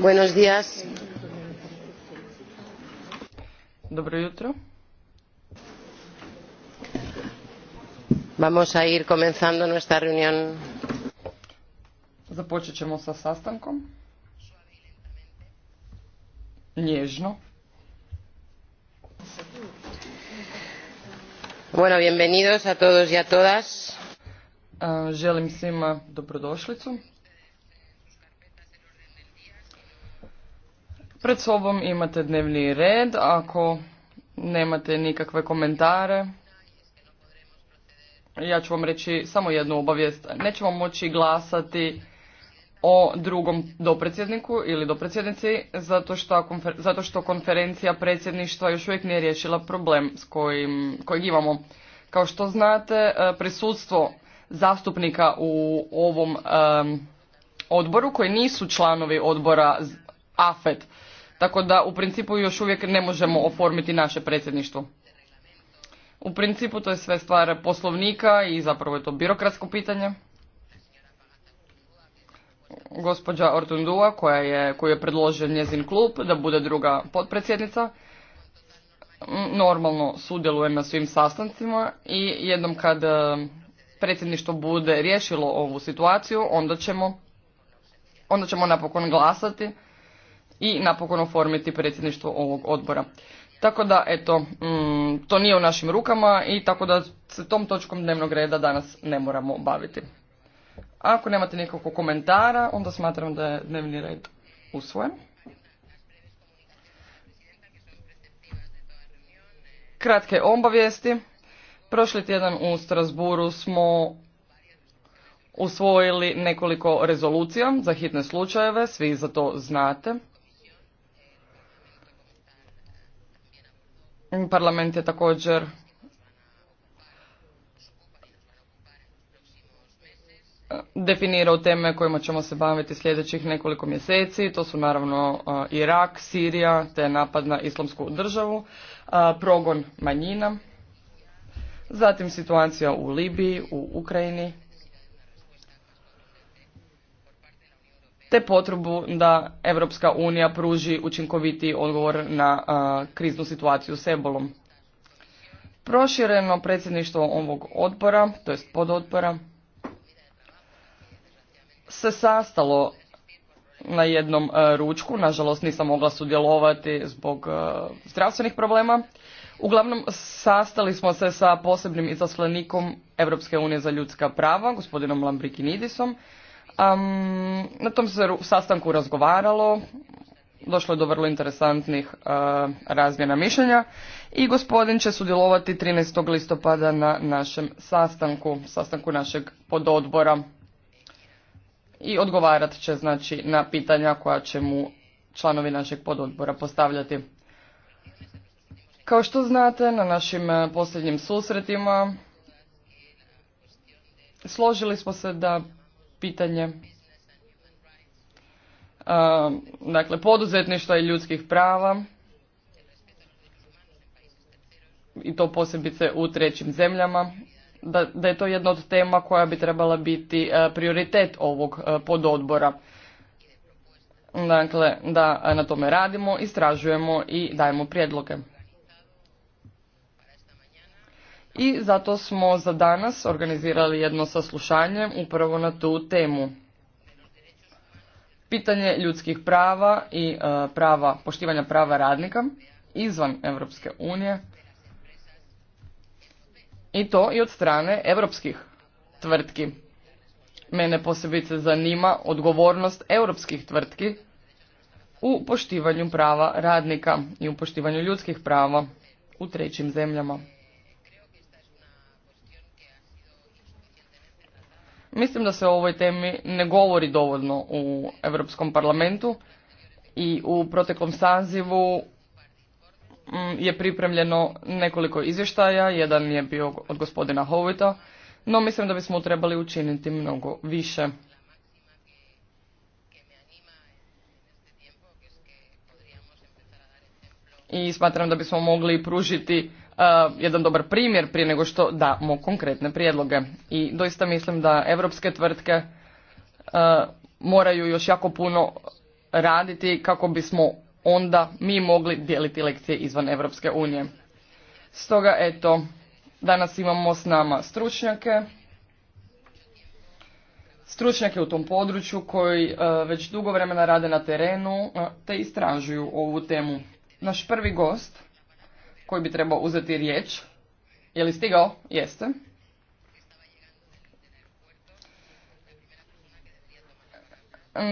Buenos días. Dobro jutro. Vamos a ir comenzando nuestra reunión. Započet ćemo sa sastankom. Nježno. Bueno, bienvenidos a todos y a todas. Želim svima dobrodošlicu. Pred sobom imate dnevni red, ako nemate nikakve komentare, ja ću vam reći samo jednu obavijest. Nećemo moći glasati o drugom dopredsjedniku ili dopredsjednici zato što, zato što konferencija predsjedništva još uvijek nije riješila problem s kojim, kojeg imamo. Kao što znate, e, prisutstvo zastupnika u ovom odboru koji nisu članovi odbora AFET tako da u principu još uvijek ne možemo oformiti naše predsjedništvo. U principu to je sve stvar poslovnika i zapravo je to birokratsko pitanje. Gospođa Ortundua koja je, koju je predložen njezin klub da bude druga potpredsjednica normalno sudjeluje na svim sastancima i jednom kad e, predsjedništvo bude riješilo ovu situaciju onda ćemo, onda ćemo napokon glasati i napokon oformiti predsjedništvo ovog odbora. Tako da, eto, mm, to nije u našim rukama i tako da se tom točkom dnevnog reda danas ne moramo baviti. Ako nemate nikakvog komentara, onda smatram da je dnevni red usvojen. Kratke obavijesti. Prošli tjedan u Strasburu smo usvojili nekoliko rezolucija za hitne slučajeve, svi za to znate. Mm, parlament je također definirao teme kojima ćemo se baviti sljedećih nekoliko mjeseci. To su naravno Irak, Sirija, te napad na islamsku državu, progon manjina, zatim situacija u Libiji, u Ukrajini, te potrebu da Europska unija pruži učinkoviti odgovor na kriznu situaciju s ebolom. Prošireno predsjedništvo ovog odbora, to jest pododbora, se sastalo na jednom ručku, nažalost nisam mogla sudjelovati zbog zdravstvenih problema. Uglavnom, sastali smo se sa posebnim izaslanikom Europske unije za ljudska prava, gospodinom Lambrikinidisom, na tom se sastanku razgovaralo, došlo je do vrlo interesantnih uh, razmjena mišljenja i gospodin će sudjelovati 13. listopada na našem sastanku, sastanku našeg pododbora i odgovarat će znači na pitanja koja će mu članovi našeg pododbora postavljati. Kao što znate, na našim e, posljednjim susretima složili smo se da pitanje dakle poduzetništva i ljudskih prava i to posebice u trećim zemljama, da, da je to jedna od tema koja bi trebala biti prioritet ovog pododbora. Dakle, da na tome radimo, istražujemo i dajemo prijedloge i zato smo za danas organizirali jedno saslušanje upravo na tu temu. Pitanje ljudskih prava i e, prava, poštivanja prava radnika izvan Europske unije i to i od strane europskih tvrtki. Mene posebice zanima odgovornost europskih tvrtki u poštivanju prava radnika i u poštivanju ljudskih prava u trećim zemljama. Mislim da se o ovoj temi ne govori dovoljno u Europskom parlamentu i u proteklom sazivu mm, je pripremljeno nekoliko izvještaja, jedan je bio od gospodina Hovita, no mislim da bismo trebali učiniti mnogo više. I smatram da bismo mogli pružiti E, jedan dobar primjer prije nego što damo konkretne prijedloge. I doista mislim da europske tvrtke e, moraju još jako puno raditi kako bismo onda mi mogli dijeliti lekcije izvan Evropske unije. Stoga eto, danas imamo s nama stručnjake, stručnjake u tom području koji e, već dugo vremena rade na terenu te istražuju ovu temu. Naš prvi gost koji bi trebao uzeti riječ. Je li stigao? Jeste.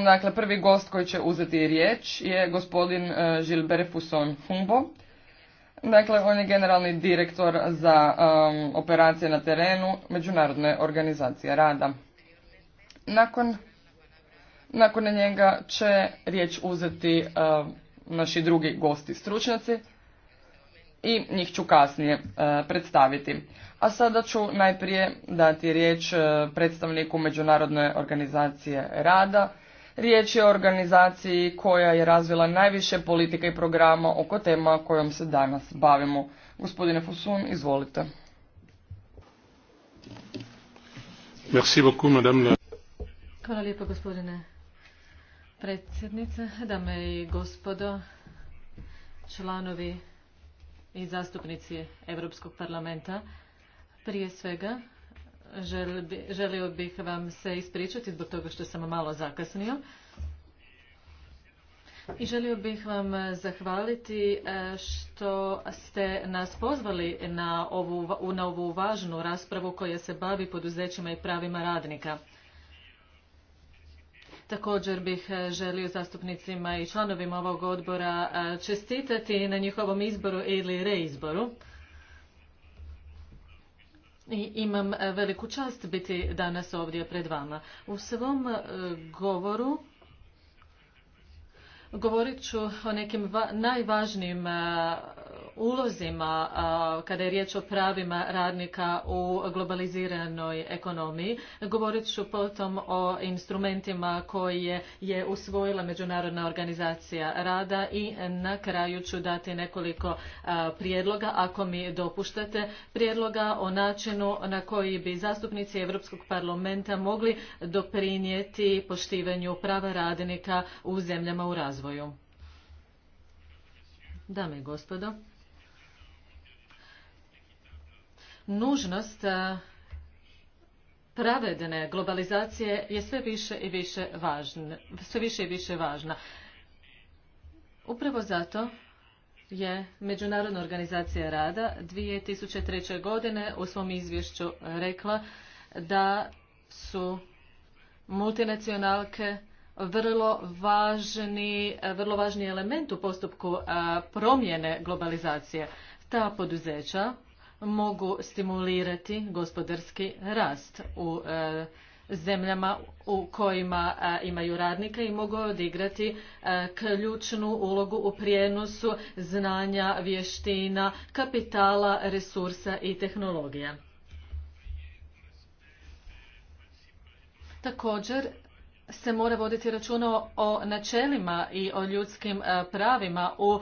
Dakle, prvi gost koji će uzeti riječ je gospodin e, Gilbert Fusson Humbo. Dakle, on je generalni direktor za operacije na terenu Međunarodne organizacije rada. Nakon, nakon njega će riječ uzeti naši drugi gosti stručnjaci i njih ću kasnije e, predstaviti. A sada ću najprije dati riječ e, predstavniku Međunarodne organizacije rada. Riječ je o organizaciji koja je razvila najviše politika i programa oko tema kojom se danas bavimo. Gospodine Fusun, izvolite. Merci beaucoup, madame. Hvala lijepo gospodine predsjednice, dame i gospodo, članovi i zastupnici Europskog parlamenta. Prije svega želio bih vam se ispričati zbog toga što sam malo zakasnio. I želio bih vam zahvaliti e, što ste nas pozvali na ovu, na ovu važnu raspravu koja se bavi poduzećima i pravima radnika. Također bih e, želio zastupnicima i članovima ovog odbora e, čestitati na njihovom izboru ili reizboru. I imam e, veliku čast biti danas ovdje pred vama. U svom govoru govorit ću o nekim najvažnijim ulozima kada je riječ o pravima radnika u globaliziranoj ekonomiji. Govorit ću potom o instrumentima koje je usvojila Međunarodna organizacija rada i na kraju ću dati nekoliko prijedloga, ako mi dopuštate, prijedloga o načinu na koji bi zastupnici Europskog parlamenta mogli doprinijeti poštivanju prava radnika u zemljama u razvoju. Dame i gospodo, nužnost e, pravedne globalizacije je sve više i više važna. Sve više i više važna. Upravo zato je Međunarodna organizacija rada 2003. godine u svom izvješću rekla da su multinacionalke vrlo važni, vrlo važni element u postupku promjene globalizacije. Ta poduzeća mogu stimulirati gospodarski rast u e, zemljama u kojima e, imaju radnike i mogu odigrati e, ključnu ulogu u prijenosu znanja, vještina, kapitala, resursa i tehnologija. Također se mora voditi računa o načelima i o ljudskim pravima u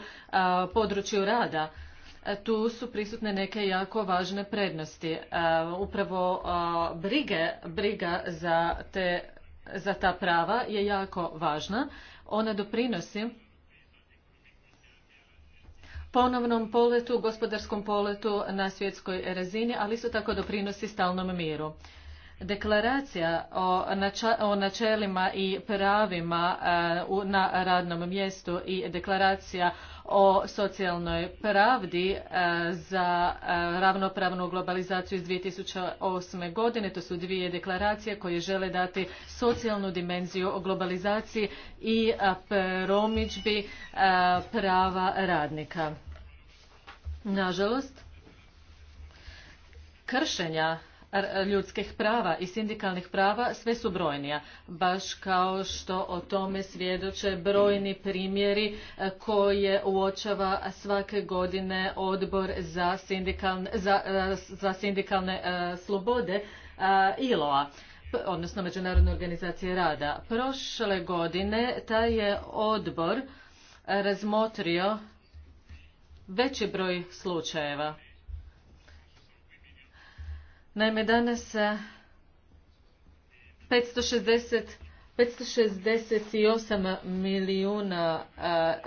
području rada E, tu su prisutne neke jako važne prednosti. E, upravo e, brige, briga za, te, za ta prava je jako važna. Ona doprinosi ponovnom poletu, gospodarskom poletu na svjetskoj razini, ali isto tako doprinosi stalnom miru. Deklaracija o načelima i pravima na radnom mjestu i deklaracija o socijalnoj pravdi e, za e, ravnopravnu globalizaciju iz 2008. godine. To su dvije deklaracije koje žele dati socijalnu dimenziju o globalizaciji i e, promičbi prava radnika. Nažalost, kršenja ljudskih prava i sindikalnih prava sve su brojnija, baš kao što o tome svjedoče brojni primjeri e, koje uočava svake godine odbor za, sindikalne, za sindikalne e, slobode e, ILO-a odnosno Međunarodne organizacije rada. Prošle godine taj je odbor razmotrio veći broj slučajeva Naime, danas 560 e, 568 milijuna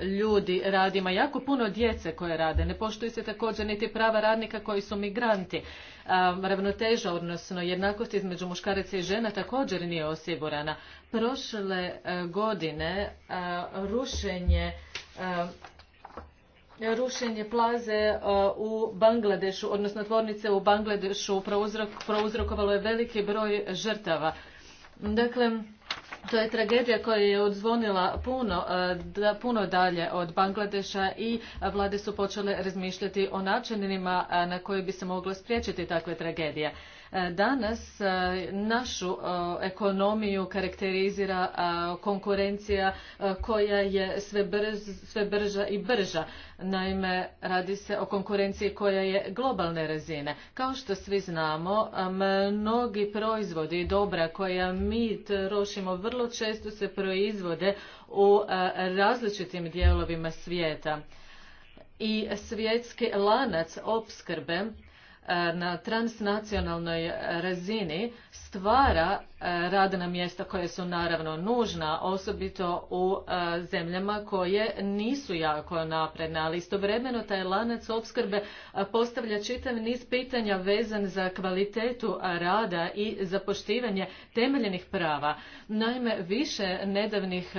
e, ljudi radima, jako puno djece koje rade, ne poštuju se također niti prava radnika koji su migranti. E, ravnoteža, odnosno jednakost između muškaraca i žena također nije osigurana. Prošle godine rušenje rušenje plaze e, u Bangladešu, odnosno tvornice u Bangladešu prouzrokovalo je veliki broj žrtava. Dakle, to je tragedija koja je odzvonila puno, e, da, puno dalje od Bangladeša i vlade su počele razmišljati o načinima e, na koje bi se moglo spriječiti takve tragedije. E, danas e, našu e, ekonomiju karakterizira konkurencija koja je sve, brža i brža. Naime, radi se o konkurenciji koja je globalne razine. Kao što svi znamo, mnogi proizvodi i dobra koja mi trošimo vrlo često se proizvode u različitim dijelovima svijeta i svjetski lanac opskrbe E, na transnacionalnoj razini stvara e, radna mjesta koja su naravno nužna, osobito u e, zemljama koje nisu jako napredne, ali istovremeno taj lanac opskrbe postavlja čitav niz pitanja vezan za kvalitetu rada i za poštivanje temeljenih prava. Naime, više nedavnih,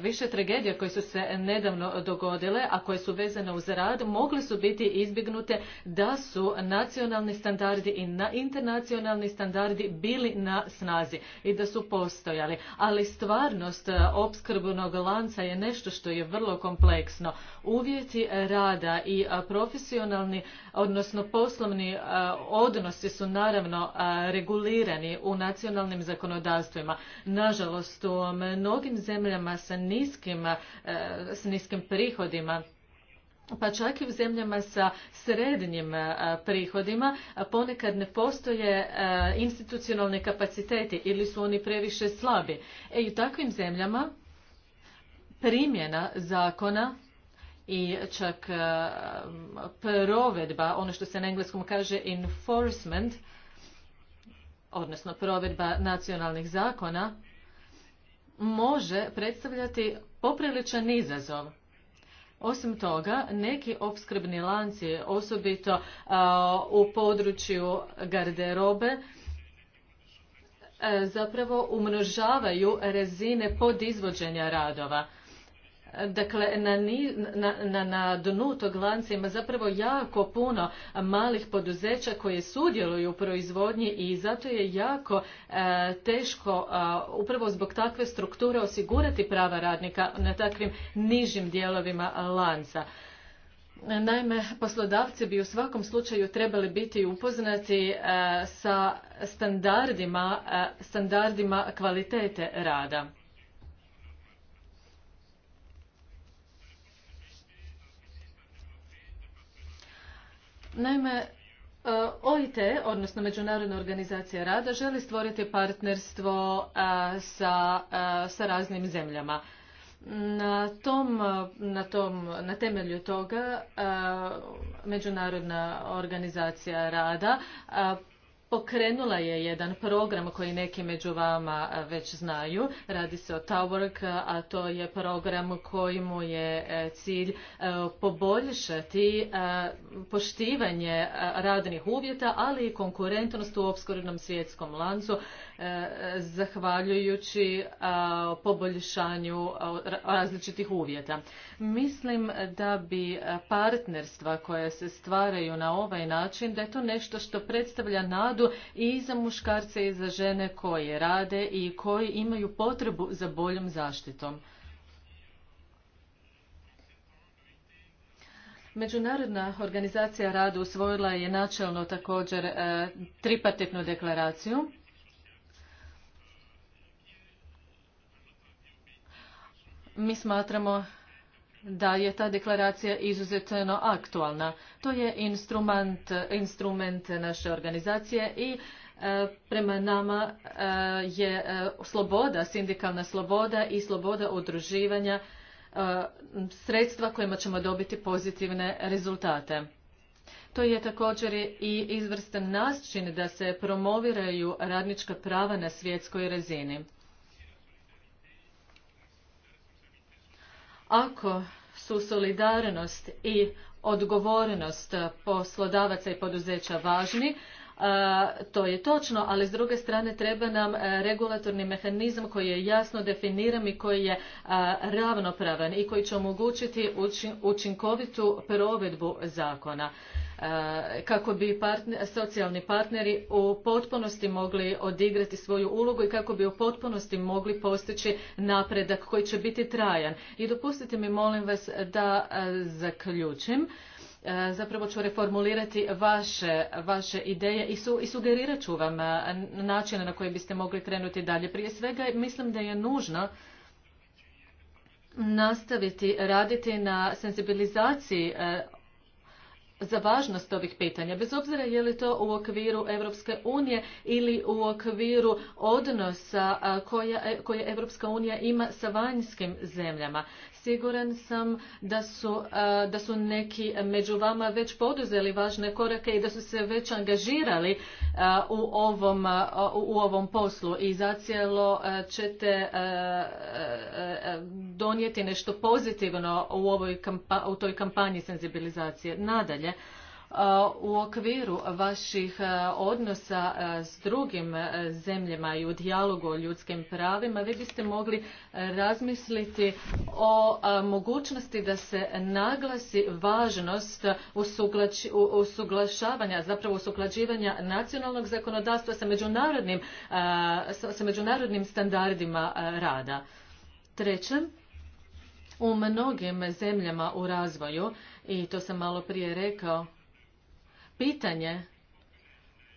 više tragedija koje su se nedavno dogodile, a koje su vezane uz rad, mogle su biti izbjegnute da su nacionalne standardi i na internacionalni standardi bili na snazi i da su postojali. Ali stvarnost e, opskrbnog lanca je nešto što je vrlo kompleksno. Uvjeti rada i e, profesionalni, odnosno poslovni e, odnosi su naravno regulirani u nacionalnim zakonodavstvima. Nažalost, u mnogim zemljama sa s niskim prihodima pa čak i u zemljama sa srednjim e, prihodima ponekad ne postoje e, institucionalne kapaciteti ili su oni previše slabi. E i u takvim zemljama primjena zakona i čak e, provedba, ono što se na engleskom kaže enforcement, odnosno provedba nacionalnih zakona, može predstavljati popriličan izazov osim toga, neki opskrbni lanci, osobito u području garderobe, zapravo umnožavaju razine podizvođenja radova. Dakle, na, na, na dnu tog lanca ima zapravo jako puno malih poduzeća koje sudjeluju u proizvodnji i zato je jako e, teško e, upravo zbog takve strukture osigurati prava radnika na takvim nižim dijelovima lanca. Naime, poslodavci bi u svakom slučaju trebali biti upoznati e, sa standardima, standardima kvalitete rada. Naime, e, OIT, odnosno Međunarodna organizacija rada, želi stvoriti partnerstvo e, e, sa, raznim zemljama. Na, tom, na temelju toga Međunarodna organizacija rada Pokrenula je jedan program koji neki među vama već znaju. Radi se o Towerk, a to je program kojemu je e, cilj e, poboljšati e, poštivanje radnih uvjeta, ali i konkurentnost u opskrbnom svjetskom lancu zahvaljujući poboljšanju različitih uvjeta. Mislim da bi partnerstva koja se stvaraju na ovaj način, da je to nešto što predstavlja nadu i za muškarce i za žene koje rade i koji imaju potrebu za boljom zaštitom. Međunarodna organizacija rada usvojila je načelno također tripartitnu deklaraciju Mi smatramo da je ta deklaracija izuzetno aktualna. To je instrument, naše organizacije i e, prema nama e, je e, sloboda, sindikalna sloboda i sloboda udruživanja sredstva kojima ćemo dobiti pozitivne rezultate. To je također i izvrstan način da se promoviraju radnička prava na svjetskoj razini. Ako su solidarnost i odgovornost poslodavaca i poduzeća važni, e, to je točno, ali s druge strane treba nam e, regulatorni mehanizam koji je jasno definiran i koji je e, ravnopravan i koji će omogućiti učinkovitu provedbu zakona. E, kako bi socijalni partneri u potpunosti mogli odigrati svoju ulogu i kako bi u potpunosti mogli postići napredak koji će biti trajan. I dopustite mi molim vas da e, zaključim e, zapravo ću reformulirati vaše, ideje i, sugerirat ću vam načine na koji biste mogli krenuti dalje. Prije svega mislim da je nužno nastaviti raditi na senzibilizaciji za važnost ovih pitanja, bez obzira je li to u okviru Europske unije ili u okviru odnosa e, koje Europska unija ima sa vanjskim zemljama. Siguran sam e, da su, neki među vama već poduzeli važne korake i da su se već angažirali e, e, u ovom, poslu i zacijelo ćete donijeti nešto pozitivno u, ovoj u toj kampanji senzibilizacije. Nadalje, E, u okviru vaših e, odnosa e, s drugim zemljama i u dijalogu o ljudskim pravima vi biste mogli razmisliti o mogućnosti da se naglasi važnost usuglašavanja zapravo usuglađivanja nacionalnog zakonodavstva sa međunarodnim, sa međunarodnim standardima rada. Treće, u mnogim zemljama u razvoju, i to sam malo prije rekao, pitanje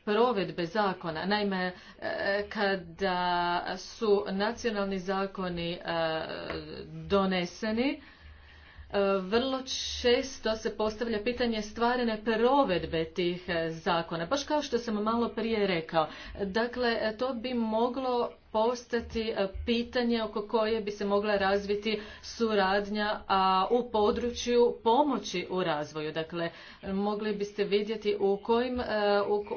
provedbe zakona. Naime, e, kada su nacionalni zakoni e, doneseni, e, vrlo često se postavlja pitanje stvarne provedbe tih zakona, baš kao što sam malo prije rekao. Dakle, to bi moglo postati e, pitanje oko koje bi se mogla razviti suradnja a u području pomoći u razvoju. Dakle, mogli biste vidjeti e,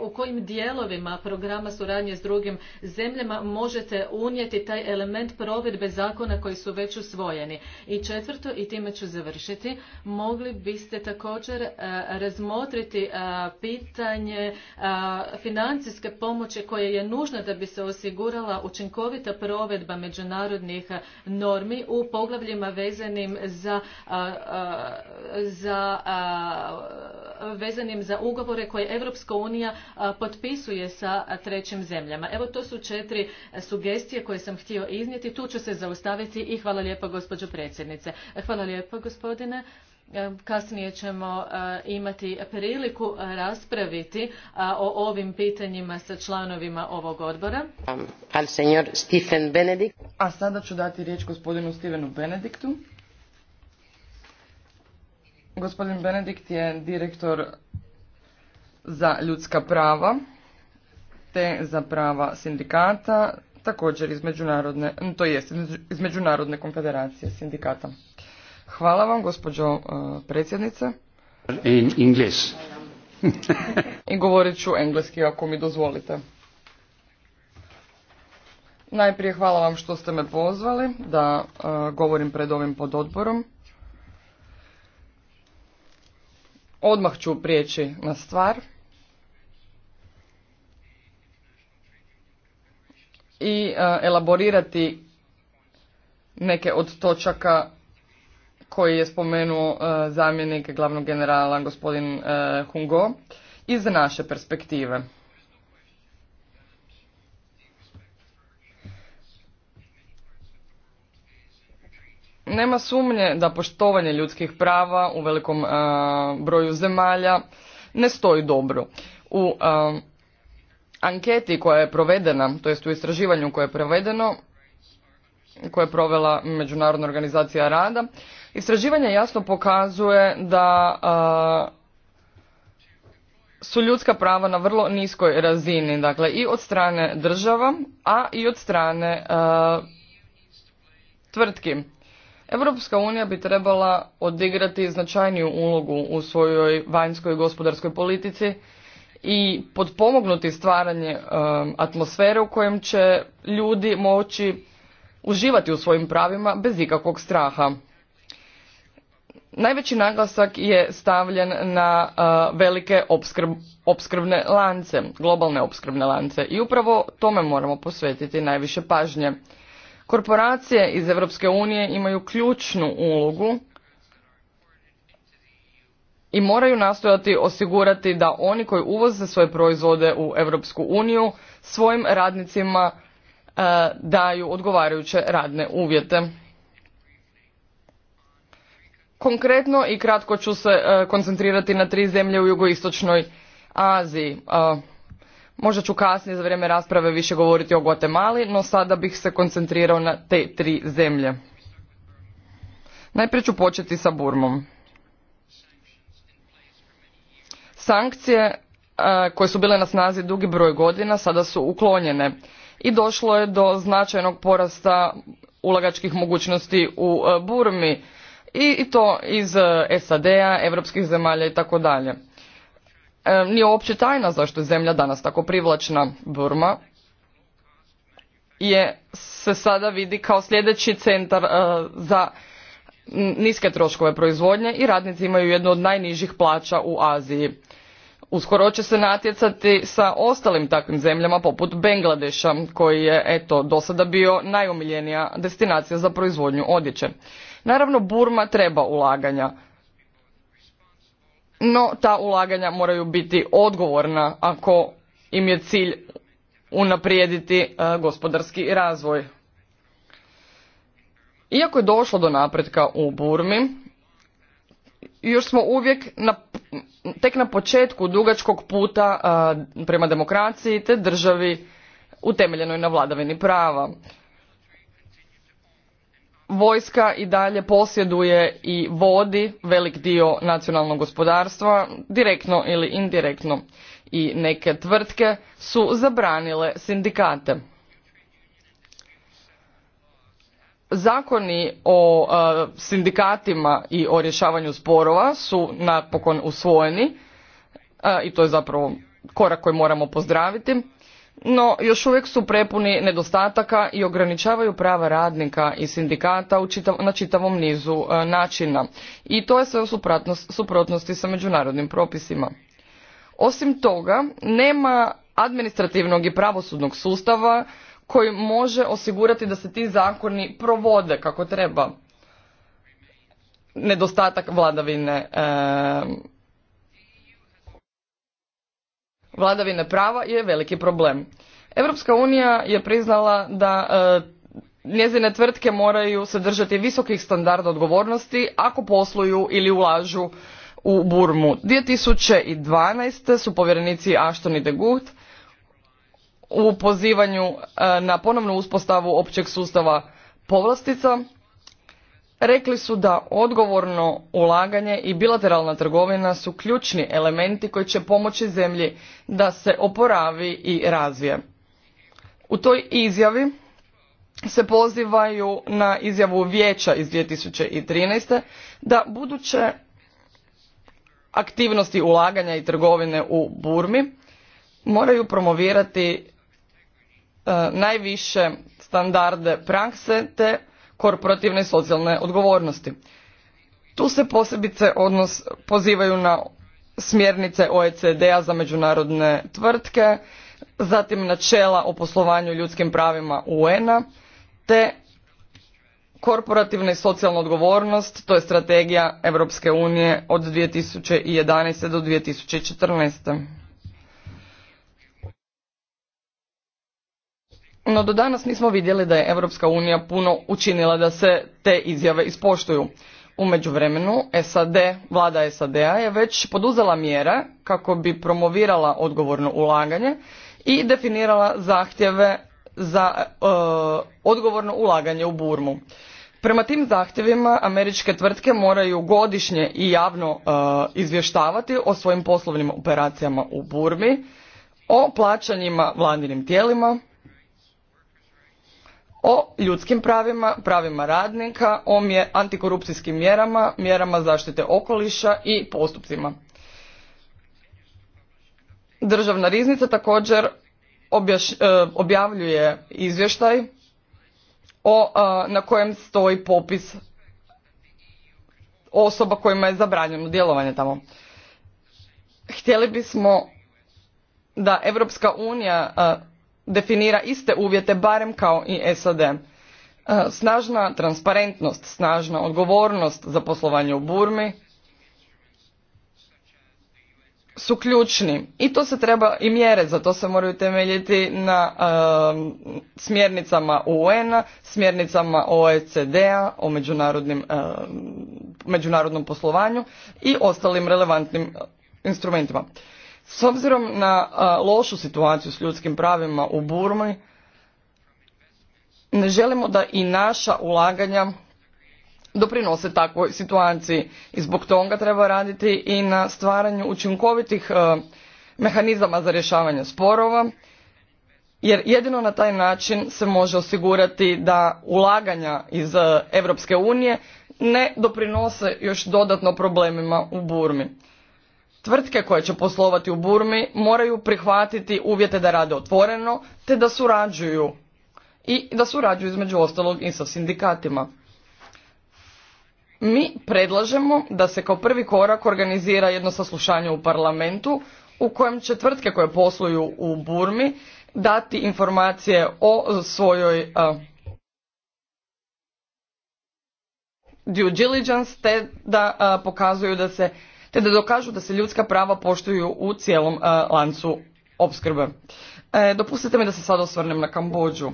u kojim, dijelovima programa suradnje s drugim zemljama možete unijeti taj element provedbe zakona koji su već usvojeni. I četvrto, i time ću završiti, mogli biste također e, razmotriti pitanje financijske pomoći koja je nužna da bi se osigurala učinkovitost učinkovita provedba međunarodnih normi u poglavljima vezanim za, vezanim za ugovore koje Europska unija potpisuje sa trećim zemljama. Evo to su četiri sugestije koje sam htio iznijeti. Tu ću se zaustaviti i hvala lijepo gospođo predsjednice. Hvala lijepo gospodine. E, kasnije ćemo e, imati priliku raspraviti e, o ovim pitanjima sa članovima ovog odbora. Um, A sada ću dati riječ gospodinu Stevenu Benediktu. Gospodin Benedikt je direktor za ljudska prava te za prava sindikata, također iz međunarodne, to jest iz međunarodne konfederacije sindikata. Hvala vam, gospođo e, predsjednice. In English. I govorit ću engleski, ako mi dozvolite. Najprije hvala vam što ste me pozvali da e, govorim pred ovim pododborom. Odmah ću prijeći na stvar. I e, elaborirati neke od točaka koji je spomenuo e, zamjenik glavnog generala gospodin e, Hungo iz naše perspektive. Nema sumnje da poštovanje ljudskih prava u velikom e, broju zemalja ne stoji dobro. U anketi koja je provedena, to jest u istraživanju koje je provedeno, koje je provela Međunarodna organizacija rada, istraživanje jasno pokazuje da su ljudska prava na vrlo niskoj razini, dakle i od strane država, a i od strane tvrtki. Europska unija bi trebala odigrati značajniju ulogu u svojoj vanjskoj gospodarskoj politici i potpomognuti stvaranje atmosfere u kojem će ljudi moći uživati u svojim pravima bez ikakvog straha. Najveći naglasak je stavljen na e, velike opskrb, opskrbne lance, globalne opskrbne lance i upravo tome moramo posvetiti najviše pažnje. Korporacije iz Europske unije imaju ključnu ulogu i moraju nastojati osigurati da oni koji uvoze svoje proizvode u Europsku uniju svojim radnicima E, daju odgovarajuće radne uvjete. Konkretno i kratko ću se e, koncentrirati na tri zemlje u jugoistočnoj Aziji. E, možda ću kasnije za vrijeme rasprave više govoriti o Guatemali, no sada bih se koncentrirao na te tri zemlje. Najprije ću početi sa Burmom. Sankcije koje su bile na snazi dugi broj godina sada su uklonjene i došlo je do značajnog porasta ulagačkih mogućnosti u e, Burmi i to iz e, SAD-a, europskih zemalja i tako dalje. E, nije uopće tajna zašto je zemlja danas tako privlačna. Burma je se sada vidi kao sljedeći centar za niske troškove proizvodnje i radnici imaju jednu od najnižih plaća u Aziji. Uskoro će se natjecati sa ostalim takvim zemljama poput Bengladeša, koji je eto do sada bio najomiljenija destinacija za proizvodnju odjeće. Naravno, Burma treba ulaganja, no ta ulaganja moraju biti odgovorna ako im je cilj unaprijediti e, gospodarski razvoj. Iako je došlo do napretka u Burmi, još smo uvijek na, tek na početku dugačkog puta prema demokraciji te državi utemeljenoj na vladavini prava. Vojska i dalje posjeduje i vodi velik dio nacionalnog gospodarstva, direktno ili indirektno. I neke tvrtke su zabranile sindikate. zakoni o e, sindikatima i o rješavanju sporova su napokon usvojeni e, i to je zapravo korak koji moramo pozdraviti no još uvijek su prepuni nedostataka i ograničavaju prava radnika i sindikata na čitavom nizu e, načina i to je sve u suprotnosti sa međunarodnim propisima osim toga nema administrativnog i pravosudnog sustava koji može osigurati da se ti zakoni provode kako treba. Nedostatak vladavine vladavine prava je veliki problem. Europska unija je priznala da e, njezine tvrtke moraju se držati visokih standarda odgovornosti ako posluju ili ulažu u Burmu. 2012. su povjerenici Ashton i de Gucht u pozivanju e, na ponovnu uspostavu općeg sustava povlastica rekli su da odgovorno ulaganje i bilateralna trgovina su ključni elementi koji će pomoći zemlji da se oporavi i razvije. U toj izjavi se pozivaju na izjavu vijeća iz 2013. da buduće aktivnosti ulaganja i trgovine u Burmi moraju promovirati E, najviše standarde prakse te korporativne i socijalne odgovornosti. Tu se posebice odnos pozivaju na smjernice OECD-a za međunarodne tvrtke, zatim načela o poslovanju ljudskim pravima UN-a, te korporativna i socijalna odgovornost, to je strategija Europske unije od 2011. do 2014. No do danas nismo vidjeli da je Europska unija puno učinila da se te izjave ispoštuju. U međuvremenu SAD, vlada SAD-a je već poduzela mjere kako bi promovirala odgovorno ulaganje i definirala zahtjeve za e, odgovorno ulaganje u Burmu. Prema tim zahtjevima američke tvrtke moraju godišnje i javno e, izvještavati o svojim poslovnim operacijama u Burmi, o plaćanjima vladinim tijelima, o ljudskim pravima, pravima radnika, o antikorupcijskim mjerama, mjerama zaštite okoliša i postupcima. Državna riznica također e, objavljuje izvještaj o, e, na kojem stoji popis osoba kojima je zabranjeno djelovanje tamo. Htjeli bismo da Europska unija e, definira iste uvjete barem kao i SAD. E, snažna transparentnost, snažna odgovornost za poslovanje u Burmi su ključni i to se treba i mjere za to se moraju temeljiti na e, smjernicama UN-a, smjernicama OECD-a o međunarodnim, e, međunarodnom poslovanju i ostalim relevantnim instrumentima. S obzirom na lošu situaciju s ljudskim pravima u Burmi, ne želimo da i naša ulaganja doprinose takvoj situaciji i zbog toga treba raditi i na stvaranju učinkovitih mehanizama za rješavanje sporova jer jedino na taj način se može osigurati da ulaganja iz Europske unije ne doprinose još dodatno problemima u Burmi. Tvrtke koje će poslovati u Burmi moraju prihvatiti uvjete da rade otvoreno te da surađuju i da surađuju između ostalog i sa sindikatima. Mi predlažemo da se kao prvi korak organizira jedno saslušanje u parlamentu u kojem će tvrtke koje posluju u Burmi dati informacije o svojoj due diligence te da pokazuju da se te da dokažu da se ljudska prava poštuju u cijelom e, lancu opskrbe. E, dopustite mi da se sad osvrnem na Kambođu.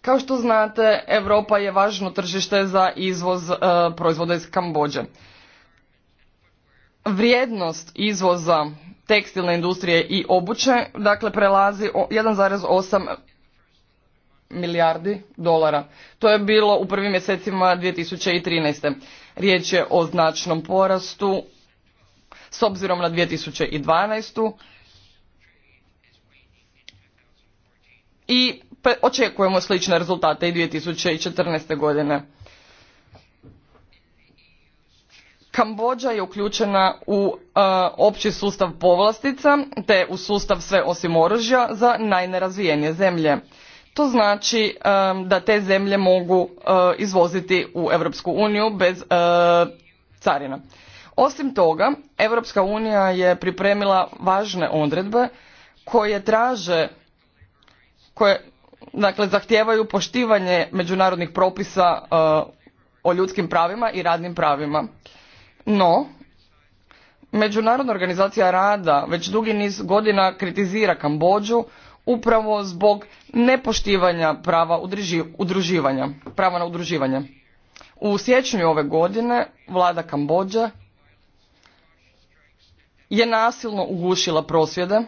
Kao što znate, Europa je važno tržište za izvoz e, proizvoda iz Kambođe. Vrijednost izvoza tekstilne industrije i obuće dakle prelazi 1,8 milijardi dolara. To je bilo u prvim mjesecima 2013. Riječ je o značnom porastu s obzirom na 2012. I očekujemo slične rezultate i 2014. godine. Kambođa je uključena u uh, opći sustav povlastica te u sustav sve osim oružja za najnerazvijenije zemlje to znači da te zemlje mogu e, izvoziti u Europsku uniju bez e, carina. Osim toga, Europska unija je pripremila važne odredbe koje traže koje dakle zahtijevaju poštivanje međunarodnih propisa e, o ljudskim pravima i radnim pravima. No, Međunarodna organizacija rada već dugi niz godina kritizira Kambođu upravo zbog nepoštivanja prava udruživanja, prava na udruživanje. U siječnju ove godine vlada Kambođe je nasilno ugušila prosvjede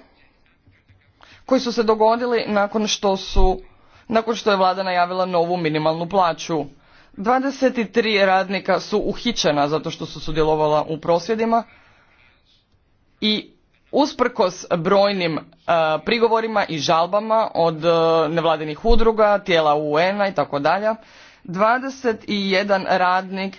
koji su se dogodili nakon što su nakon što je vlada najavila novu minimalnu plaću. 23 radnika su uhićena zato što su sudjelovala u prosvjedima i usprkos brojnim e, prigovorima i žalbama od e, nevladinih udruga, tijela UN-a i tako dalje, 21 radnik,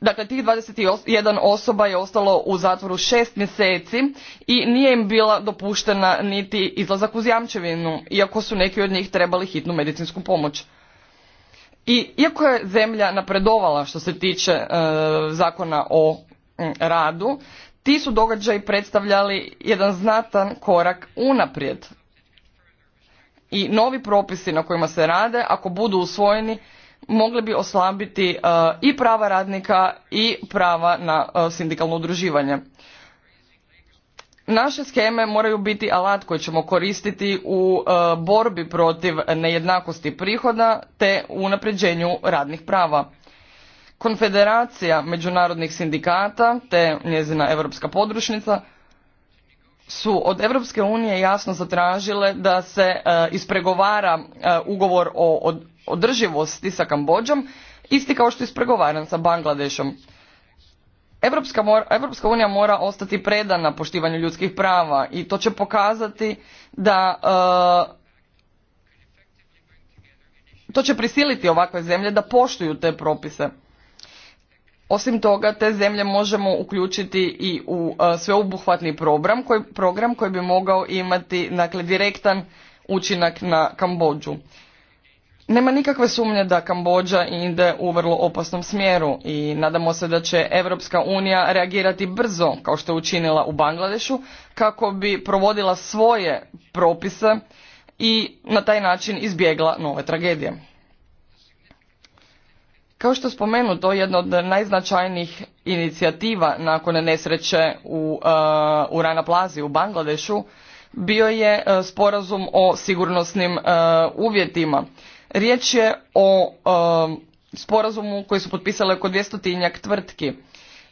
dakle tih 21 osoba je ostalo u zatvoru šest mjeseci i nije im bila dopuštena niti izlazak uz jamčevinu, iako su neki od njih trebali hitnu medicinsku pomoć. I iako je zemlja napredovala što se tiče e, zakona o radu ti su događaji predstavljali jedan znatan korak unaprijed. I novi propisi na kojima se rade, ako budu usvojeni, mogli bi oslabiti e, i prava radnika i prava na e, sindikalno udruživanje. Naše skeme moraju biti alat koji ćemo koristiti u e, borbi protiv nejednakosti prihoda te unapređenju radnih prava. Konfederacija međunarodnih sindikata te njezina europska područnica su od Europske unije jasno zatražile da se e, ispregovara e, ugovor o održivosti sa Kambođom, isti kao što je ispregovaran sa Bangladešom. Evropska unija mora ostati predana poštivanju ljudskih prava i to će pokazati da e, to će prisiliti ovakve zemlje da poštuju te propise. Osim toga, te zemlje možemo uključiti i u e, sveobuhvatni program koji, program bi mogao imati dakle, direktan učinak na Kambođu. Nema nikakve sumnje da Kambođa ide u vrlo opasnom smjeru i nadamo se da će Europska unija reagirati brzo, kao što je učinila u Bangladešu, kako bi provodila svoje propise i na taj način izbjegla nove tragedije. Kao što spomenuto, jedna od najznačajnijih inicijativa nakon nesreće u, uh, u Rana Plazi u Bangladešu bio je uh, sporazum o sigurnosnim uh, uvjetima. Riječ je o sporazumu koji su potpisale oko dvjestotinjak tvrtki.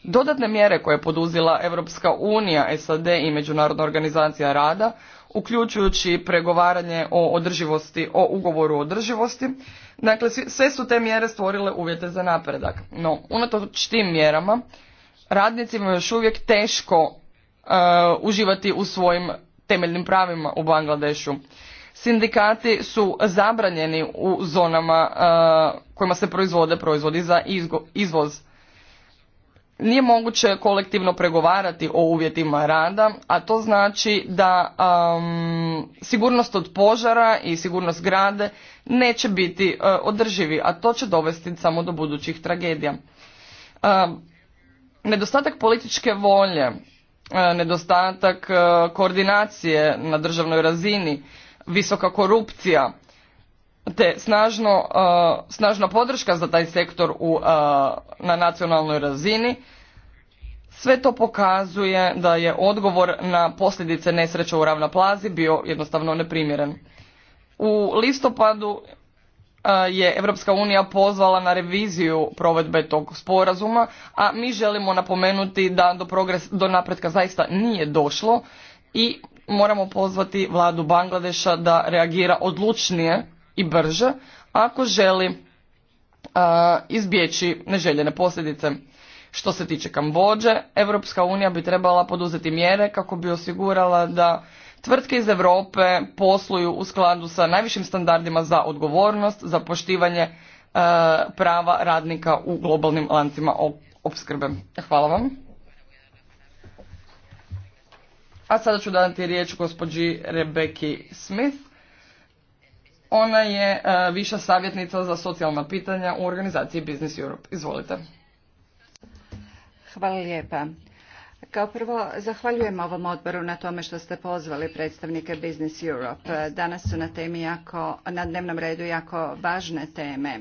Dodatne mjere koje je poduzela Europska unija, SAD i Međunarodna organizacija rada uključujući pregovaranje o održivosti, o ugovoru o održivosti. Dakle, sve su te mjere stvorile uvjete za napredak. No, unatoč tim mjerama, radnicima je još uvijek teško e, uživati u svojim temeljnim pravima u Bangladešu. Sindikati su zabranjeni u zonama e, kojima se proizvode proizvodi za izvoz nije moguće kolektivno pregovarati o uvjetima rada, a to znači da sigurnost od požara i sigurnost grade neće biti e, održivi, a to će dovesti samo do budućih tragedija. nedostatak političke volje, e, nedostatak e, koordinacije na državnoj razini, visoka korupcija, te snažno, e, snažna podrška za taj sektor u, e, na nacionalnoj razini. Sve to pokazuje da je odgovor na posljedice nesreća u Ravna Plazi bio jednostavno neprimjeren. U listopadu e, je Europska unija pozvala na reviziju provedbe tog sporazuma, a mi želimo napomenuti da do, progres, do napretka zaista nije došlo i moramo pozvati vladu Bangladeša da reagira odlučnije i brže ako želi izbjeći neželjene posljedice. Što se tiče Kambođe, Europska unija bi trebala poduzeti mjere kako bi osigurala da tvrtke iz Europe posluju u skladu sa najvišim standardima za odgovornost, za poštivanje prava radnika u globalnim lancima opskrbe. Hvala vam. A sada ću dati riječ gospođi Rebeki Smith ona je e, viša savjetnica za socijalna pitanja u organizaciji Business Europe. Izvolite. Hvala lijepa. Kao prvo, zahvaljujem ovom odboru na tome što ste pozvali predstavnike Business Europe. Danas su na, temi jako, na dnevnom redu jako važne teme.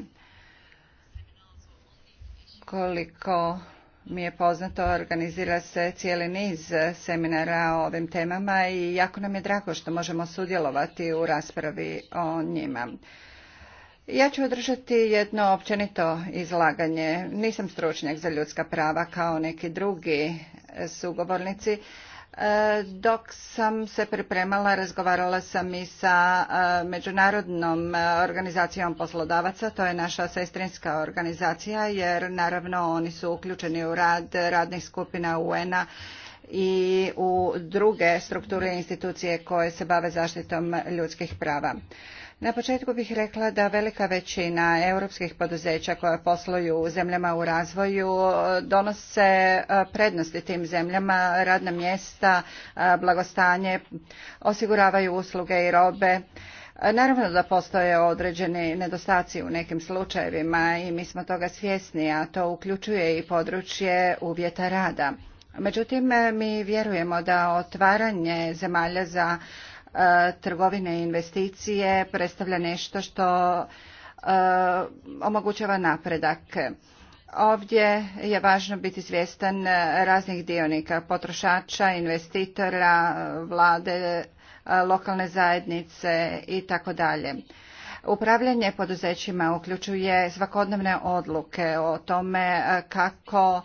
Koliko mi je poznato organizira se cijeli niz seminara o ovim temama i jako nam je drago što možemo sudjelovati u raspravi o njima. Ja ću održati jedno općenito izlaganje. Nisam stručnjak za ljudska prava kao neki drugi sugovornici E, dok sam se pripremala, razgovarala sam i sa e, Međunarodnom e, organizacijom poslodavaca, to je naša sestrinska organizacija, jer naravno oni su uključeni u rad radnih skupina UN-a i u druge strukture institucije koje se bave zaštitom ljudskih prava. Na početku bih rekla da velika većina europskih poduzeća koja posluju u zemljama u razvoju e, donose e, prednosti tim zemljama, radna mjesta, e, blagostanje, osiguravaju usluge i robe. Naravno da postoje određeni nedostaci u nekim slučajevima i mi smo toga svjesni, a to uključuje i područje uvjeta rada. Međutim, mi vjerujemo da otvaranje zemalja za E, trgovine i investicije predstavlja nešto što e, omogućava napredak. Ovdje je važno biti svjestan raznih dionika, potrošača, investitora, vlade, e, lokalne zajednice i tako dalje. Upravljanje poduzećima uključuje svakodnevne odluke o tome kako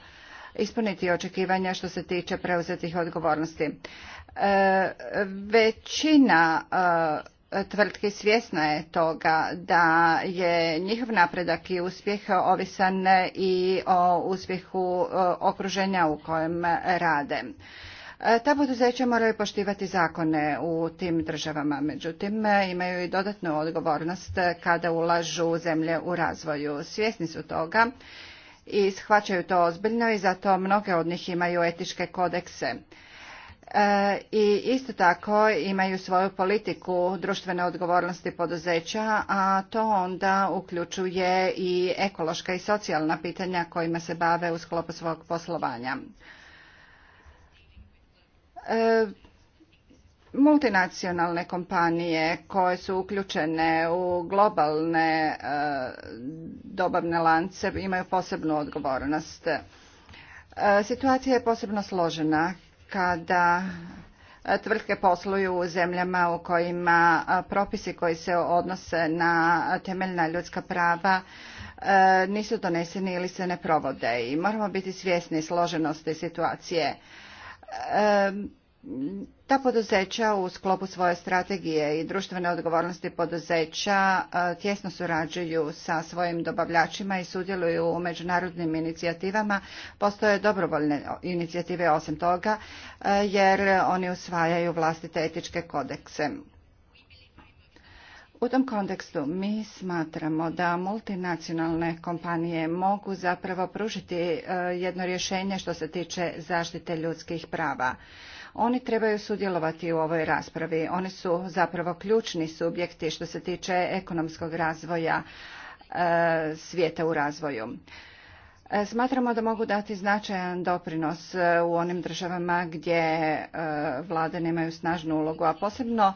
ispuniti očekivanja što se tiče preuzetih odgovornosti. E, većina e, tvrtki svjesna je toga da je njihov napredak i uspjeh ovisan i o uspjehu e, okruženja u kojem rade. Ta poduzeća moraju poštivati zakone u tim državama, međutim imaju i dodatnu odgovornost kada ulažu zemlje u razvoju. Svjesni su toga i shvaćaju to ozbiljno i zato mnoge od njih imaju etičke kodekse i isto tako imaju svoju politiku društvene odgovornosti poduzeća, a to onda uključuje i ekološka i socijalna pitanja kojima se bave u sklopu svog poslovanja. E, multinacionalne kompanije koje su uključene u globalne e, dobavne lance imaju posebnu odgovornost. E, situacija je posebno složena kada e, tvrtke posluju u zemljama u kojima e, propisi koji se odnose na temeljna ljudska prava e, nisu doneseni ili se ne provode i moramo biti svjesni složenosti situacije ta poduzeća u sklopu svoje strategije i društvene odgovornosti poduzeća e, tjesno surađuju sa svojim dobavljačima i sudjeluju u međunarodnim inicijativama. Postoje dobrovoljne inicijative osim toga e, jer oni usvajaju vlastite etičke kodekse. U tom kontekstu mi smatramo da multinacionalne kompanije mogu zapravo pružiti e, jedno rješenje što se tiče zaštite ljudskih prava. Oni trebaju sudjelovati u ovoj raspravi. Oni su zapravo ključni subjekti što se tiče ekonomskog razvoja e, svijeta u razvoju. E, smatramo da mogu dati značajan doprinos e, u onim državama gdje e, vlade nemaju snažnu ulogu, a posebno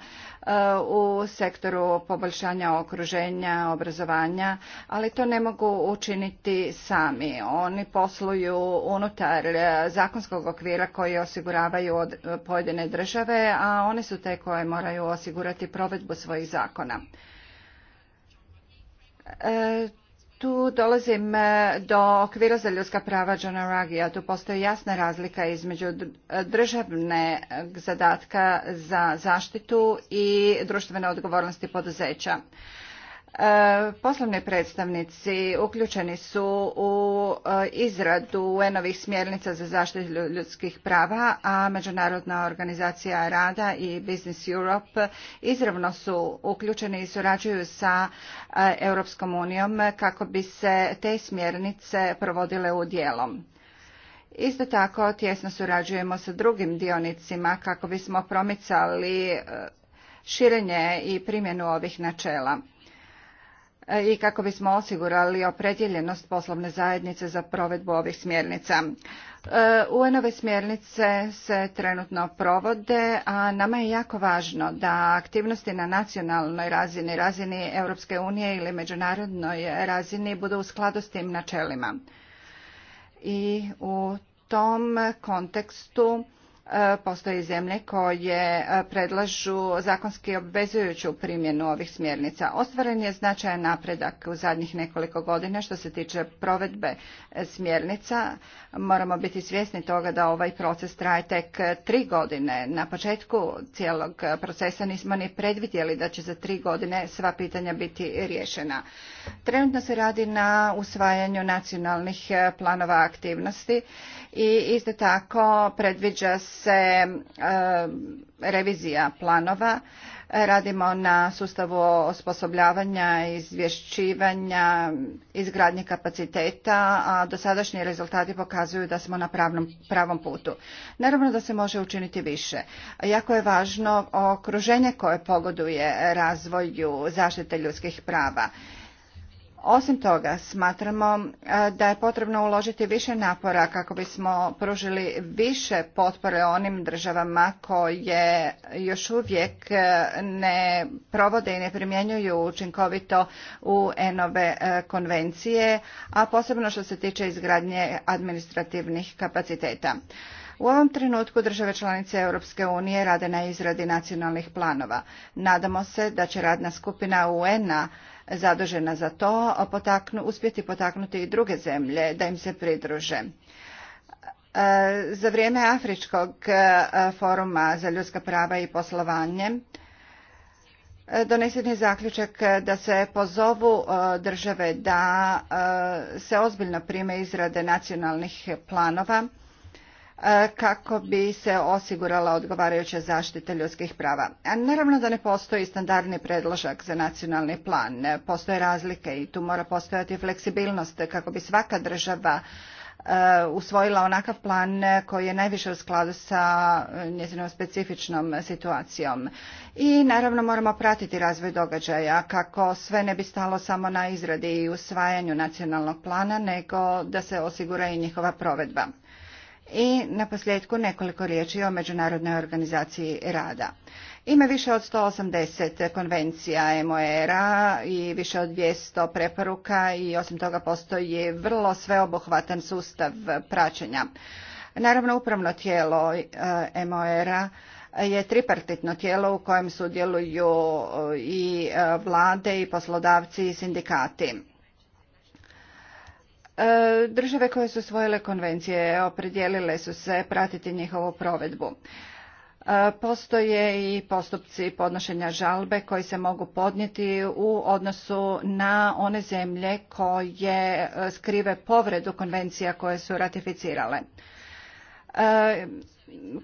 u sektoru poboljšanja okruženja, obrazovanja, ali to ne mogu učiniti sami. Oni posluju unutar zakonskog okvira koji osiguravaju pojedine države, a one su te koje moraju osigurati provedbu svojih zakona. Tu dolazim e, do okvira za ljudska prava Johna Tu postoji jasna razlika između e, državne e, zadatka za zaštitu i društvene odgovornosti poduzeća. Poslovni predstavnici uključeni su u e, izradu UN-ovih smjernica za zaštitu ljudskih prava, a Međunarodna organizacija rada i Business Europe izravno su uključeni i surađuju sa e, Europskom unijom kako bi se te smjernice provodile u dijelom. Isto tako tjesno surađujemo sa drugim dionicima kako bismo promicali e, širenje i primjenu ovih načela. E, i kako bismo osigurali opredjeljenost poslovne zajednice za provedbu ovih smjernica. E, un smjernice se trenutno provode, a nama je jako važno da aktivnosti na nacionalnoj razini, razini Europske unije ili međunarodnoj razini budu u skladu s tim načelima. I u tom kontekstu Postoje zemlje koje e, predlažu zakonski obvezujuću primjenu ovih smjernica. Ostvaren je značajan napredak u zadnjih nekoliko godina što se tiče provedbe e, smjernica. Moramo biti svjesni toga da ovaj proces traje tek e, tri godine. Na početku cijelog procesa nismo ni predvidjeli da će za tri godine sva pitanja biti riješena. Trenutno se radi na usvajanju nacionalnih planova aktivnosti i isto tako predviđa se e, revizija planova. Radimo na sustavu osposobljavanja, izvješćivanja, izgradnje kapaciteta, a dosadašnji rezultati pokazuju da smo na pravom putu. Naravno da se može učiniti više. Jako je važno okruženje koje pogoduje razvoju zaštite ljudskih prava osim toga, smatramo da je potrebno uložiti više napora kako bismo pružili više potpore onim državama koje još uvijek ne provode i ne primjenjuju učinkovito u enove konvencije, a posebno što se tiče izgradnje administrativnih kapaciteta. U ovom trenutku države članice Europske unije rade na izradi nacionalnih planova. Nadamo se da će radna skupina UN-a zadužena za to uspjeti potaknuti i druge zemlje da im se pridruže. E, za vrijeme Afričkog e, foruma za ljudska prava i poslovanje e, donesen je zaključak da se pozovu države da se ozbiljno prime izrade nacionalnih planova E, kako bi se osigurala odgovarajuća zaštita ljudskih prava. naravno da ne postoji standardni predložak za nacionalni plan, postoje razlike i tu mora postojati fleksibilnost kako bi svaka država e, usvojila onakav plan koji je najviše u skladu sa e, njezinom specifičnom situacijom. I naravno moramo pratiti razvoj događaja kako sve ne bi stalo samo na izradi i usvajanju nacionalnog plana, nego da se osigura i njihova provedba. I na posljedku nekoliko riječi o Međunarodnoj organizaciji rada. Ima više od 180 konvencija MOR-a e i više od 200 preporuka i osim toga postoji vrlo sveobuhvatan sustav praćenja. Naravno, upravno tijelo eh, MOR-a e je tripartitno tijelo u kojem sudjeluju eh, i eh, vlade i poslodavci i sindikati. E, države koje su usvojile konvencije opredijelile su se pratiti njihovu provedbu. E, postoje i postupci podnošenja žalbe koji se mogu podnijeti u odnosu na one zemlje koje e, skrive povredu konvencija koje su ratificirale.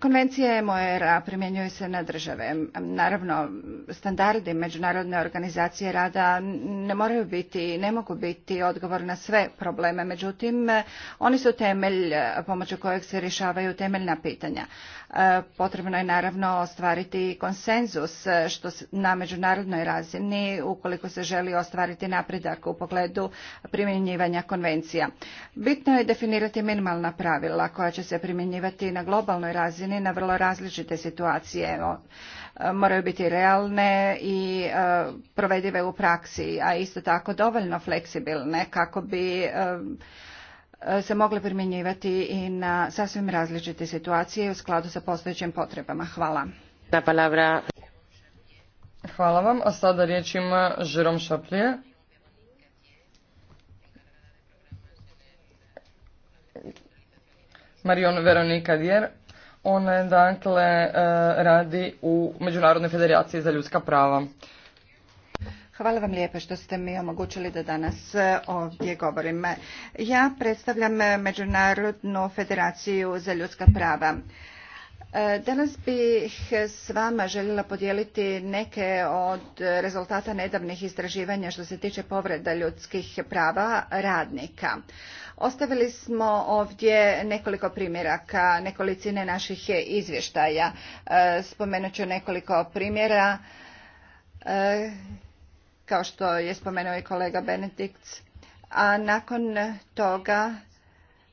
Konvencije MOERA primjenjuju se na države. Naravno, standardi Međunarodne organizacije rada ne moraju biti, ne mogu biti odgovor na sve probleme. Međutim, oni su temelj pomoću kojeg se rješavaju temeljna pitanja. Potrebno je naravno ostvariti konsenzus e, što na međunarodnoj razini ukoliko se želi ostvariti napredak u pogledu primjenjivanja konvencija. Bitno je definirati minimalna pravila koja će se primjenjivati na globalnoj razini na vrlo različite situacije. E, moraju biti realne i e, provedive u praksi, a isto tako dovoljno fleksibilne kako bi se mogle primjenjivati i na sasvim različite situacije u skladu sa postojećim potrebama. Hvala. Hvala vam. A sada riječ ima Žerom Šaplije. Marion Veronika Djer. Ona je dakle eh, radi u Međunarodnoj federaciji za ljudska prava. Hvala vam lijepo što ste mi omogućili da danas e, ovdje govorim. Ja predstavljam e, Međunarodnu federaciju za ljudska prava. E, danas bih s vama željela podijeliti neke od rezultata nedavnih istraživanja što se tiče povreda ljudskih prava radnika. Ostavili smo ovdje nekoliko primjeraka, nekolicine naših izvještaja. Spomenut ću nekoliko primjera kao što je spomenuo i kolega Benedikt. A nakon toga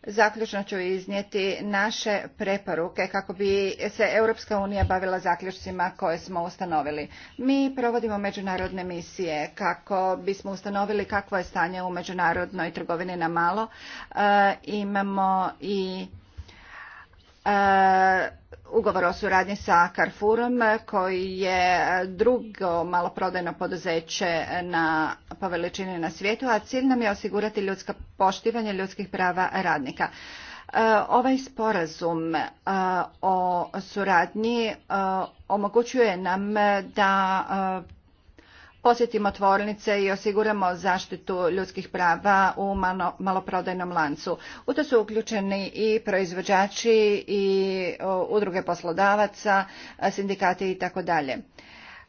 zaključno ću iznijeti naše preporuke kako bi se Europska unija bavila zaključcima koje smo ustanovili. Mi provodimo međunarodne misije kako bismo ustanovili kakvo je stanje u međunarodnoj trgovini na malo. E, imamo i E, ugovor o suradnji sa Carrefourom e, koji je drugo maloprodajno poduzeće na, po veličini na svijetu, a cilj nam je osigurati ljudska poštivanje ljudskih prava radnika. E, ovaj sporazum o suradnji omogućuje nam da posjetimo tvornice i osiguramo zaštitu ljudskih prava u maloprodajnom lancu. U to su uključeni i proizvođači i udruge poslodavaca, sindikati i tako dalje.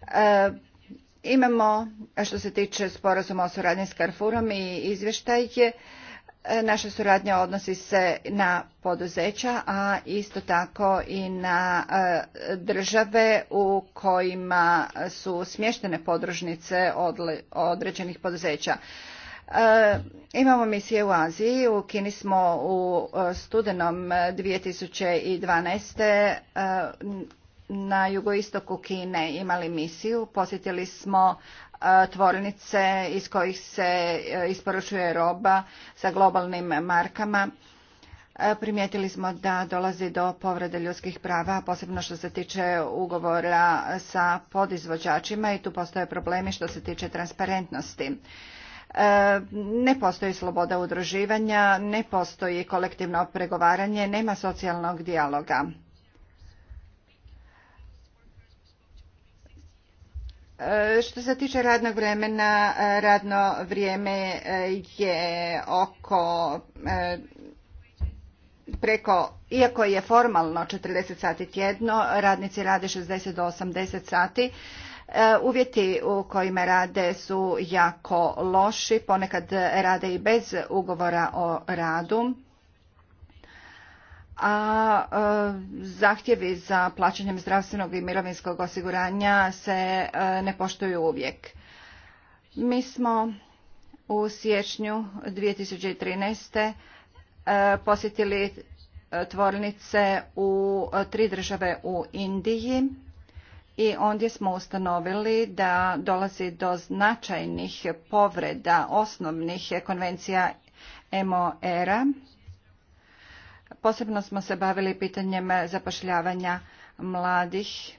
E, imamo, što se tiče sporazuma o suradnji s Carrefourom i izvještajke, E, naša suradnja odnosi se na poduzeća, a isto tako i na e, države u kojima su smještene podružnice određenih poduzeća. E, imamo misije u Aziji, u Kini smo u studenom 2012 na jugoistoku Kine imali misiju. Posjetili smo e, tvornice iz kojih se e, isporučuje roba sa globalnim markama. E, primijetili smo da dolazi do povrede ljudskih prava, posebno što se tiče ugovora sa podizvođačima i tu postoje problemi što se tiče transparentnosti. Ne postoji sloboda udruživanja, ne postoji kolektivno pregovaranje, nema socijalnog dijaloga. E, što se tiče radnog vremena, e, radno vrijeme e, je oko preko, iako je formalno 40 sati tjedno, radnici rade 60 do 80 sati. Uvjeti u kojima rade su jako loši, ponekad rade i bez ugovora o radu a e, zahtjevi za plaćanjem zdravstvenog i mirovinskog osiguranja se e, ne poštuju uvijek. Mi smo u siječnju 2013. E, posjetili tvornice u tri države u Indiji i ondje smo ustanovili da dolazi do značajnih povreda osnovnih konvencija MOR-a Posebno smo se bavili pitanjem zapošljavanja mladih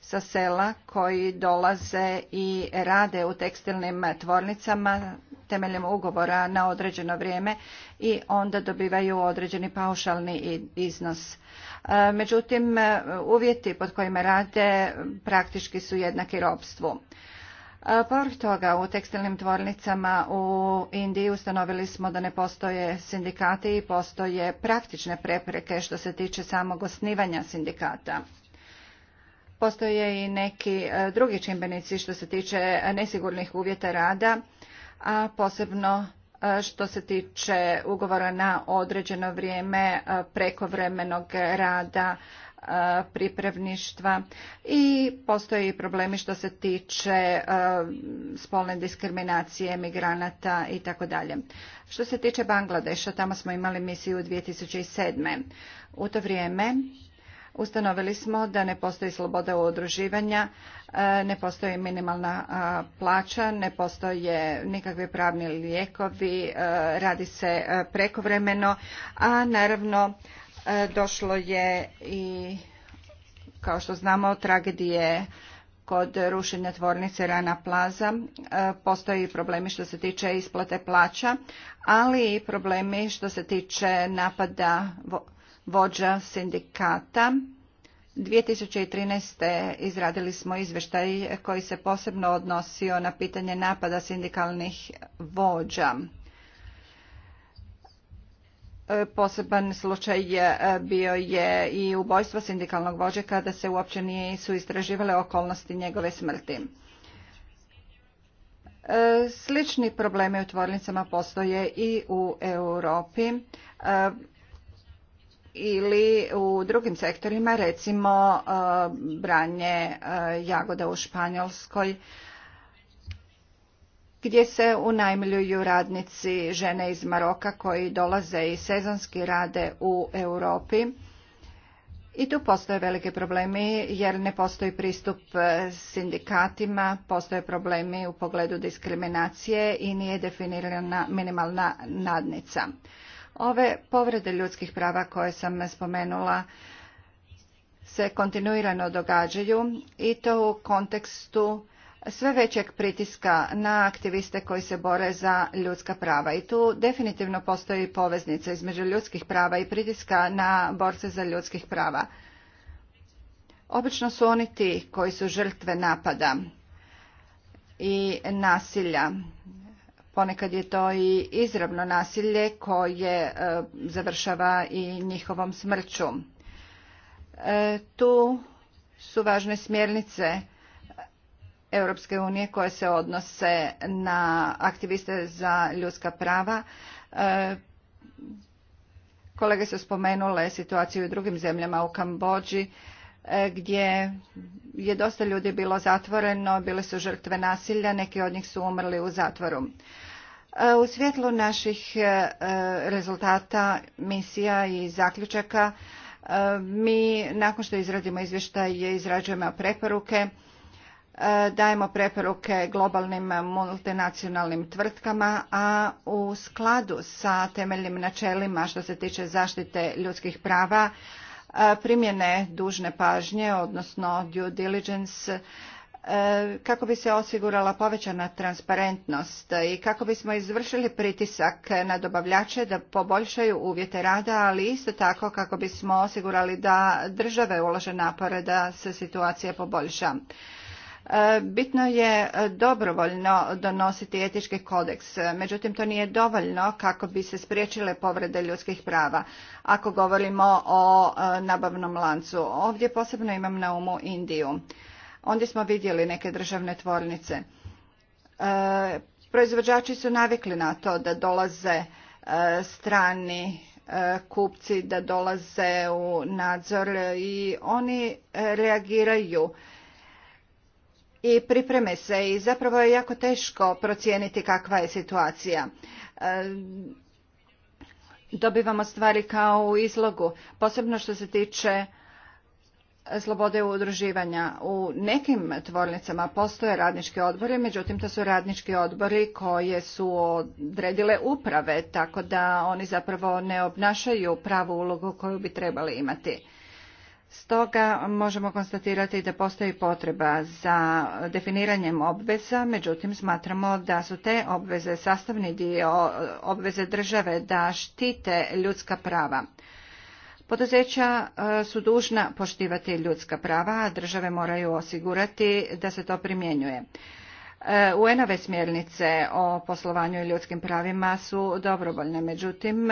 sa sela koji dolaze i rade u tekstilnim tvornicama temeljem ugovora na određeno vrijeme i onda dobivaju određeni paušalni iznos. E, međutim, uvjeti pod kojima rade praktički su jednaki robstvu. E, povrh toga u tekstilnim tvornicama u Indiji ustanovili smo da ne postoje sindikati i postoje praktične prepreke što se tiče samog osnivanja sindikata. Postoje i neki e, drugi čimbenici što se tiče nesigurnih uvjeta rada, a posebno e, što se tiče ugovora na određeno vrijeme prekovremenog rada pripravništva i postoje i problemi što se tiče spolne diskriminacije migranata i tako dalje. Što se tiče Bangladeša, tamo smo imali misiju 2007. U to vrijeme ustanovili smo da ne postoji sloboda u udruživanja, ne postoji minimalna plaća, ne postoje nikakvi pravni lijekovi, radi se prekovremeno, a naravno E, došlo je i, kao što znamo, tragedije kod rušenja tvornice Rana Plaza. E, Postoji problemi što se tiče isplate plaća, ali i problemi što se tiče napada vođa sindikata. 2013. izradili smo izvještaj koji se posebno odnosio na pitanje napada sindikalnih vođa. E, poseban slučaj e, bio je i ubojstvo sindikalnog vođe kada se uopće nisu istraživale okolnosti njegove smrti. E, slični problemi u tvornicama postoje i u Europi ili u drugim sektorima, recimo branje jagoda u Španjolskoj gdje se unajmljuju radnici žene iz Maroka koji dolaze i sezonski rade u Europi. I tu postoje velike problemi jer ne postoji pristup e, sindikatima, postoje problemi u pogledu diskriminacije i nije definirana minimalna nadnica. Ove povrede ljudskih prava koje sam spomenula se kontinuirano događaju i to u kontekstu sve većeg pritiska na aktiviste koji se bore za ljudska prava i tu definitivno postoji poveznica između ljudskih prava i pritiska na borce za ljudskih prava. Obično su oni ti koji su žrtve napada i nasilja. Ponekad je to i izravno nasilje koje e, završava i njihovom smrću. E, tu su važne smjernice Europske unije koje se odnose na aktiviste za ljudska prava. E, kolege su spomenule situaciju u drugim zemljama u Kambođi e, gdje je dosta ljudi bilo zatvoreno, bile su žrtve nasilja, neki od njih su umrli u zatvoru. E, u svjetlu naših rezultata, misija i zaključaka mi nakon što izradimo izvještaj izrađujemo preporuke E, dajemo preporuke globalnim multinacionalnim tvrtkama, a u skladu sa temeljnim načelima što se tiče zaštite ljudskih prava, e, primjene dužne pažnje, odnosno due diligence, e, kako bi se osigurala povećana transparentnost i kako bismo izvršili pritisak na dobavljače da poboljšaju uvjete rada, ali isto tako kako bismo osigurali da države ulože napore da se situacija poboljša. E, bitno je e, dobrovoljno donositi etički kodeks, e, međutim to nije dovoljno kako bi se spriječile povrede ljudskih prava. Ako govorimo o nabavnom lancu, ovdje posebno imam na umu Indiju. Ondje smo vidjeli neke državne tvornice. Proizvođači su navikli na to da dolaze strani kupci, da dolaze u nadzor i oni reagiraju i pripreme se i zapravo je jako teško procijeniti kakva je situacija. E, dobivamo stvari kao u izlogu, posebno što se tiče slobode udruživanja. U nekim tvornicama postoje radnički odbori, međutim to su radnički odbori koje su odredile uprave, tako da oni zapravo ne obnašaju pravu ulogu koju bi trebali imati. Stoga možemo konstatirati da postoji potreba za definiranjem obveza, međutim smatramo da su te obveze sastavni dio obveze države da štite ljudska prava. Poduzeća e, su dužna poštivati ljudska prava, a države moraju osigurati da se to primjenjuje. E, UN-ove smjernice o poslovanju i ljudskim pravima su dobrovoljne, međutim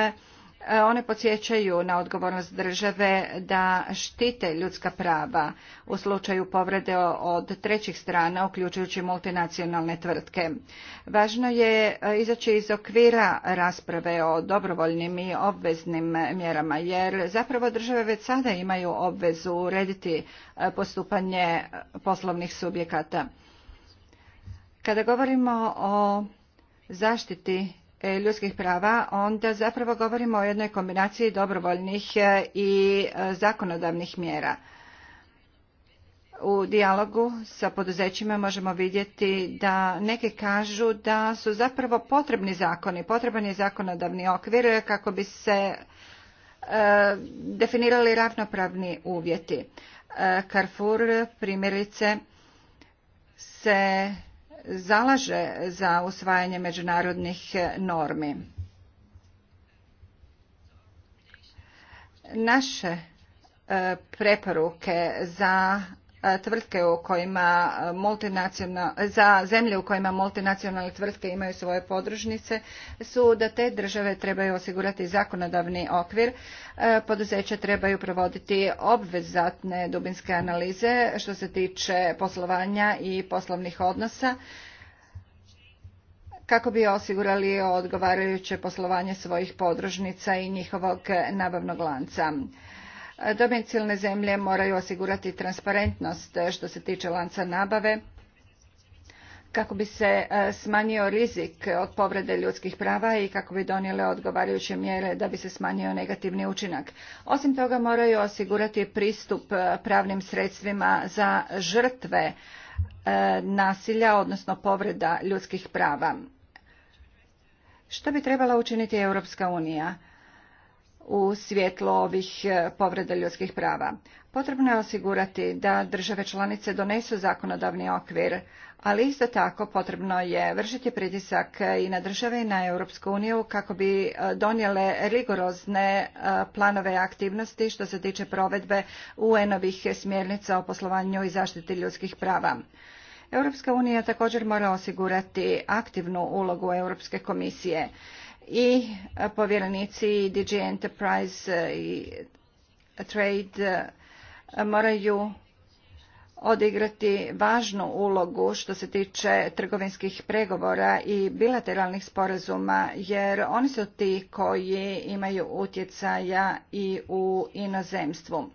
E, one podsjećaju na odgovornost države da štite ljudska prava u slučaju povrede od trećih strana, uključujući multinacionalne tvrtke. Važno je e, izaći iz okvira rasprave o dobrovoljnim i obveznim mjerama, jer zapravo države već sada imaju obvezu urediti e, postupanje poslovnih subjekata. Kada govorimo o zaštiti E, ljudskih prava, onda zapravo govorimo o jednoj kombinaciji dobrovoljnih e, i e, zakonodavnih mjera. U dijalogu sa poduzećima možemo vidjeti da neki kažu da su zapravo potrebni zakoni, potreban je zakonodavni okvir kako bi se definirali ravnopravni uvjeti. Carrefour primjerice se zalaže za usvajanje međunarodnih normi. Naše e, preporuke za E, tvrtke u kojima e, za zemlje u kojima multinacionalne tvrtke imaju svoje podružnice su da te države trebaju osigurati zakonodavni okvir e, poduzeća trebaju provoditi obvezatne dubinske analize što se tiče poslovanja i poslovnih odnosa kako bi osigurali odgovarajuće poslovanje svojih podružnica i njihovog nabavnog lanca domicilne zemlje moraju osigurati transparentnost eh, što se tiče lanca nabave kako bi se eh, smanjio rizik eh, od povrede ljudskih prava i kako bi donijele odgovarajuće mjere da bi se smanjio negativni učinak. Osim toga moraju osigurati pristup pravnim sredstvima za žrtve nasilja, odnosno povreda ljudskih prava. Što bi trebala učiniti Europska unija? u svjetlo ovih e, povreda ljudskih prava. Potrebno je osigurati da države članice donesu zakonodavni okvir, ali isto tako potrebno je vršiti pritisak i na države i na Europsku uniju kako bi e, donijele rigorozne e, planove aktivnosti što se tiče provedbe UN-ovih smjernica o poslovanju i zaštiti ljudskih prava. Europska unija također mora osigurati aktivnu ulogu Europske komisije i povjerenici DG Enterprise e, i Trade e, moraju odigrati važnu ulogu što se tiče trgovinskih pregovora i bilateralnih sporazuma jer oni su ti koji imaju utjecaja i u inozemstvu.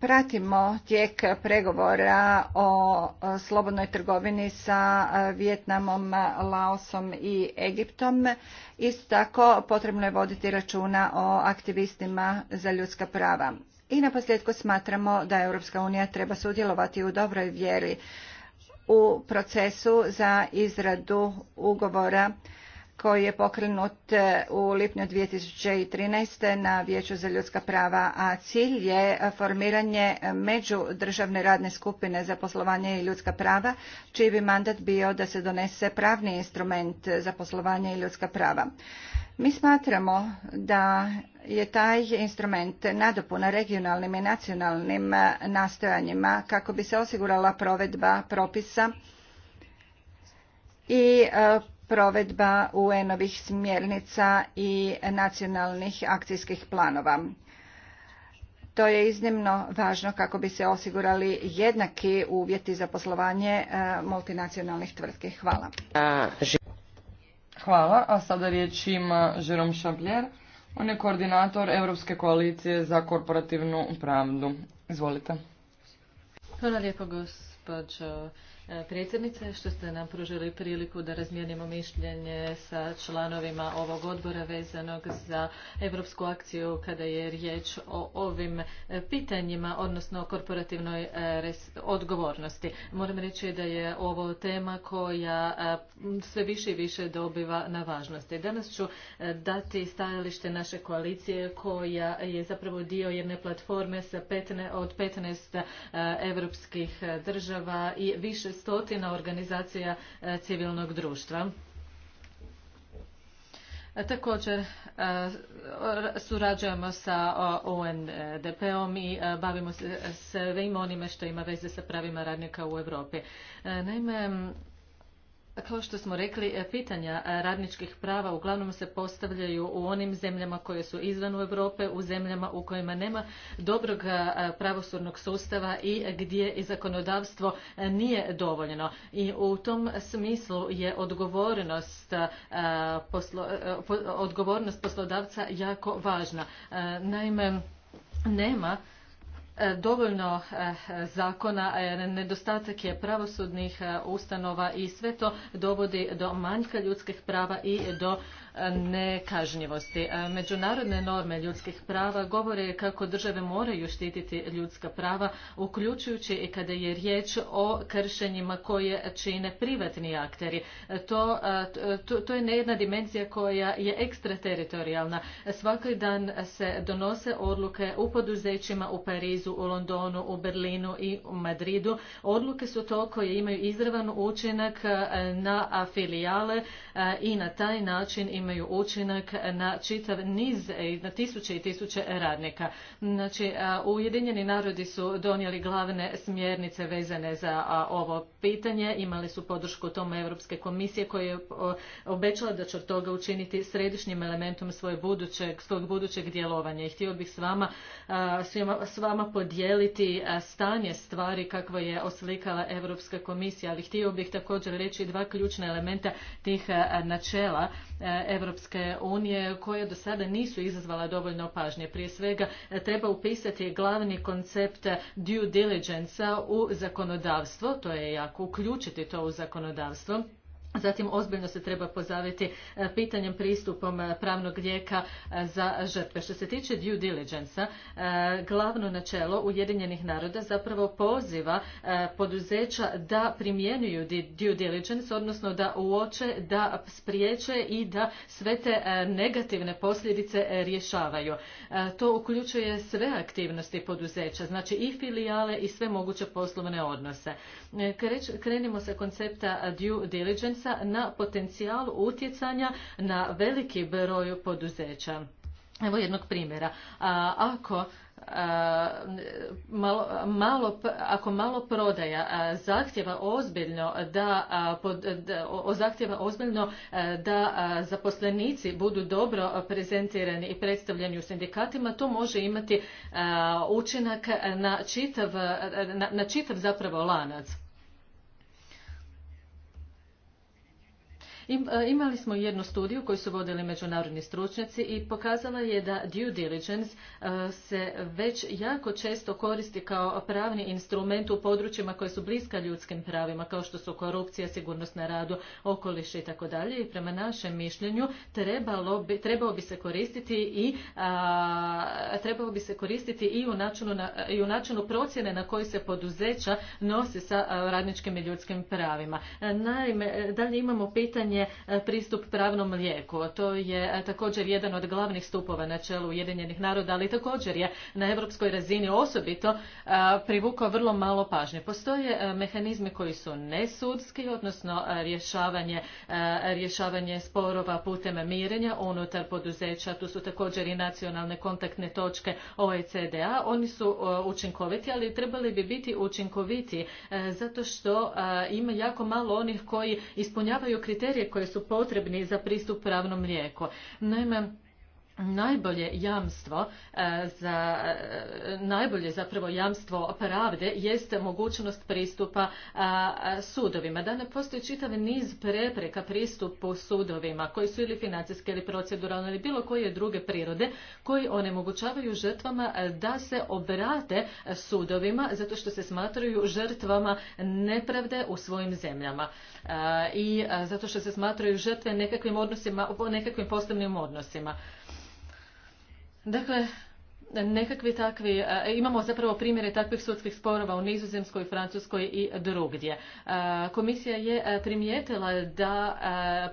Pratimo tijek pregovora o slobodnoj trgovini sa Vjetnamom, Laosom i Egiptom. Isto tako potrebno je voditi računa o aktivistima za ljudska prava. I na smatramo da Europska unija treba sudjelovati u dobroj vjeri u procesu za izradu ugovora koji je pokrenut e, u lipnju 2013. na Vijeću za ljudska prava, a cilj je e, formiranje međudržavne radne skupine za poslovanje i ljudska prava, čiji bi mandat bio da se donese pravni instrument za poslovanje i ljudska prava. Mi smatramo da je taj instrument nadopuna regionalnim i nacionalnim e, nastojanjima kako bi se osigurala provedba propisa i provedba UN-ovih smjernica i nacionalnih akcijskih planova. To je iznimno važno kako bi se osigurali jednaki uvjeti za poslovanje e, multinacionalnih tvrtki. Hvala. Hvala, a sada riječ ima on je koordinator Europske koalicije za korporativnu pravdu. Izvolite. Hvala lijepo, E, predsjednice što ste nam pružili priliku da razmijenimo mišljenje sa članovima ovog odbora vezanog za europsku akciju kada je riječ o ovim e, pitanjima, odnosno o korporativnoj e, odgovornosti. Moram reći da je ovo tema koja sve više i više dobiva na važnosti. Danas ću dati stajalište naše koalicije koja je zapravo dio jedne platforme sa od 15 europskih država i više stotina organizacija e, civilnog društva. E, također e, surađujemo sa UNDP-om i bavimo se svim onime što ima veze sa pravima radnika u Europi. Naime, kao što smo rekli, e, pitanja e, radničkih prava uglavnom se postavljaju u onim zemljama koje su izvan Europe, u zemljama u kojima nema dobrog e, pravosudnog sustava i gdje i zakonodavstvo nije dovoljno. I u tom smislu je odgovornost, odgovornost poslodavca jako važna. Naime, nema E, dovoljno e, zakona, e, nedostatak je pravosudnih ustanova i sve to dovodi do manjka ljudskih prava i do nekažnjivosti. E, međunarodne norme ljudskih prava govore kako države moraju štititi ljudska prava, uključujući i kada je riječ o kršenjima koje čine privatni akteri. E, e, to, je ne jedna dimenzija koja je ekstrateritorijalna. Svaki dan se donose odluke u poduzećima u Parizu, u Londonu, u Berlinu i u Madridu. Odluke su to koje imaju izravan učinak na afilijale i na taj način imaju učinak na čitav niz e, na tisuće i tisuće radnika. Znači, Ujedinjeni narodi su donijeli glavne smjernice vezane za ovo pitanje. Imali su podršku tome Europske komisije koja je obećala da će od toga učiniti središnjim elementom svoje budućeg, svog budućeg djelovanja. I htio bih s vama, s vama podijeliti stanje stvari kakvo je oslikala Europska komisija, ali htio bih također reći dva ključna elementa tih načela Europske unije koje do sada nisu izazvala dovoljno pažnje. Prije svega treba upisati glavni koncept due diligence u zakonodavstvo, to je jako uključiti to u zakonodavstvo Zatim ozbiljno se treba pozaviti e, pitanjem pristupom e, pravnog lijeka e, za žrtve. Što se tiče due diligence glavno načelo Ujedinjenih naroda zapravo poziva poduzeća da primjenjuju due diligence, odnosno da uoče, da spriječe i da sve te negativne posljedice rješavaju. To uključuje sve aktivnosti poduzeća, znači i filijale i sve moguće poslovne odnose. Krenimo sa koncepta due diligence na potencijal utjecanja na veliki broj poduzeća. Evo jednog primjera. ako malo, ako malo prodaja zahtjeva ozbiljno da, da o, zahtjeva ozbiljno da zaposlenici budu dobro prezentirani i predstavljeni u sindikatima, to može imati učinak na čitav, na čitav zapravo lanac. E, imali smo jednu studiju koju su vodili međunarodni stručnjaci i pokazala je da due diligence e, se već jako često koristi kao pravni instrument u područjima koja su bliska ljudskim pravima, kao što su korupcija, sigurnost na radu, okoliš i tako dalje. I prema našem mišljenju trebalo bi, trebao bi se koristiti i trebao bi se koristiti i u načinu, i u načinu procjene na koji se poduzeća nosi sa radničkim i ljudskim pravima. E, naime, dalje imamo pitanje E, pristup pravnom lijeku. To je e, također jedan od glavnih stupova na čelu Ujedinjenih naroda, ali također je na europskoj razini osobito e, privukao vrlo malo pažnje. Postoje mehanizmi koji su nesudski, odnosno rješavanje, rješavanje sporova putem mirenja unutar poduzeća. Tu su također i nacionalne kontaktne točke oecd Oni su učinkoviti, ali trebali bi biti učinkoviti zato što ima jako malo onih koji ispunjavaju kriterije koje koji su potrebni za pristup pravnom lijeku. Naime, najbolje jamstvo e, za e, najbolje zapravo jamstvo pravde jeste mogućnost pristupa sudovima. Da ne postoji čitav niz prepreka pristupu sudovima koji su ili financijske ili proceduralne ili bilo koje druge prirode koji onemogućavaju žrtvama e, da se obrate sudovima zato što se smatraju žrtvama nepravde u svojim zemljama i zato što se smatraju žrtve nekakvim odnosima, nekakvim poslovnim odnosima. Dakle, nekakvi takvi, e, imamo zapravo primjere takvih sudskih sporova u Nizozemskoj, Francuskoj i drugdje. E, komisija je e, primijetila da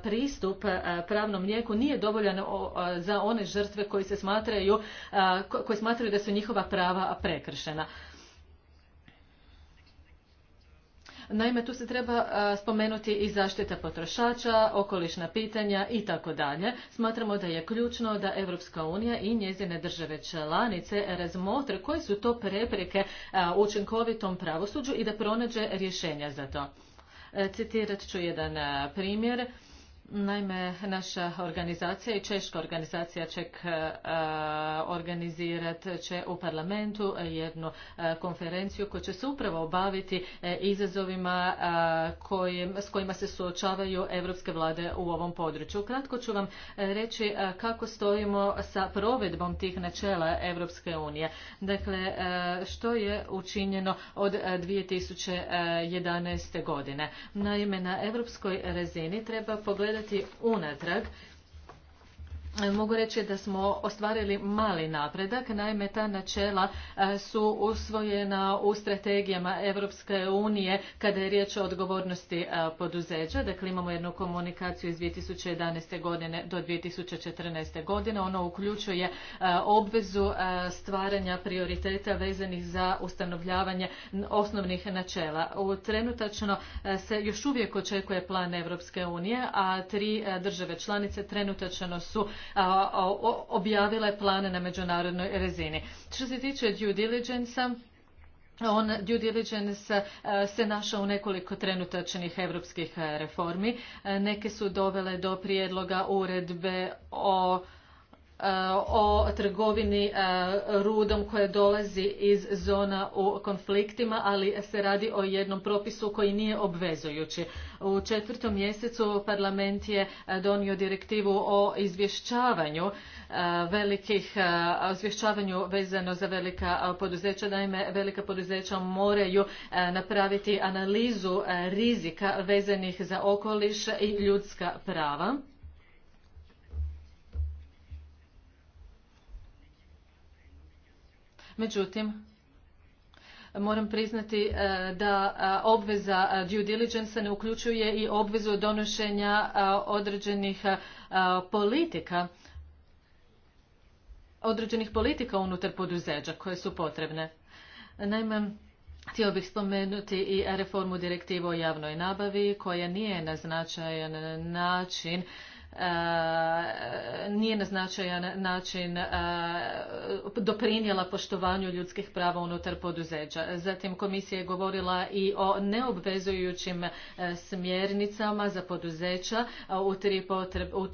pristup pravnom lijeku nije dovoljan za one žrtve koje se smatraju, koji smatraju da su njihova prava prekršena. Naime, tu se treba e, spomenuti i zaštita potrošača, okolišna pitanja i tako dalje. Smatramo da je ključno da Europska unija i njezine države članice razmotre koje su to prepreke e, učinkovitom pravosuđu i da pronađe rješenja za to. E, citirat ću jedan primjer Naime, naša organizacija i češka organizacija će organizirat će u parlamentu jednu e, konferenciju koja će se upravo baviti e, izazovima e, s kojima se suočavaju europske vlade u ovom području. Kratko ću vam reći kako stojimo sa provedbom tih načela Europske unije. Dakle, što je učinjeno od 2011. godine. Naime, na europskoj razini treba pogledati pogledati unatrag mogu reći da smo ostvarili mali napredak. Naime, ta načela e, su usvojena u strategijama Europske unije kada je riječ o odgovornosti e, poduzeća. Dakle, imamo jednu komunikaciju iz 2011. godine do 2014. godine. Ono uključuje e, obvezu stvaranja prioriteta vezanih za ustanovljavanje osnovnih načela. U trenutačno se još uvijek očekuje plan Europske unije, a tri države članice trenutačno su objavile plane na međunarodnoj razini. Što se tiče due diligence on due diligence se našao u nekoliko trenutačnih europskih reformi. Neke su dovele do prijedloga uredbe o Eh, o trgovini eh, rudom koje dolazi iz zona u konfliktima, ali se radi o jednom propisu koji nije obvezujući. U četvrtom mjesecu parlament je eh, donio direktivu o izvješćavanju velikih, izvješćavanju vezano za velika poduzeća. Naime, velika poduzeća moraju napraviti analizu rizika vezanih za okoliš i ljudska prava. Međutim, moram priznati e, da e, obveza e, due diligence ne uključuje i obvezu donošenja određenih politika određenih politika unutar poduzeća koje su potrebne. Naime, Htio bih spomenuti i reformu direktive o javnoj nabavi koja nije na značajan način E, nije na značajan način e, doprinijela poštovanju ljudskih prava unutar poduzeća. Zatim komisija je govorila i o neobvezujućim e, smjernicama za poduzeća u tri, u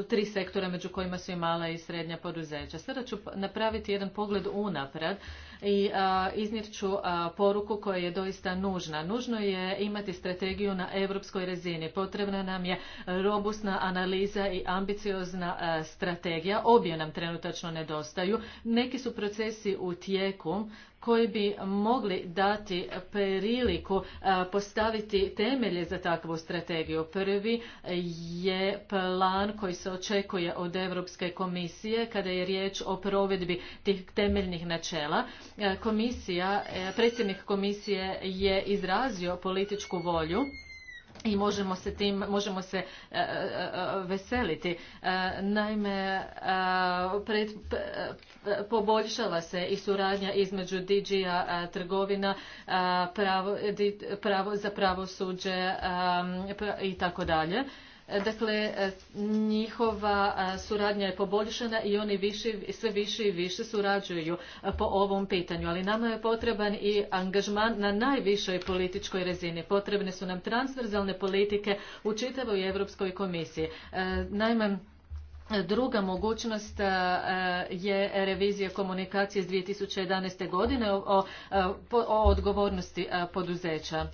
u tri sektora među kojima su i mala i srednja poduzeća. Sada ću pa-, napraviti jedan pogled unapred i iznijet ću poruku koja je doista nužna. Nužno je imati strategiju na europskoj razini. Potrebna nam je robustna analiza i ambiciozna strategija. Obje nam trenutačno nedostaju. Neki su procesi u tijeku koji bi mogli dati priliku e, postaviti temelje za takvu strategiju. Prvi je plan koji se očekuje od Europske komisije kada je riječ o provedbi tih temeljnih načela. E, komisija, e, predsjednik komisije je izrazio političku volju i možemo se tim možemo se e, e, e, veseliti naime pred, poboljšala se i suradnja između DG-a trgovina pravo, pravo za pravosuđe i tako dalje Dakle, njihova suradnja je poboljšana i oni više, sve više i više surađuju po ovom pitanju. Ali nama je potreban i angažman na najvišoj političkoj razini. Potrebne su nam transverzalne politike u čitavoj Europskoj komisiji. Naime, Druga mogućnost je revizija komunikacije iz 2011. godine o, godine o odgovornosti poduzeća.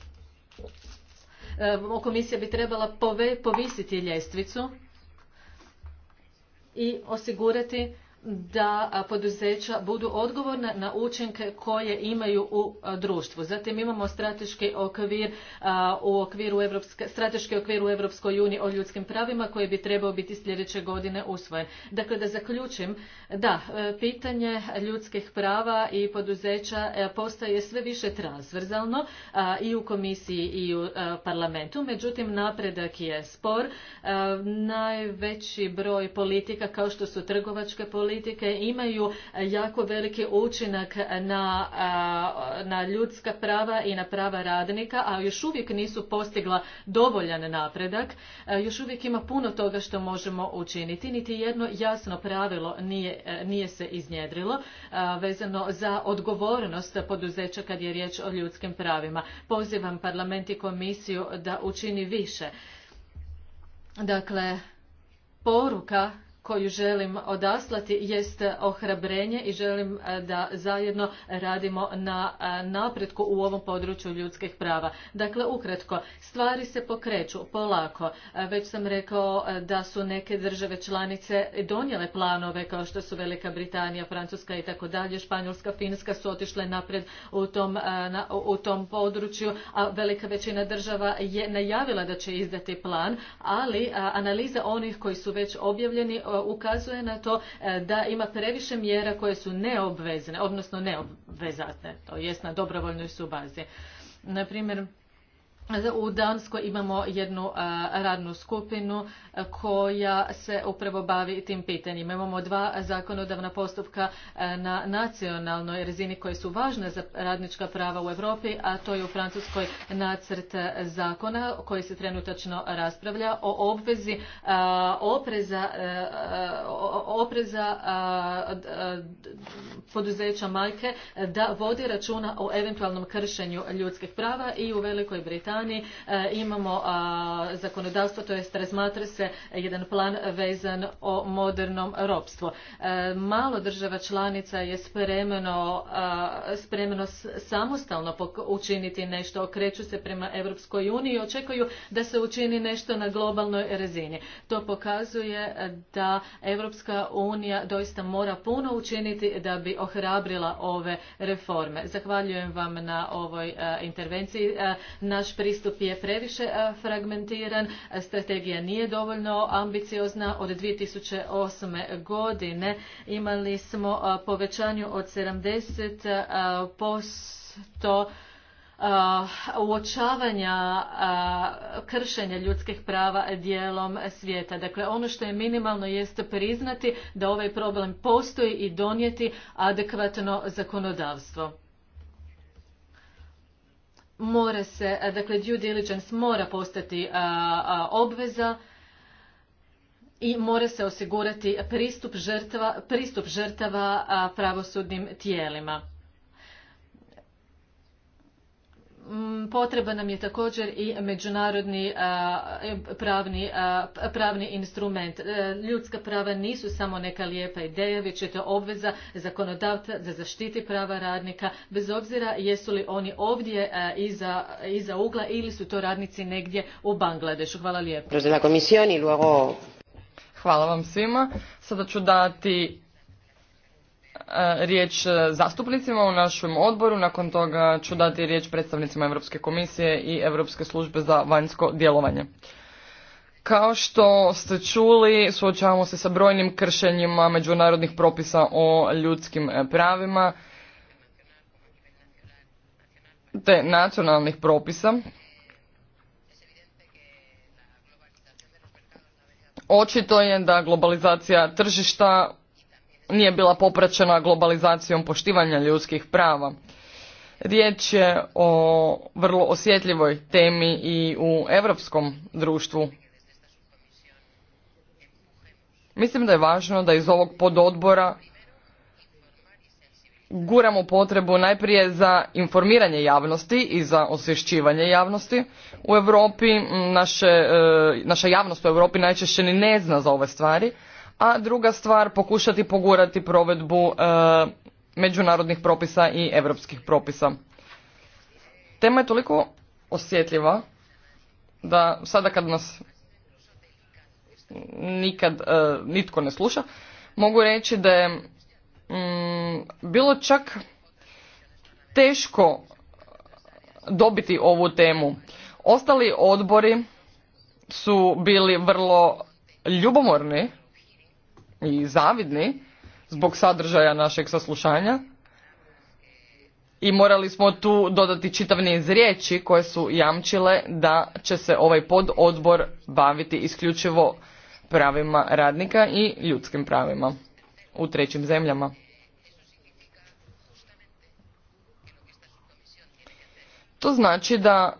E, komisija bi trebala povisiti ljestvicu i osigurati da poduzeća budu odgovorna na učinke koje imaju u društvu. Zatim imamo strateški okvir u okviru strateški okvir u Europskoj uniji o ljudskim pravima koji bi trebao biti sljedeće godine usvojen. Dakle, da zaključim, da, pitanje ljudskih prava i poduzeća postaje sve više transverzalno i u komisiji i u parlamentu. Međutim, napredak je spor. Najveći broj politika kao što su trgovačke politike, politike imaju e, jako veliki učinak e, na, ljudska prava i na prava radnika, a još uvijek nisu postigla dovoljan napredak. E, još uvijek ima puno toga što možemo učiniti. Niti jedno jasno pravilo nije, nije se iznjedrilo vezano za odgovornost poduzeća kad je riječ o ljudskim pravima. Pozivam parlament i komisiju da učini više. Dakle, poruka koju želim odaslati jest ohrabrenje i želim e, da zajedno radimo na e, napretku u ovom području ljudskih prava. Dakle, ukratko, stvari se pokreću polako. E, već sam rekao da su neke države članice donijele planove kao što su Velika Britanija, Francuska i tako dalje, Španjolska, Finska su otišle naprijed u tom, na, u tom području, a velika većina država je najavila da će izdati plan, ali analiza onih koji su već objavljeni ukazuje na to e, da ima previše mjera koje su neobvezne, odnosno neobvezatne, to jest na dobrovoljnoj su bazi. Naprimjer, u Danskoj imamo jednu radnu skupinu koja se upravo bavi tim pitanjima. Imamo dva zakonodavna postupka na nacionalnoj razini koje su važne za radnička prava u Europi, a to je u Francuskoj nacrt zakona koji se trenutačno raspravlja o obvezi opreza, opreza poduzeća majke da vodi računa o eventualnom kršenju ljudskih prava i u Velikoj Britaniji strani eh, imamo eh, zakonodavstvo, to jest razmatra se jedan plan vezan o modernom ropstvu. Eh, malo država članica je spremno, samostalno učiniti nešto, okreću se prema Europskoj uniji i očekuju da se učini nešto na globalnoj razini. To pokazuje da Europska unija doista mora puno učiniti da bi ohrabrila ove reforme. Zahvaljujem vam na ovoj intervenciji. Naš pristup je previše fragmentiran, strategija nije dovoljno ambiciozna. Od 2008. godine imali smo povećanju od 70% posto uočavanja kršenja ljudskih prava dijelom svijeta. Dakle, ono što je minimalno jest priznati da ovaj problem postoji i donijeti adekvatno zakonodavstvo mora se, e, dakle due diligence mora postati e, e, obveza i mora se osigurati pristup žrtava, pristup žrtava pravosudnim tijelima. Mm, potreba nam je također i međunarodni e, pravni, instrument. E, ljudska prava nisu samo neka lijepa ideja, već je to obveza zakonodavca da zaštiti prava radnika, bez obzira jesu li oni ovdje iza, iza ugla ili su to radnici negdje u Bangladešu. Hvala lijepo. Hvala vam svima. Sada ću dati E, riječ e, zastupnicima u našem odboru, nakon toga ću dati riječ predstavnicima Europske komisije i Europske službe za vanjsko djelovanje. Kao što ste čuli, suočavamo se sa brojnim kršenjima međunarodnih propisa o ljudskim e, pravima te nacionalnih propisa. Očito je da globalizacija tržišta nije bila popraćena globalizacijom poštivanja ljudskih prava. Riječ je o vrlo osjetljivoj temi i u europskom društvu. Mislim da je važno da iz ovog pododbora guramo potrebu najprije za informiranje javnosti i za osvješćivanje javnosti. U Europi naše, e, naša javnost u Europi najčešće ni ne zna za ove stvari a druga stvar pokušati pogurati provedbu e, međunarodnih propisa i europskih propisa. Tema je toliko osjetljiva da sada kad nas nikad e, nitko ne sluša, mogu reći da je mm, bilo čak teško dobiti ovu temu. Ostali odbori su bili vrlo ljubomorni i zavidni zbog sadržaja našeg saslušanja i morali smo tu dodati čitav niz riječi koje su jamčile da će se ovaj pododbor baviti isključivo pravima radnika i ljudskim pravima u trećim zemljama. To znači da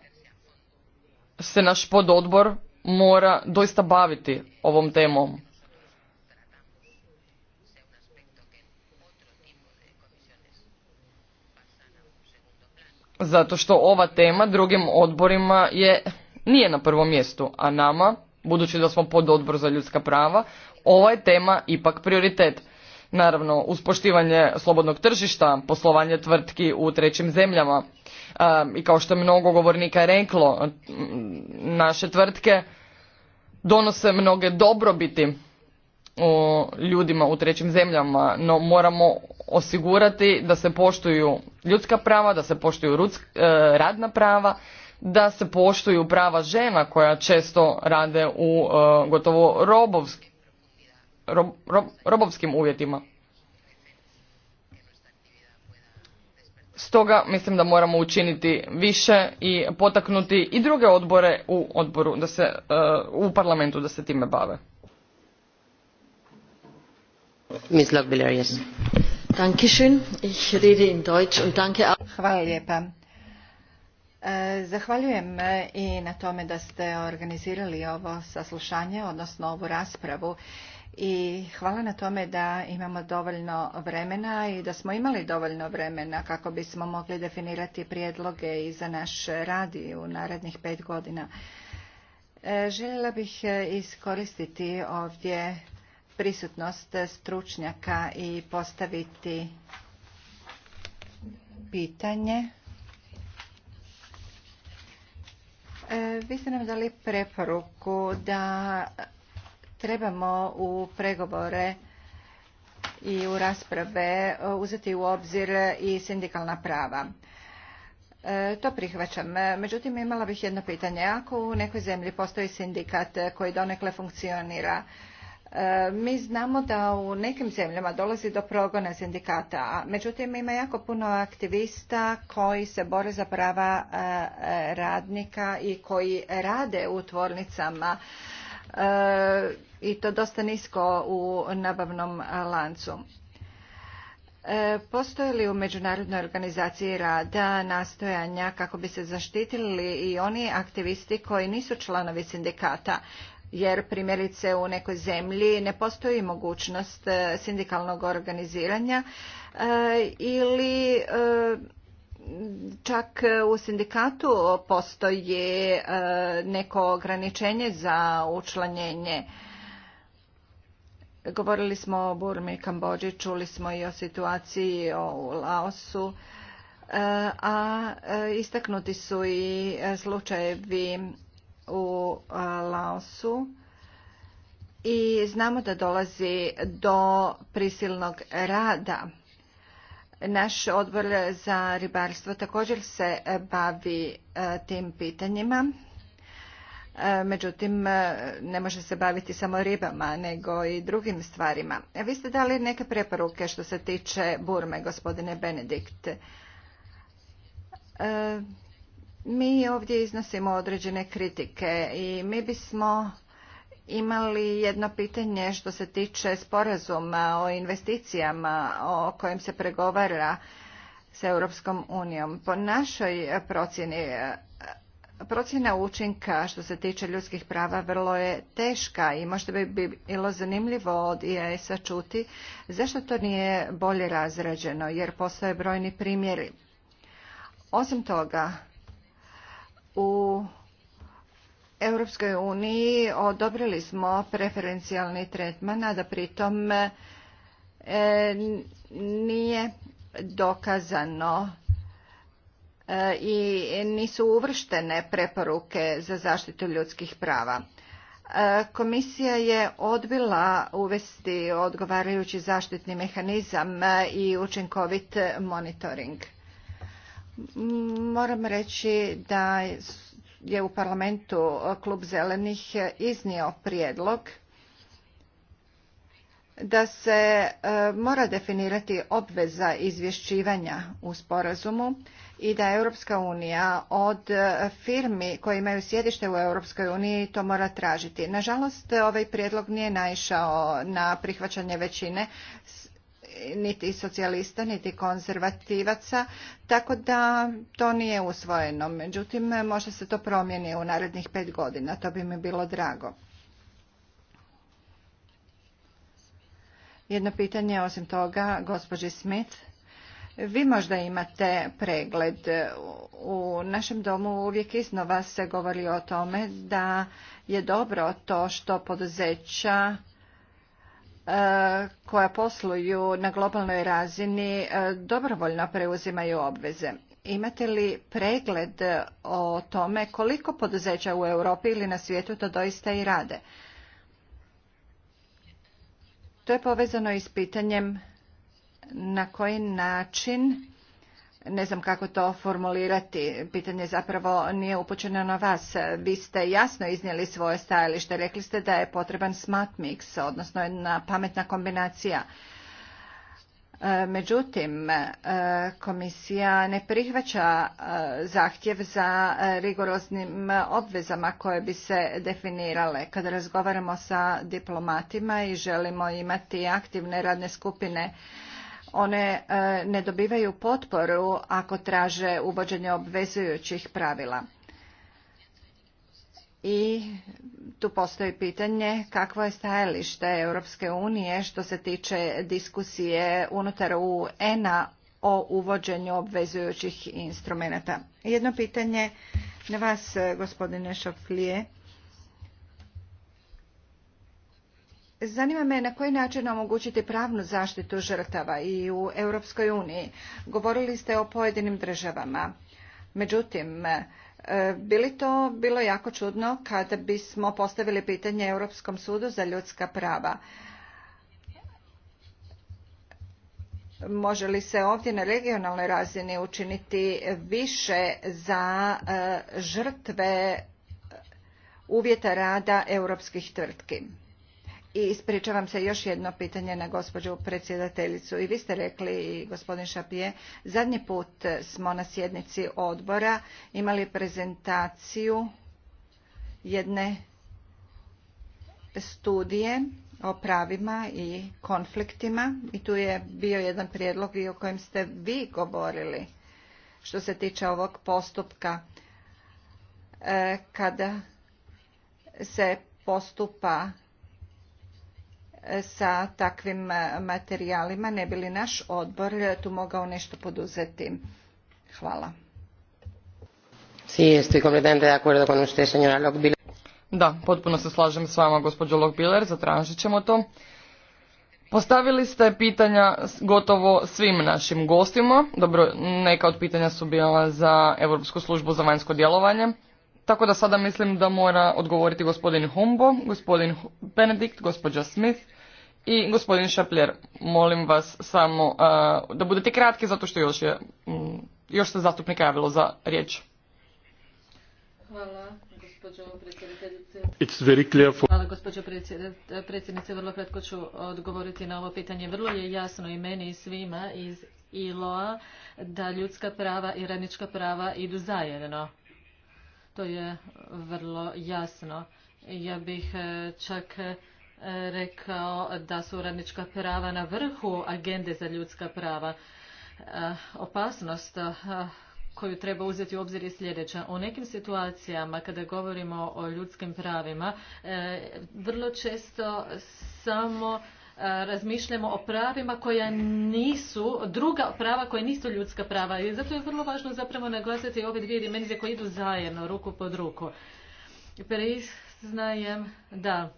se naš pododbor mora doista baviti ovom temom. zato što ova tema drugim odborima je nije na prvom mjestu, a nama, budući da smo pod odbor za ljudska prava, ova je tema ipak prioritet. Naravno, uspoštivanje slobodnog tržišta, poslovanje tvrtki u trećim zemljama i kao što je mnogo govornika reklo, naše tvrtke donose mnoge dobrobiti ljudima u trećim zemljama, no moramo osigurati da se poštuju ljudska prava, da se poštuju e, radna prava, da se poštuju prava žena koja često rade u e, gotovo robovski, robovskim uvjetima. Stoga mislim da moramo učiniti više i potaknuti i druge odbore u odboru da se e, u parlamentu da se time bave. Ms. Lockbiller, Hvala lijepa. E, zahvaljujem e, i na tome da ste organizirali ovo saslušanje, odnosno ovu raspravu i hvala na tome da imamo dovoljno vremena i da smo imali dovoljno vremena kako bismo mogli definirati prijedloge i za naš rad u narednih pet godina. E, željela bih iskoristiti ovdje prisutnost stručnjaka i postaviti pitanje. E, vi ste nam dali preporuku da trebamo u pregovore i u rasprave uzeti u obzir i sindikalna prava. E, to prihvaćam. Međutim, imala bih jedno pitanje. Ako u nekoj zemlji postoji sindikat koji donekle funkcionira, E, mi znamo da u nekim zemljama dolazi do progona sindikata, međutim ima jako puno aktivista koji se bore za prava e, radnika i koji rade u tvornicama e, i to dosta nisko u nabavnom lancu. Postoje li u Međunarodnoj organizaciji rada nastojanja kako bi se zaštitili i oni aktivisti koji nisu članovi sindikata? jer primjerice u nekoj zemlji ne postoji mogućnost e, sindikalnog organiziranja e, ili e, čak u sindikatu postoji neko ograničenje za učlanjenje. Govorili smo o Burmi i Kambođi, čuli smo i o situaciji u Laosu, a istaknuti su i slučajevi u Laosu i znamo da dolazi do prisilnog rada. Naš odbor za ribarstvo također se e, bavi e, tim pitanjima. E, međutim, ne može se baviti samo ribama, nego i drugim stvarima. Vi ste dali neke preporuke što se tiče Burme, gospodine Benedikt. Mi ovdje iznosimo određene kritike i mi bismo imali jedno pitanje što se tiče sporazuma o investicijama o kojem se pregovara s Europskom unijom. Po našoj procjeni procjena učinka što se tiče ljudskih prava vrlo je teška i možda bi bilo zanimljivo od IAS-a čuti zašto to nije bolje razrađeno jer postoje brojni primjeri. Osim toga, u Europskoj uniji odobrili smo preferencijalni tretman, a da pritom e, nije dokazano e, i nisu uvrštene preporuke za zaštitu ljudskih prava. E, komisija je odbila uvesti odgovarajući zaštitni mehanizam i učinkovit monitoring. Moram reći da je u parlamentu klub zelenih iznio prijedlog da se e, mora definirati obveza izvješćivanja u sporazumu i da Europska unija od firmi koje imaju sjedište u Europskoj uniji to mora tražiti. Nažalost, ovaj prijedlog nije naišao na prihvaćanje većine niti socijalista niti konzervativaca tako da to nije usvojeno međutim možda se to promijeni u narednih pet godina to bi mi bilo drago jedno pitanje osim toga gospođi smith vi možda imate pregled. U našem domu uvijek iznova se govori o tome da je dobro to što poduzeća Eh, koja posluju na globalnoj razini eh, dobrovoljno preuzimaju obveze. Imate li pregled o tome koliko poduzeća u Europi ili na svijetu to doista i rade? To je povezano i s pitanjem na koji način ne znam kako to formulirati, pitanje zapravo nije upućeno na vas. Vi ste jasno iznijeli svoje stajalište, rekli ste da je potreban smart mix, odnosno jedna pametna kombinacija. E, međutim, e, komisija ne prihvaća e, zahtjev za rigoroznim obvezama koje bi se definirale. Kada razgovaramo sa diplomatima i želimo imati aktivne radne skupine one e, ne dobivaju potporu ako traže uvođenje obvezujućih pravila. I tu postoji pitanje kakvo je stajalište Europske unije što se tiče diskusije unutar UN-a o uvođenju obvezujućih instrumenata. Jedno pitanje na vas, gospodine Šoflije. Zanima me na koji način omogućiti pravnu zaštitu žrtava i u Europskoj uniji. Govorili ste o pojedinim državama. Međutim, e, bi li to bilo jako čudno kada bismo postavili pitanje Europskom sudu za ljudska prava? Može li se ovdje na regionalnoj razini učiniti više za e, žrtve uvjeta rada europskih tvrtki? I ispričavam se još jedno pitanje na gospođu predsjedateljicu. I vi ste rekli, gospodin Šapije, zadnji put smo na sjednici odbora imali prezentaciju jedne studije o pravima i konfliktima i tu je bio jedan prijedlog i o kojem ste vi govorili što se tiče ovog postupka e, kada se postupa sa takvim e, materijalima, ne bi li naš odbor e, tu mogao nešto poduzeti? Hvala. Da, potpuno se slažem s vama, gospođo Lokbiler, zatražit ćemo to. Postavili ste pitanja gotovo svim našim gostima. Dobro, neka od pitanja su bila za Europsku službu za vanjsko djelovanje. Tako da sada mislim da mora odgovoriti gospodin Humbo, gospodin Benedikt, gospođa Smith i gospodin Šapljer, molim vas samo uh, da budete kratki zato što još je, mm, još se zastupnika javilo za riječ. Hvala gospođo Hvala gospođo predsjednice, vrlo kratko ću odgovoriti na ovo pitanje. Vrlo je jasno i meni i svima iz ILO-a da ljudska prava i radnička prava idu zajedno. To je vrlo jasno. Ja bih eh, čak rekao da su radnička prava na vrhu agende za ljudska prava. E, opasnost e, koju treba uzeti u obzir je sljedeća. U nekim situacijama kada govorimo o ljudskim pravima, e, vrlo često samo razmišljamo o pravima koja nisu, druga prava koja nisu ljudska prava. I zato je vrlo važno zapravo naglasiti ove dvije dimenzije koje idu zajedno, ruku pod ruku. Priznajem da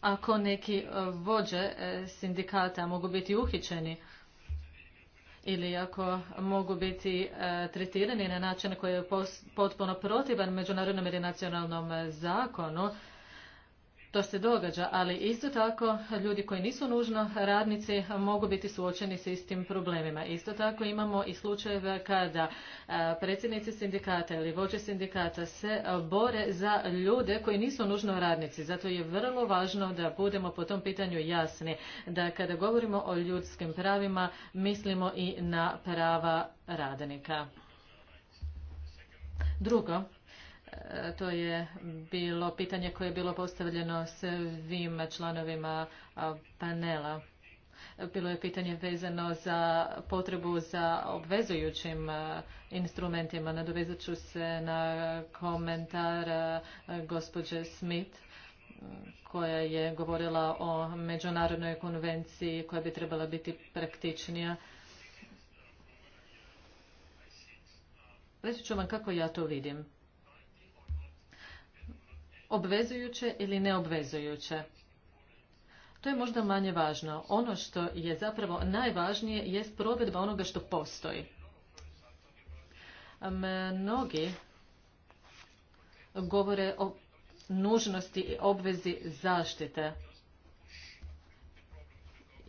ako neki e, vođe e, sindikata mogu biti uhićeni ili ako mogu biti e, tretirani na način koji je potpuno protivan međunarodnom ili nacionalnom zakonu to se događa, ali isto tako ljudi koji nisu nužno radnici mogu biti suočeni s istim problemima. Isto tako imamo i slučajeve kada e, predsjednici sindikata ili vođe sindikata se e, bore za ljude koji nisu nužno radnici. Zato je vrlo važno da budemo po tom pitanju jasni, da kada govorimo o ljudskim pravima mislimo i na prava radnika. Drugo, E, to je bilo pitanje koje je bilo postavljeno svim članovima panela. Bilo je pitanje vezano za potrebu za obvezujućim e, instrumentima. Nadovezat ću se na komentar e, gospođe Smith koja je govorila o međunarodnoj konvenciji koja bi trebala biti praktičnija. Reći ću vam kako ja to vidim obvezujuće ili neobvezujuće. To je možda manje važno. Ono što je zapravo najvažnije jest provedba onoga što postoji. Mnogi govore o nužnosti i obvezi zaštite.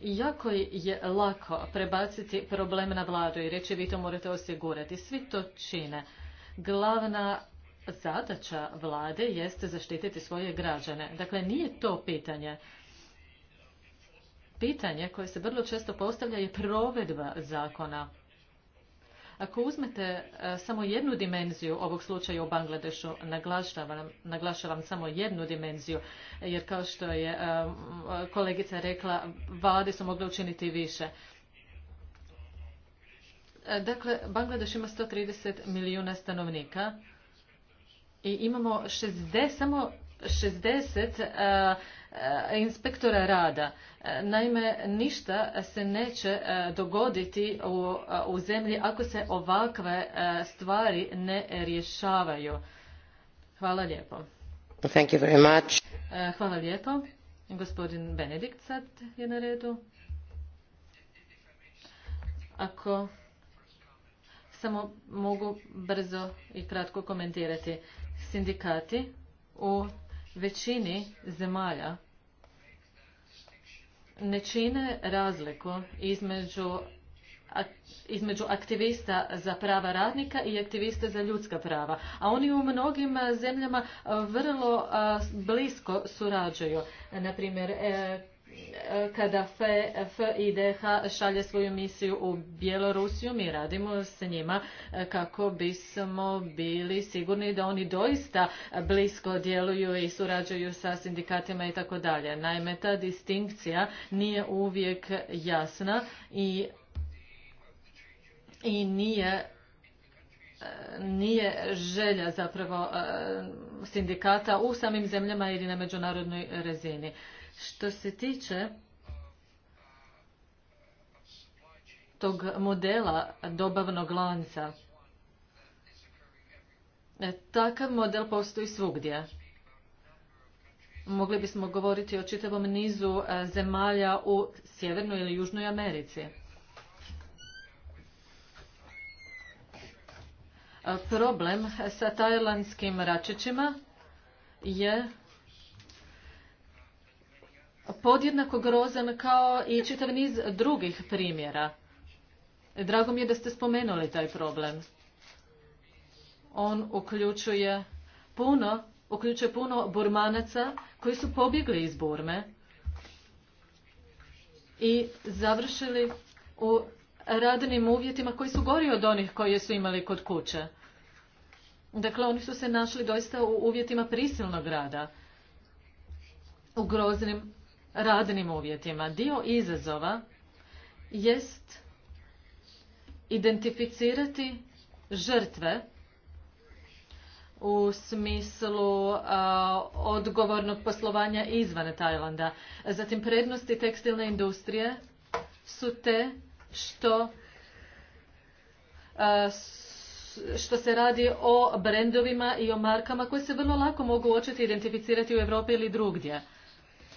Jako je lako prebaciti problem na vladu i reći vi to morate osigurati. Svi to čine. Glavna zadaća vlade jeste zaštititi svoje građane. Dakle, nije to pitanje. Pitanje koje se vrlo često postavlja je provedba zakona. Ako uzmete e, samo jednu dimenziju ovog slučaja u Bangladešu, naglašavam, samo jednu dimenziju, jer kao što je e, kolegica rekla, vlade su mogle učiniti više. E, dakle, Bangladeš ima 130 milijuna stanovnika, i imamo 60, samo 60 e, e, inspektora rada. E, naime, ništa se neće dogoditi u, zemlji ako se ovakve stvari ne rješavaju. Hvala lijepo. Hvala lijepo. Gospodin Benedikt sad je na redu. Ako samo mogu brzo i kratko komentirati sindikati u većini zemalja ne čine razliku između, između aktivista za prava radnika i aktivista za ljudska prava. A oni u mnogim zemljama vrlo blisko surađuju. Naprimjer, e, kada FIDH šalje svoju misiju u Bjelorusiju, mi radimo s njima e, kako bismo bili sigurni da oni doista blisko djeluju i surađuju sa sindikatima i tako dalje. Naime, ta distinkcija nije uvijek jasna i, i nije e, nije želja zapravo e, sindikata u samim zemljama ili na međunarodnoj razini. Što se tiče tog modela dobavnog lanca, e, takav model postoji svugdje. Mogli bismo govoriti o čitavom nizu e, zemalja u Sjevernoj ili Južnoj Americi. E, problem sa tajlandskim račićima je podjednako grozan kao i čitav niz drugih primjera. Drago mi je da ste spomenuli taj problem. On uključuje puno, uključuje puno burmanaca koji su pobjegli iz Burme i završili u radnim uvjetima koji su gori od onih koje su imali kod kuće. Dakle, oni su se našli doista u uvjetima prisilnog rada, u groznim radnim uvjetima. Dio izazova jest identificirati žrtve u smislu odgovornog poslovanja izvan Tajlanda. Zatim prednosti tekstilne industrije su te što što se radi o brendovima i o markama koje se vrlo lako mogu očiti identificirati u Europi ili drugdje.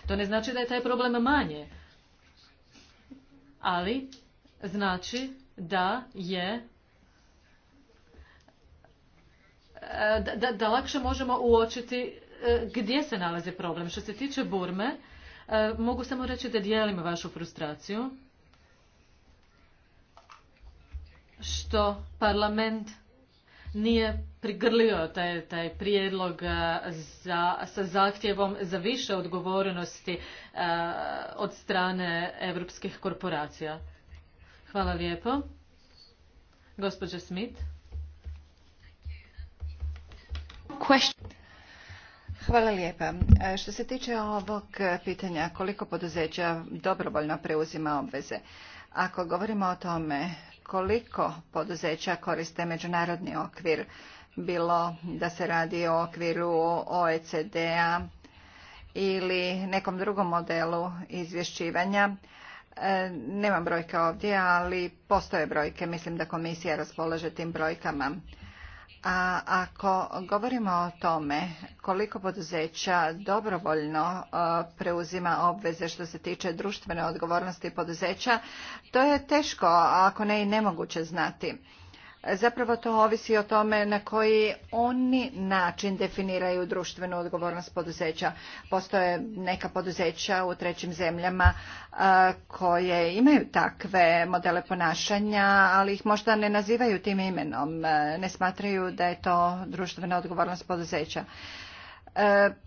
To ne znači da je taj problem manje, ali znači da je e, da, da lakše možemo uočiti e, gdje se nalazi problem. Što se tiče Burme, e, mogu samo reći da dijelim vašu frustraciju što parlament nije prigrlio taj, taj prijedlog sa zahtjevom za više odgovornosti od strane europskih korporacija. Hvala lijepo. Gospođa Smith. Hvala lijepa. E, što se tiče ovog pitanja koliko poduzeća dobrovoljno preuzima obveze, ako govorimo o tome koliko poduzeća koriste međunarodni okvir, bilo da se radi o okviru OECD-a ili nekom drugom modelu izvješćivanja. E, nemam brojke ovdje, ali postoje brojke. Mislim da komisija raspolaže tim brojkama. A ako govorimo o tome koliko poduzeća dobrovoljno e, preuzima obveze što se tiče društvene odgovornosti poduzeća, to je teško, ako ne i nemoguće znati zapravo to ovisi o tome na koji oni način definiraju društvenu odgovornost poduzeća. Postoje neka poduzeća u trećim zemljama koje imaju takve modele ponašanja, ali ih možda ne nazivaju tim imenom, ne smatraju da je to društvena odgovornost poduzeća.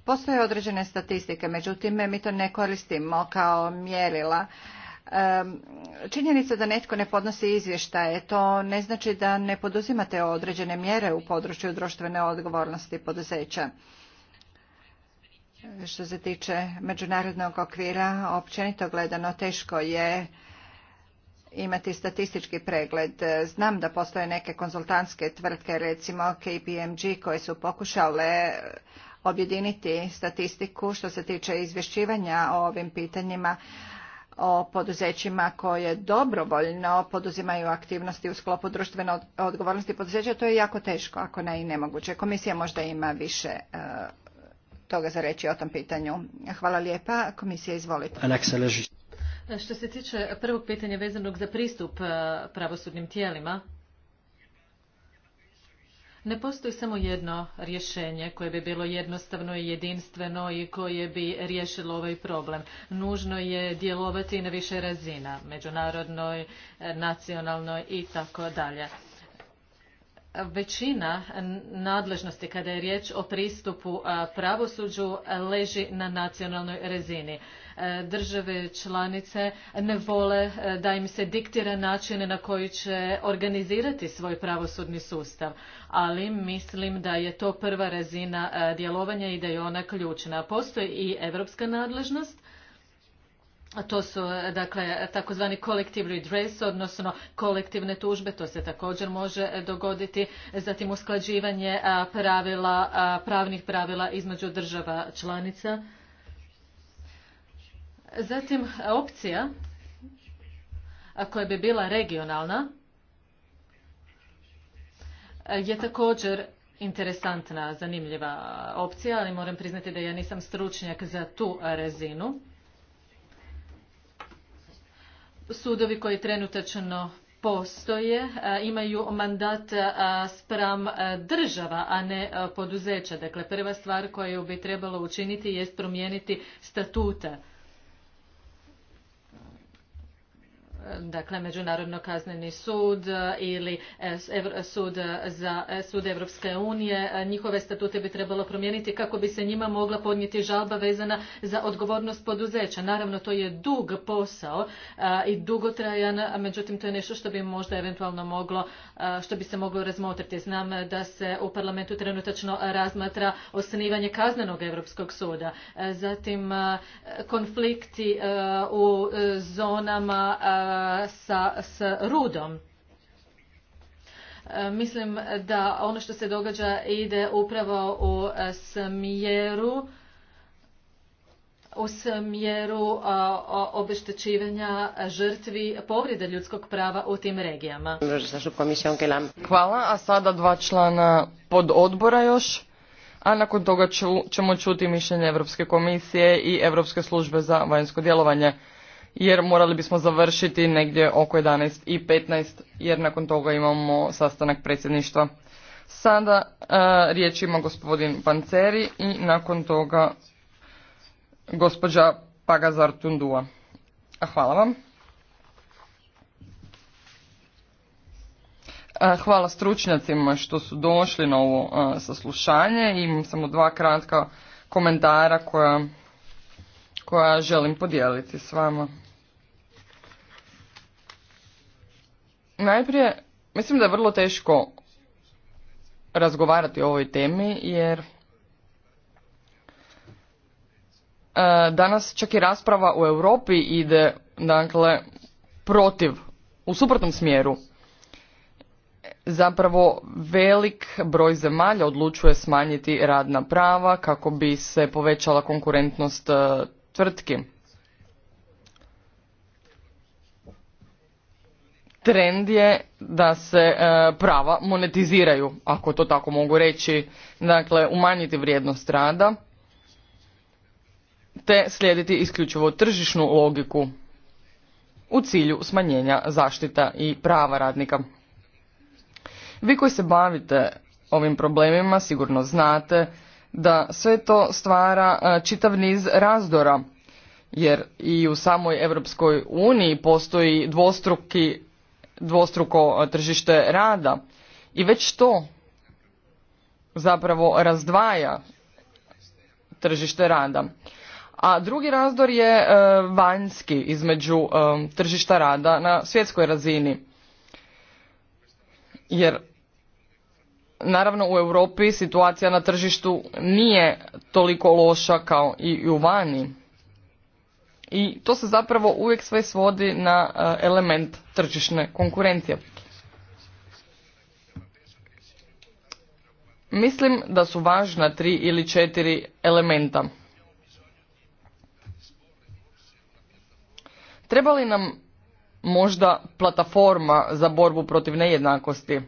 Postoje određene statistike, međutim mi to ne koristimo kao mjerila Činjenica da netko ne podnosi izvještaje, to ne znači da ne poduzimate određene mjere u području društvene odgovornosti poduzeća. Što se tiče međunarodnog okvira, općenito gledano teško je imati statistički pregled. Znam da postoje neke konzultantske tvrtke, recimo KPMG, koje su pokušale objediniti statistiku što se tiče izvješćivanja o ovim pitanjima, o poduzećima koje dobrovoljno poduzimaju aktivnosti u sklopu društvene odgovornosti poduzeća, to je jako teško, ako ne i nemoguće. Komisija možda ima više e, toga za reći o tom pitanju. Hvala lijepa. Komisija, izvolite. E, što se tiče prvog pitanja vezanog za pristup e, pravosudnim tijelima, ne postoji samo jedno rješenje koje bi bilo jednostavno i jedinstveno i koje bi riješilo ovaj problem. Nužno je djelovati na više razina, međunarodnoj, nacionalnoj i tako dalje većina nadležnosti kada je riječ o pristupu pravosuđu leži na nacionalnoj razini. E, države članice ne vole e, da im se diktira način na koji će organizirati svoj pravosudni sustav, ali mislim da je to prva razina e, djelovanja i da je ona ključna. Postoji i europska nadležnost to su e, dakle takozvani kolektiv redress, odnosno kolektivne tužbe, to se također može e, dogoditi, zatim usklađivanje pravila, pravnih pravila između država članica. Zatim opcija koja bi bila regionalna e, je također interesantna, zanimljiva opcija, ali moram priznati da ja nisam stručnjak za tu razinu sudovi koji trenutačno postoje e, imaju mandat e, spram e, država, a ne poduzeća. Dakle, prva stvar koju bi trebalo učiniti jest promijeniti statuta dakle Međunarodno kazneni sud e, ili e, sud za e, sud Europske unije, njihove statute bi trebalo promijeniti kako bi se njima mogla podnijeti žalba vezana za odgovornost poduzeća. Naravno to je dug posao i dugotrajan, međutim to je nešto što bi možda eventualno moglo, što bi se moglo razmotriti. Znam da se u parlamentu trenutačno razmatra osnivanje kaznenog Europskog suda, zatim konflikti u zonama sa, s rudom. E, mislim da ono što se događa ide upravo u e, smjeru u smjeru obeštećivanja žrtvi povrede ljudskog prava u tim regijama. Hvala, a sada dva člana pod odbora još, a nakon toga ćemo čuti mišljenje Europske komisije i Europske službe za vanjsko djelovanje jer morali bismo završiti negdje oko 11 i 15 jer nakon toga imamo sastanak predsjedništva. Sada e, riječ ima gospodin Panceri i nakon toga gospođa Pagazar Tundua. Hvala vam. E, hvala stručnjacima što su došli na ovo e, saslušanje. Imam samo dva kratka komentara koja, koja želim podijeliti s vama. Najprije, mislim da je vrlo teško razgovarati o ovoj temi jer e, danas čak i rasprava u Europi ide dakle protiv u suprotnom smjeru. Zapravo velik broj zemalja odlučuje smanjiti radna prava kako bi se povećala konkurentnost e, tvrtki. trend je da se e, prava monetiziraju, ako to tako mogu reći, dakle umanjiti vrijednost rada te slijediti isključivo tržišnu logiku u cilju smanjenja zaštita i prava radnika. Vi koji se bavite ovim problemima sigurno znate da sve to stvara e, čitav niz razdora jer i u samoj Europskoj uniji postoji dvostruki dvostruko e, tržište rada i već to zapravo razdvaja tržište rada. A drugi razdor je e, vanjski između e, tržišta rada na svjetskoj razini. Jer naravno u Europi situacija na tržištu nije toliko loša kao i u vani. I to se zapravo uvijek sve svodi na e, element tržišne konkurencije. Mislim da su važna tri ili četiri elementa. Treba li nam možda plataforma za borbu protiv nejednakosti?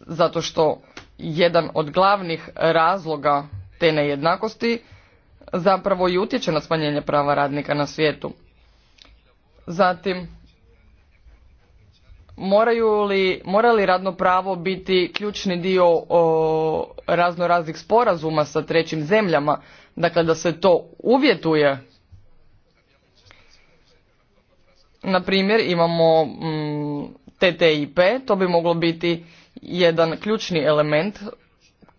Zato što jedan od glavnih razloga te nejednakosti zapravo i utječe na smanjenje prava radnika na svijetu. Zatim, moraju li, mora li radno pravo biti ključni dio o, razno raznih sporazuma sa trećim zemljama, dakle da se to uvjetuje? Na primjer, imamo mm, TTIP, to bi moglo biti jedan ključni element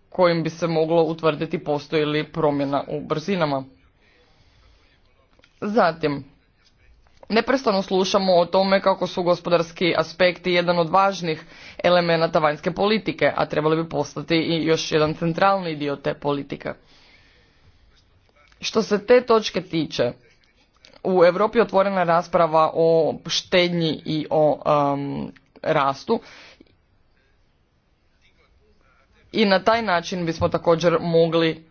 kojim bi se moglo utvrditi postoji li promjena u brzinama. Zatim, neprestano slušamo o tome kako su gospodarski aspekti jedan od važnih elemenata vanjske politike, a trebali bi postati i još jedan centralni dio te politike. Što se te točke tiče, u Europi je otvorena rasprava o štednji i o um, rastu i na taj način bismo također mogli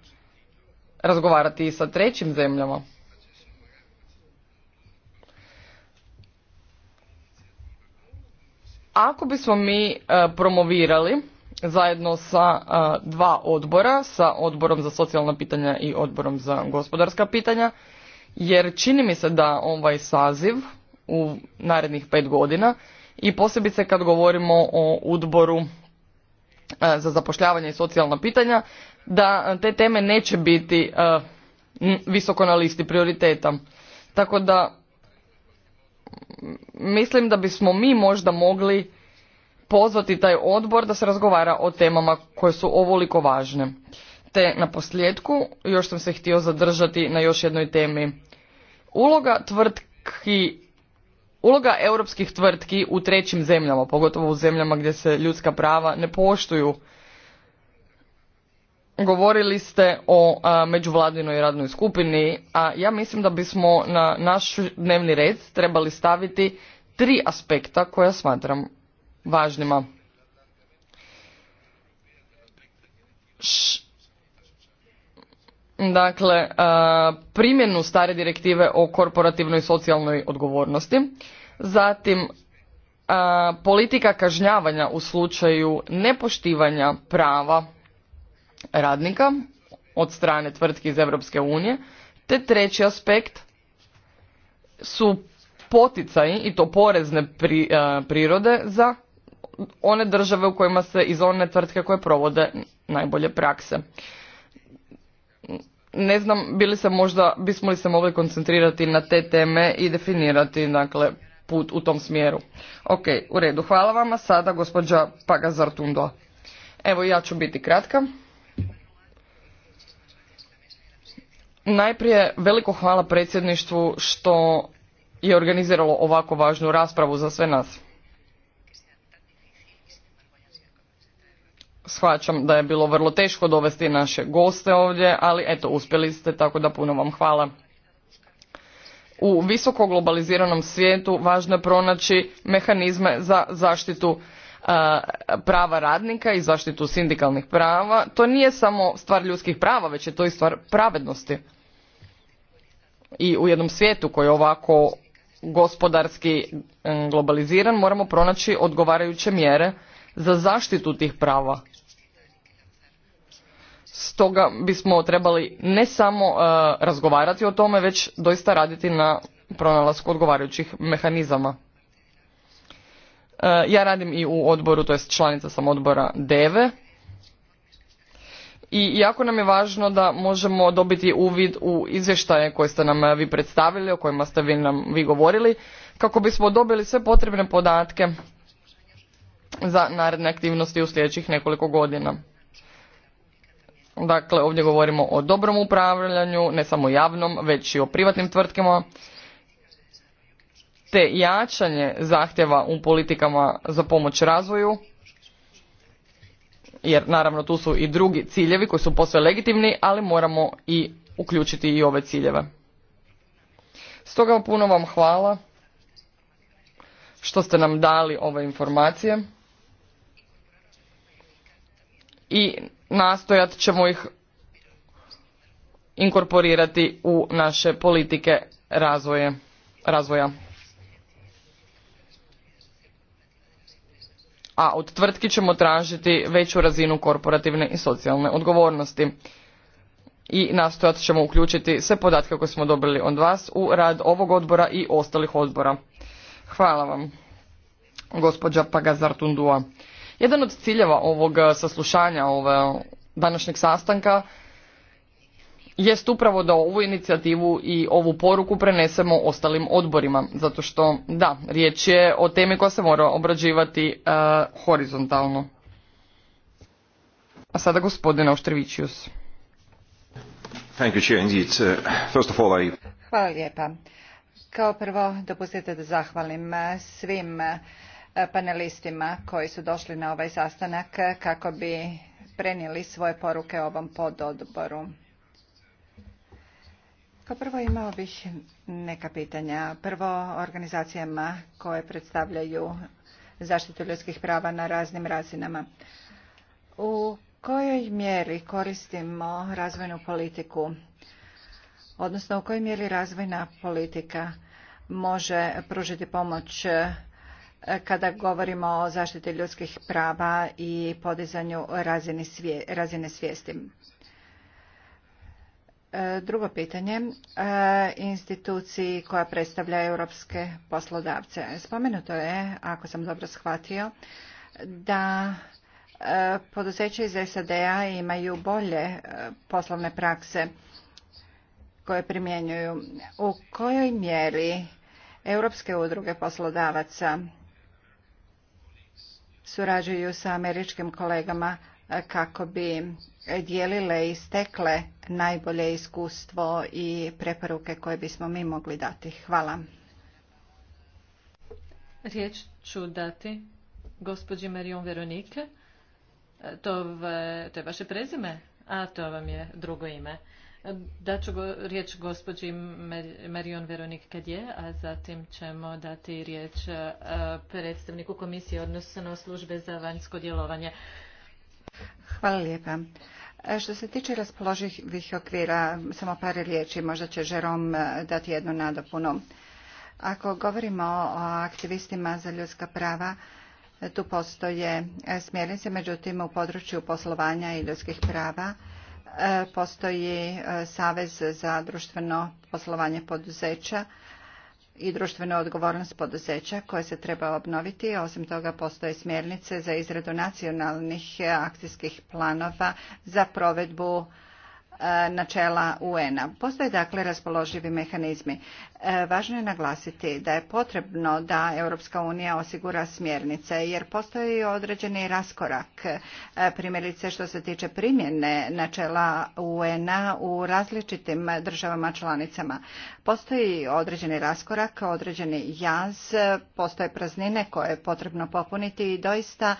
razgovarati i sa trećim zemljama. Ako bismo mi e, promovirali zajedno sa e, dva odbora, sa odborom za socijalna pitanja i odborom za gospodarska pitanja, jer čini mi se da ovaj saziv u narednih pet godina i posebice kad govorimo o odboru E, za zapošljavanje i socijalna pitanja, da te teme neće biti e, visoko na listi prioriteta. Tako da mislim da bismo mi možda mogli pozvati taj odbor da se razgovara o temama koje su ovoliko važne. Te na posljedku još sam se htio zadržati na još jednoj temi. Uloga tvrtki uloga europskih tvrtki u trećim zemljama pogotovo u zemljama gdje se ljudska prava ne poštuju govorili ste o međuvladinoj radnoj skupini a ja mislim da bismo na naš dnevni red trebali staviti tri aspekta koja smatram važnima dakle e, primjenu stare direktive o korporativnoj i socijalnoj odgovornosti, zatim e, politika kažnjavanja u slučaju nepoštivanja prava radnika od strane tvrtki iz Europske unije, te treći aspekt su poticaji i to porezne e, prirode za one države u kojima se iz one tvrtke koje provode najbolje prakse ne znam bili se možda, bismo li se mogli koncentrirati na te teme i definirati dakle, put u tom smjeru. Ok, u redu, hvala vama. Sada gospođa Pagazartundo. Evo ja ću biti kratka. Najprije veliko hvala predsjedništvu što je organiziralo ovako važnu raspravu za sve nas. shvaćam da je bilo vrlo teško dovesti naše goste ovdje, ali eto, uspjeli ste, tako da puno vam hvala. U visoko globaliziranom svijetu važno je pronaći mehanizme za zaštitu e, prava radnika i zaštitu sindikalnih prava. To nije samo stvar ljudskih prava, već je to i stvar pravednosti. I u jednom svijetu koji je ovako gospodarski e, globaliziran moramo pronaći odgovarajuće mjere za zaštitu tih prava Stoga bismo trebali ne samo e, razgovarati o tome, već doista raditi na pronalasku odgovarajućih mehanizama. E, ja radim i u odboru, to jest članica sam odbora DEVE. I jako nam je važno da možemo dobiti uvid u izvještaje koje ste nam e, vi predstavili, o kojima ste vi nam vi govorili, kako bismo dobili sve potrebne podatke za naredne aktivnosti u sljedećih nekoliko godina. Dakle, ovdje govorimo o dobrom upravljanju, ne samo javnom, već i o privatnim tvrtkama, te jačanje zahtjeva u politikama za pomoć razvoju, jer naravno tu su i drugi ciljevi koji su posve legitimni, ali moramo i uključiti i ove ciljeve. Stoga puno vam hvala što ste nam dali ove informacije i nastojat ćemo ih inkorporirati u naše politike razvoja. A od tvrtki ćemo tražiti veću razinu korporativne i socijalne odgovornosti. I nastojat ćemo uključiti sve podatke koje smo dobili od vas u rad ovog odbora i ostalih odbora. Hvala vam, gospođa Pagazartundua. Jedan od ciljeva ovog saslušanja, današnjeg sastanka, jest upravo da ovu inicijativu i ovu poruku prenesemo ostalim odborima, zato što, da, riječ je o temi koja se mora obrađivati horizontalno. A sada gospodina Oštrevićius. Uh, Hvala lijepa. Kao prvo dopustite da zahvalim svim E, panelistima koji su došli na ovaj sastanak kako bi prenijeli svoje poruke ovom pododboru. Kao prvo imao bih neka pitanja. Prvo organizacijama koje predstavljaju zaštitu ljudskih prava na raznim razinama. U kojoj mjeri koristimo razvojnu politiku, odnosno u kojoj mjeri razvojna politika može pružiti pomoć kada govorimo o zaštiti ljudskih prava i podizanju razine svijesti. E, drugo pitanje, e, instituciji koja predstavlja europske poslodavce. Spomenuto je, ako sam dobro shvatio, da e, poduzeća iz SAD-a imaju bolje poslovne prakse koje primjenjuju. U kojoj mjeri europske udruge poslodavaca surađuju sa američkim kolegama e, kako bi dijelile i stekle najbolje iskustvo i preporuke koje bismo mi mogli dati. Hvala. Riječ ću dati gospođi Marion Veronike. E, to, to je vaše prezime, a to vam je drugo ime. Dat ću riječ gospođi Marion Veronik je, a zatim ćemo dati riječ e, predstavniku komisije, odnosno službe za vanjsko djelovanje. Hvala lijepa. E, što se tiče raspoloživih okvira, samo par riječi, možda će Žerom e, dati jednu nadopunu. Ako govorimo o aktivistima za ljudska prava, tu postoje smjernice, međutim u području poslovanja i ljudskih prava postoji e, Savez za društveno poslovanje poduzeća i društvenu odgovornost poduzeća koje se treba obnoviti. Osim toga postoje smjernice za izradu nacionalnih akcijskih planova za provedbu e, načela UN-a. Postoje dakle raspoloživi mehanizmi. E, važno je naglasiti da je potrebno da Europska unija osigura smjernice jer postoji određeni raskorak e, primjerice što se tiče primjene načela UN-a u različitim državama članicama. Postoji određeni raskorak, određeni jaz, postoje praznine koje je potrebno popuniti i doista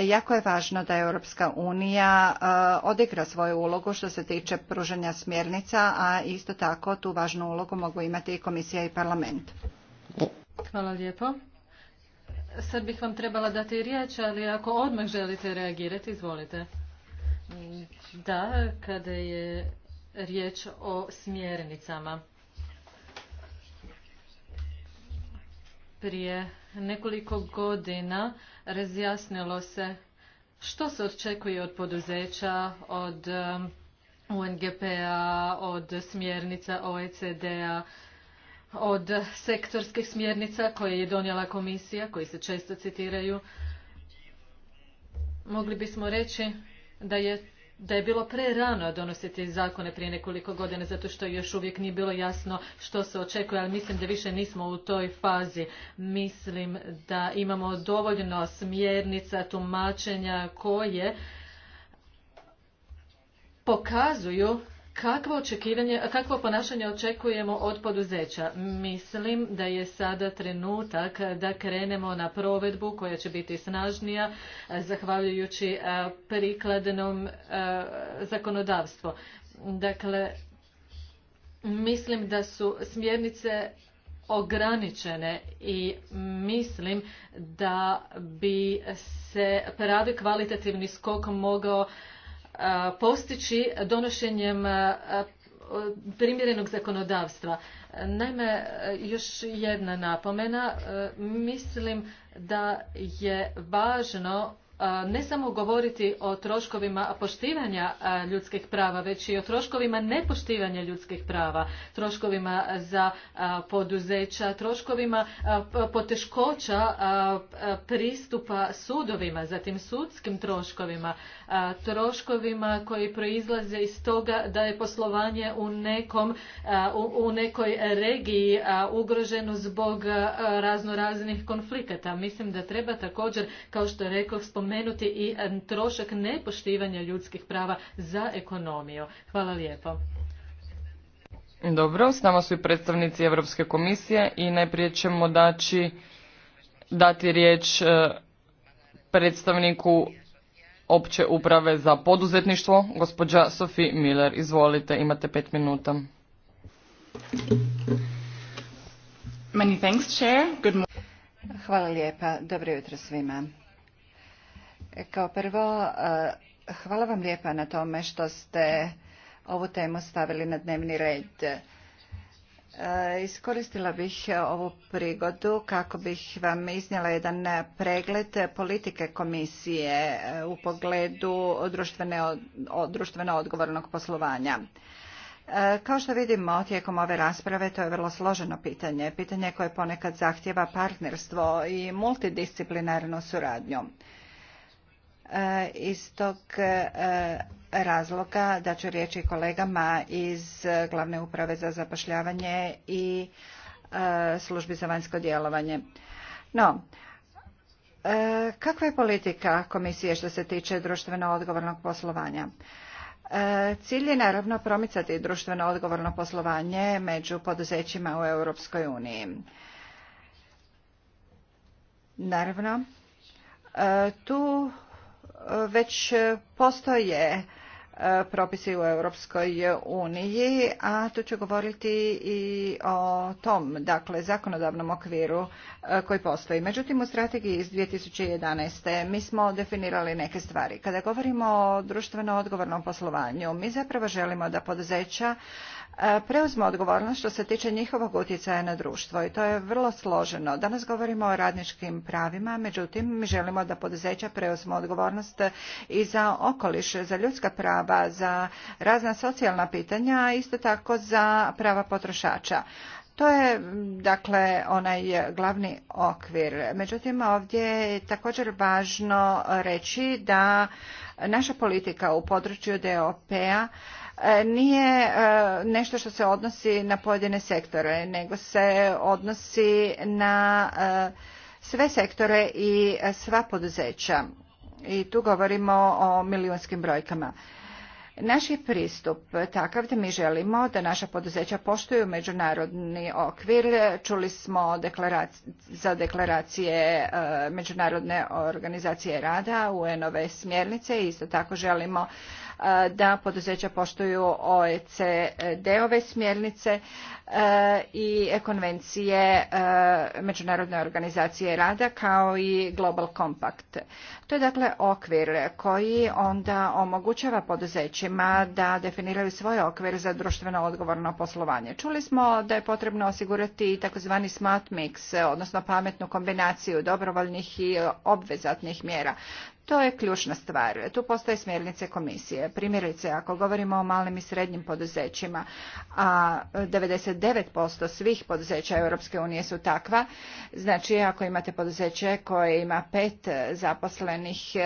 jako je važno da Europska unija e, odigra svoju ulogu što se tiče pružanja smjernica, a isto tako tu važnu ulogu mogu imati i komisija i parlament. Hvala lijepo. Sad bih vam trebala dati riječ, ali ako odmah želite reagirati, izvolite. Da, kada je riječ o smjernicama. Prije nekoliko godina razjasnilo se što se očekuje od poduzeća, od UNGP-a, um, od smjernica OECD-a, od sektorskih smjernica koje je donijela komisija, koji se često citiraju, mogli bismo reći da je, bilo prerano donositi zakone prije nekoliko godina, zato što još uvijek nije bilo jasno što se očekuje, ali mislim da više nismo u toj fazi. Mislim da imamo dovoljno smjernica, tumačenja koje pokazuju Kakvo, kakvo ponašanje očekujemo od poduzeća? Mislim da je sada trenutak da krenemo na provedbu koja će biti snažnija e, zahvaljujući e, prikladnom e, zakonodavstvu. Dakle, mislim da su smjernice ograničene i mislim da bi se pravi kvalitativni skok mogao postići donošenjem e, primjerenog zakonodavstva. Naime, još jedna napomena. E, mislim da je važno ne samo govoriti o troškovima poštivanja ljudskih prava, već i o troškovima nepoštivanja ljudskih prava, troškovima za poduzeća, troškovima poteškoća pristupa sudovima, zatim sudskim troškovima, troškovima koji proizlaze iz toga da je poslovanje u, nekom, u nekoj regiji ugroženo zbog raznoraznih konflikata. Mislim da treba također, kao što je rekao, spomenuti spomenuti i trošak nepoštivanja ljudskih prava za ekonomiju. Hvala lijepo. Dobro, s nama su i predstavnici Europske komisije i najprije ćemo daći, dati riječ e, predstavniku opće uprave za poduzetništvo, gospođa Sofi Miller. Izvolite, imate pet minuta. Many thanks, Chair. Good Hvala lijepa. Dobro jutro svima. Kao prvo, eh, hvala vam lijepa na tome što ste ovu temu stavili na dnevni red. Eh, iskoristila bih ovu prigodu kako bih vam iznijela jedan pregled politike komisije eh, u pogledu društveno odgovornog poslovanja. Kao što vidimo tijekom ove rasprave, to je vrlo složeno pitanje, pitanje koje ponekad zahtjeva partnerstvo i multidisciplinarnu suradnju. Eh, iz tog eh, razloga da ću riječi kolegama iz Glavne uprave za zapošljavanje i eh, službi za vanjsko djelovanje. No, kakva je politika komisije što se tiče društveno odgovornog poslovanja? Cilj je naravno promicati društveno odgovorno poslovanje među poduzećima u Europskoj uniji. Naravno, tu već postoje e, propisi u Europskoj uniji, a tu ću govoriti i o tom, dakle, zakonodavnom okviru e, koji postoji. Međutim, u strategiji iz 2011. mi smo definirali neke stvari. Kada govorimo o društveno odgovornom poslovanju, mi zapravo želimo da poduzeća E, preuzmu odgovornost što se tiče njihovog utjecaja na društvo i to je vrlo složeno. Danas govorimo o radničkim pravima, međutim mi želimo da poduzeća preuzmu odgovornost i za okoliš, za ljudska prava, za razna socijalna pitanja, a isto tako za prava potrošača. To je dakle onaj glavni okvir. Međutim, ovdje je također važno reći da naša politika u području DOP-a E, nije e, nešto što se odnosi na pojedine sektore, nego se odnosi na e, sve sektore i sva poduzeća. I tu govorimo o milijunskim brojkama. Naš je pristup takav da mi želimo da naša poduzeća poštuju međunarodni okvir. Čuli smo za deklaracije Međunarodne organizacije rada, UN-ove smjernice. Isto tako želimo E, da poduzeća poštuju OECD-ove smjernice e, i konvencije e, Međunarodne organizacije rada kao i Global Compact. To je dakle okvir koji onda omogućava poduzećima da definiraju svoj okvir za društveno odgovorno poslovanje. Čuli smo da je potrebno osigurati takozvani smart mix, odnosno pametnu kombinaciju dobrovoljnih i obvezatnih mjera. To je ključna stvar. Tu postoje smjernice komisije. Primjerice, ako govorimo o malim i srednjim poduzećima, a 99% svih poduzeća Europske unije su takva, znači ako imate poduzeće koje ima pet zaposlenih,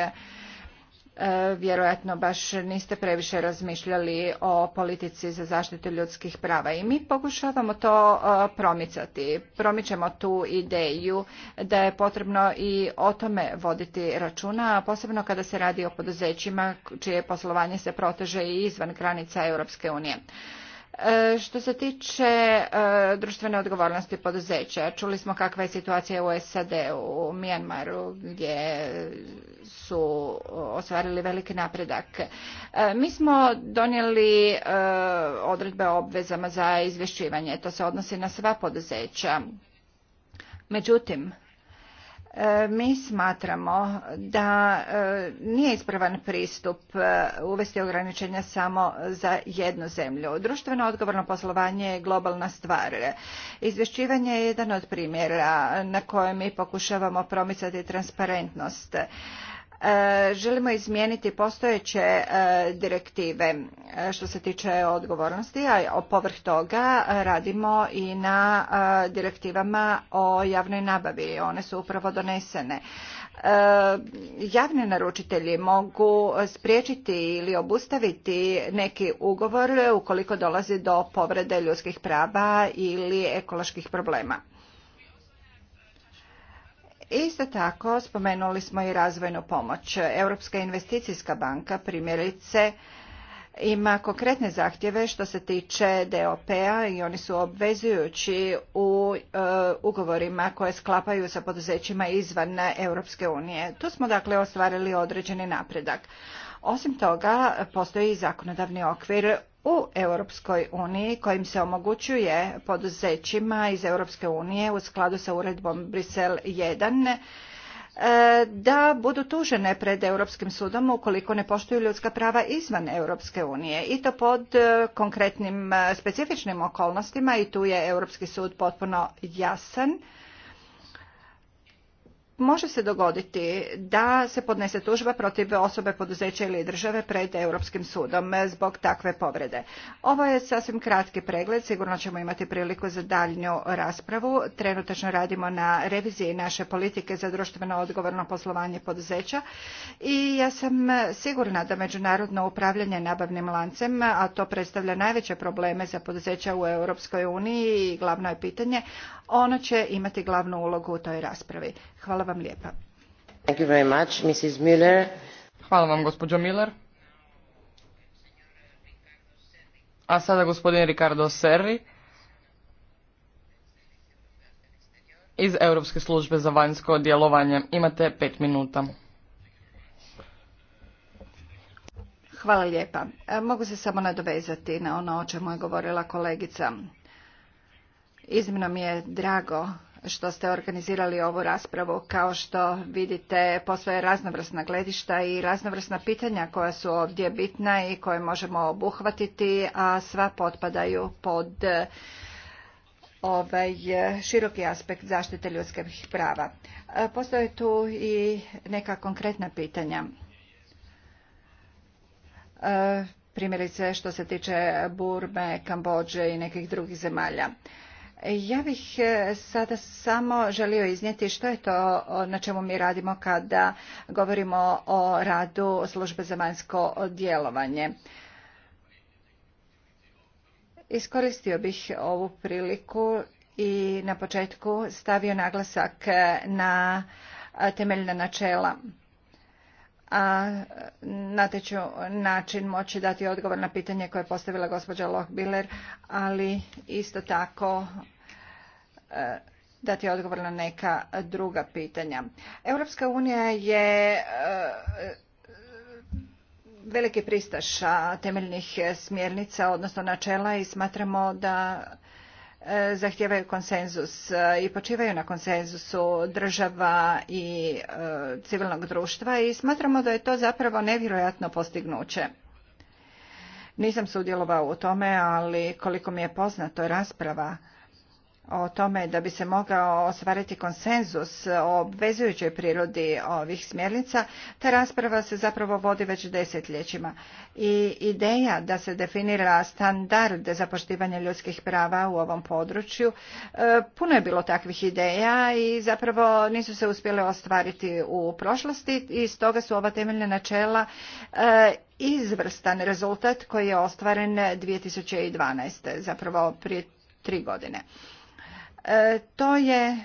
E, vjerojatno baš niste previše razmišljali o politici za zaštitu ljudskih prava i mi pokušavamo to e, promicati. Promičemo tu ideju da je potrebno i o tome voditi računa, a posebno kada se radi o poduzećima čije poslovanje se proteže i izvan granica Europske unije. E, što se tiče e, društvene odgovornosti poduzeća, čuli smo kakva je situacija u SAD, u Mijanmaru, gdje su ostvarili veliki napredak. E, mi smo donijeli odredbe o obvezama za izvješćivanje. To se odnosi na sva poduzeća. Međutim, E, mi smatramo da e, nije ispravan pristup e, uvesti ograničenja samo za jednu zemlju. Društveno odgovorno poslovanje je globalna stvar. Izvješćivanje je jedan od primjera na kojem mi pokušavamo promicati transparentnost. E, želimo izmijeniti postojeće e, direktive e, što se tiče odgovornosti, a povrh toga radimo i na direktivama o javnoj nabavi. One su upravo donesene. Javni naručitelji mogu spriječiti ili obustaviti neki ugovor ukoliko dolazi do povrede ljudskih prava ili ekoloških problema. Isto tako spomenuli smo i razvojnu pomoć. Europska investicijska banka primjerice ima konkretne zahtjeve što se tiče DOP-a i oni su obvezujući u e, ugovorima koje sklapaju sa poduzećima izvan Europske unije. Tu smo dakle ostvarili određeni napredak. Osim toga, postoji i zakonodavni okvir u Europskoj uniji kojim se omogućuje poduzećima iz Europske unije u skladu sa uredbom Brisel 1 e, da budu tužene pred Europskim sudom ukoliko ne poštuju ljudska prava izvan Europske unije i to pod e, konkretnim e, specifičnim okolnostima i tu je Europski sud potpuno jasan može se dogoditi da se podnese tužba protiv osobe, poduzeća ili države pred Europskim sudom zbog takve povrede. Ovo je sasvim kratki pregled, sigurno ćemo imati priliku za daljnju raspravu. Trenutačno radimo na reviziji naše politike za društveno odgovorno poslovanje poduzeća i ja sam sigurna da međunarodno upravljanje nabavnim lancem, a to predstavlja najveće probleme za poduzeća u Europskoj uniji i glavno je pitanje, ono će imati glavnu ulogu u toj raspravi. Hvala vam vam lijepa. Thank you Hvala vam, gospođo Miller. A sada gospodin Ricardo Serri iz Europske službe za vanjsko djelovanje. Imate pet minuta. Hvala lijepa. E, mogu se samo nadovezati na ono o čemu je govorila kolegica. Iznimno mi je drago što ste organizirali ovu raspravu. Kao što vidite, postoje raznovrsna gledišta i raznovrsna pitanja koja su ovdje bitna i koje možemo obuhvatiti, a sva potpadaju pod e, ovaj e, široki aspekt zaštite ljudskih prava. E, postoje tu i neka konkretna pitanja. Primjerice što se tiče Burme, Kambođe i nekih drugih zemalja. Ja bih e, sada samo želio iznijeti što je to na čemu mi radimo kada govorimo o radu službe za vanjsko djelovanje. Iskoristio bih ovu priliku i na početku stavio naglasak na temeljna načela a na taj način moći dati odgovor na pitanje koje je postavila gospođa Biller, ali isto tako e, dati odgovor na neka druga pitanja. Europska unija je e, veliki pristaša temeljnih smjernica, odnosno načela i smatramo da E, zahtijevaju konsenzus e, i počivaju na konsenzusu država i e, civilnog društva i smatramo da je to zapravo nevjerojatno postignuće. Nisam sudjelovao u tome, ali koliko mi je poznato rasprava o tome da bi se mogao ostvariti konsenzus o obvezujućoj prirodi ovih smjernica, ta rasprava se zapravo vodi već desetljećima. I ideja da se definira standard za poštivanje ljudskih prava u ovom području, e, puno je bilo takvih ideja i zapravo nisu se uspjele ostvariti u prošlosti i stoga su ova temeljna načela e, izvrstan rezultat koji je ostvaren 2012. zapravo prije tri godine. E, to je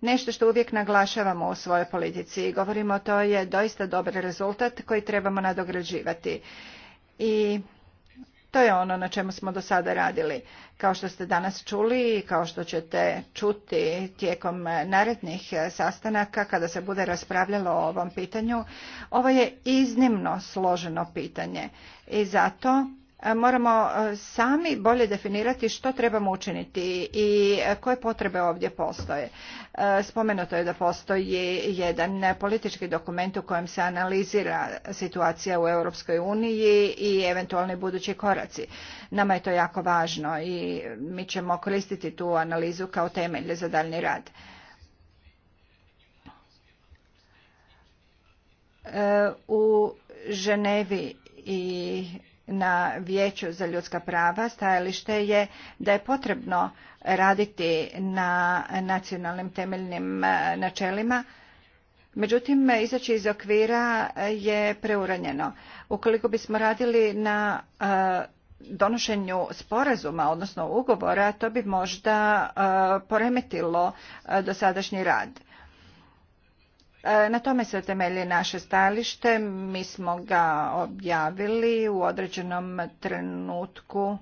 nešto što uvijek naglašavamo u svojoj politici i govorimo to je doista dobar rezultat koji trebamo nadograđivati. I to je ono na čemu smo do sada radili. Kao što ste danas čuli i kao što ćete čuti tijekom narednih sastanaka kada se bude raspravljalo o ovom pitanju, ovo je iznimno složeno pitanje i zato E, moramo e, sami bolje definirati što trebamo učiniti i e, koje potrebe ovdje postoje. Spomenuto je da postoji jedan politički dokument u kojem se analizira situacija u Europskoj uniji i eventualni budući koraci. Nama je to jako važno i mi ćemo koristiti tu analizu kao temelje za daljni rad. U Ženevi i na Vijeću za ljudska prava stajalište je da je potrebno raditi na nacionalnim temeljnim e, načelima, međutim izaći iz okvira je preuranjeno. Ukoliko bismo radili na e, donošenju sporazuma, odnosno ugovora, to bi možda e, poremetilo dosadašnji rad. E, na tome se temelji naše stajalište. Mi smo ga objavili u određenom trenutku.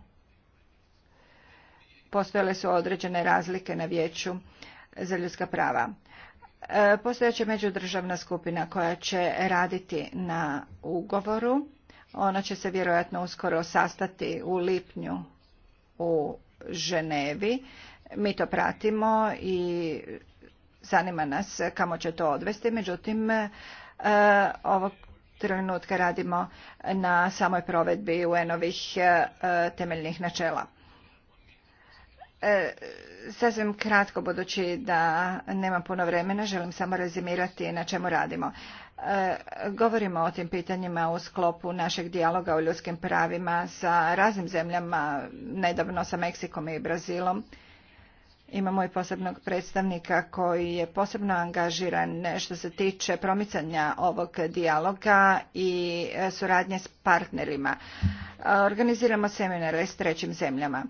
Postojale su određene razlike na vijeću za ljudska prava. E, Postojeća međudržavna skupina koja će raditi na ugovoru. Ona će se vjerojatno uskoro sastati u lipnju u Ženevi. Mi to pratimo i zanima nas kamo će to odvesti, međutim e, ovog trenutka radimo na samoj provedbi UN-ovih e, temeljnih načela. E, sasvim kratko, budući da nemam puno vremena, želim samo rezimirati na čemu radimo. Govorimo o tim pitanjima u sklopu našeg dijaloga o ljudskim pravima sa raznim zemljama, nedavno sa Meksikom i Brazilom. Imamo i posebnog predstavnika koji je posebno angažiran što se tiče promicanja ovog dijaloga i e, suradnje s partnerima. Organiziramo seminare s trećim zemljama.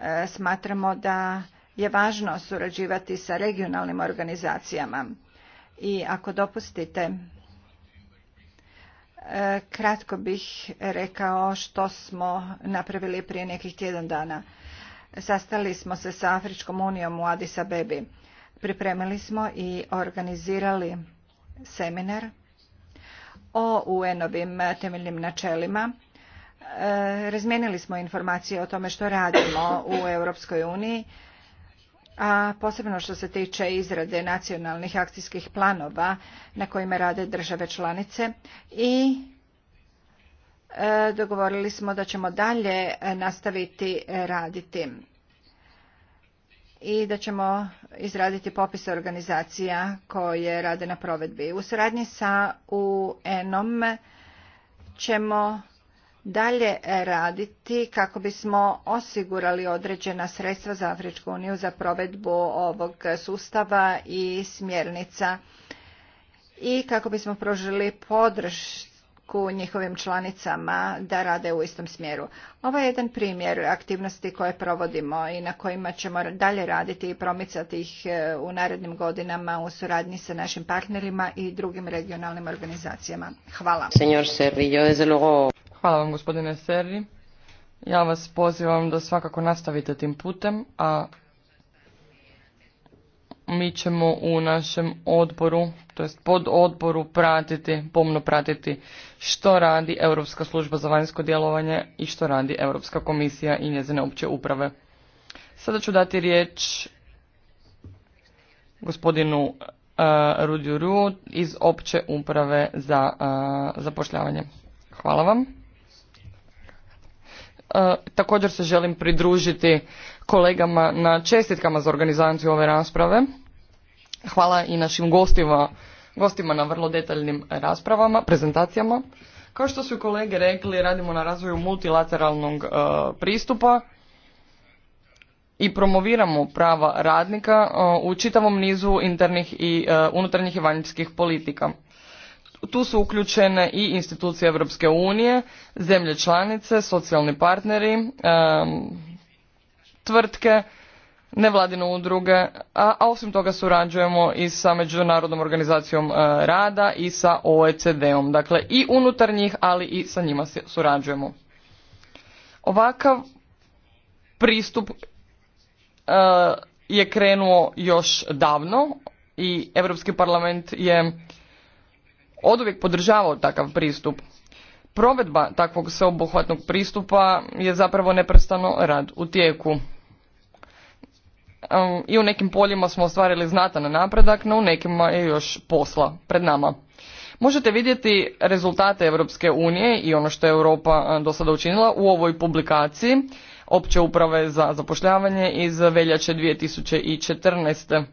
E, smatramo da je važno surađivati sa regionalnim organizacijama. I ako dopustite, e, kratko bih rekao što smo napravili prije nekih tjedan dana. Sastali smo se sa Afričkom unijom u Addis Abebi. Pripremili smo i organizirali seminar o UN-ovim temeljnim načelima. E, razmijenili smo informacije o tome što radimo u Europskoj uniji, a posebno što se tiče izrade nacionalnih akcijskih planova na kojima rade države članice i E, dogovorili smo da ćemo dalje e, nastaviti e, raditi i da ćemo izraditi popis organizacija koje rade na provedbi. U suradnji sa UN-om ćemo dalje raditi kako bismo osigurali određena sredstva za Afričku uniju za provedbu ovog sustava i smjernica i kako bismo pružili podršku u njihovim članicama da rade u istom smjeru. Ovo je jedan primjer aktivnosti koje provodimo i na kojima ćemo dalje raditi i promicati ih e, u narednim godinama u suradnji sa našim partnerima i drugim regionalnim organizacijama. Hvala. Hvala vam gospodine Serri. Ja vas pozivam da svakako nastavite tim putem, a mi ćemo u našem odboru, to jest pod odboru pratiti, pomno pratiti što radi Europska služba za vanjsko djelovanje i što radi Europska komisija i njezine opće uprave. Sada ću dati riječ gospodinu uh, e, Rudju Ru iz opće uprave za e, zapošljavanje. Hvala vam. E, također se želim pridružiti kolegama na čestitkama za organizaciju ove rasprave. Hvala i našim gostima, gostima na vrlo detaljnim raspravama, prezentacijama. Kao što su kolege rekli, radimo na razvoju multilateralnog e, pristupa i promoviramo prava radnika e, u čitavom nizu internih i e, unutarnjih i vanjskih politika. Tu su uključene i institucije Europske unije, zemlje članice, socijalni partneri, tvrtke, nevladine udruge, a, a osim toga surađujemo i sa Međunarodnom organizacijom e, rada i sa OECD-om. Dakle, i unutar njih, ali i sa njima surađujemo. Ovakav pristup e, je krenuo još davno i Europski parlament je oduvijek podržavao takav pristup. Provedba takvog sveobuhvatnog pristupa je zapravo neprestano rad u tijeku i u nekim poljima smo ostvarili znatan napredak, no u nekima je još posla pred nama. Možete vidjeti rezultate Europske unije i ono što je Europa e, do sada učinila u ovoj publikaciji opće uprave za zapošljavanje iz veljače 2014.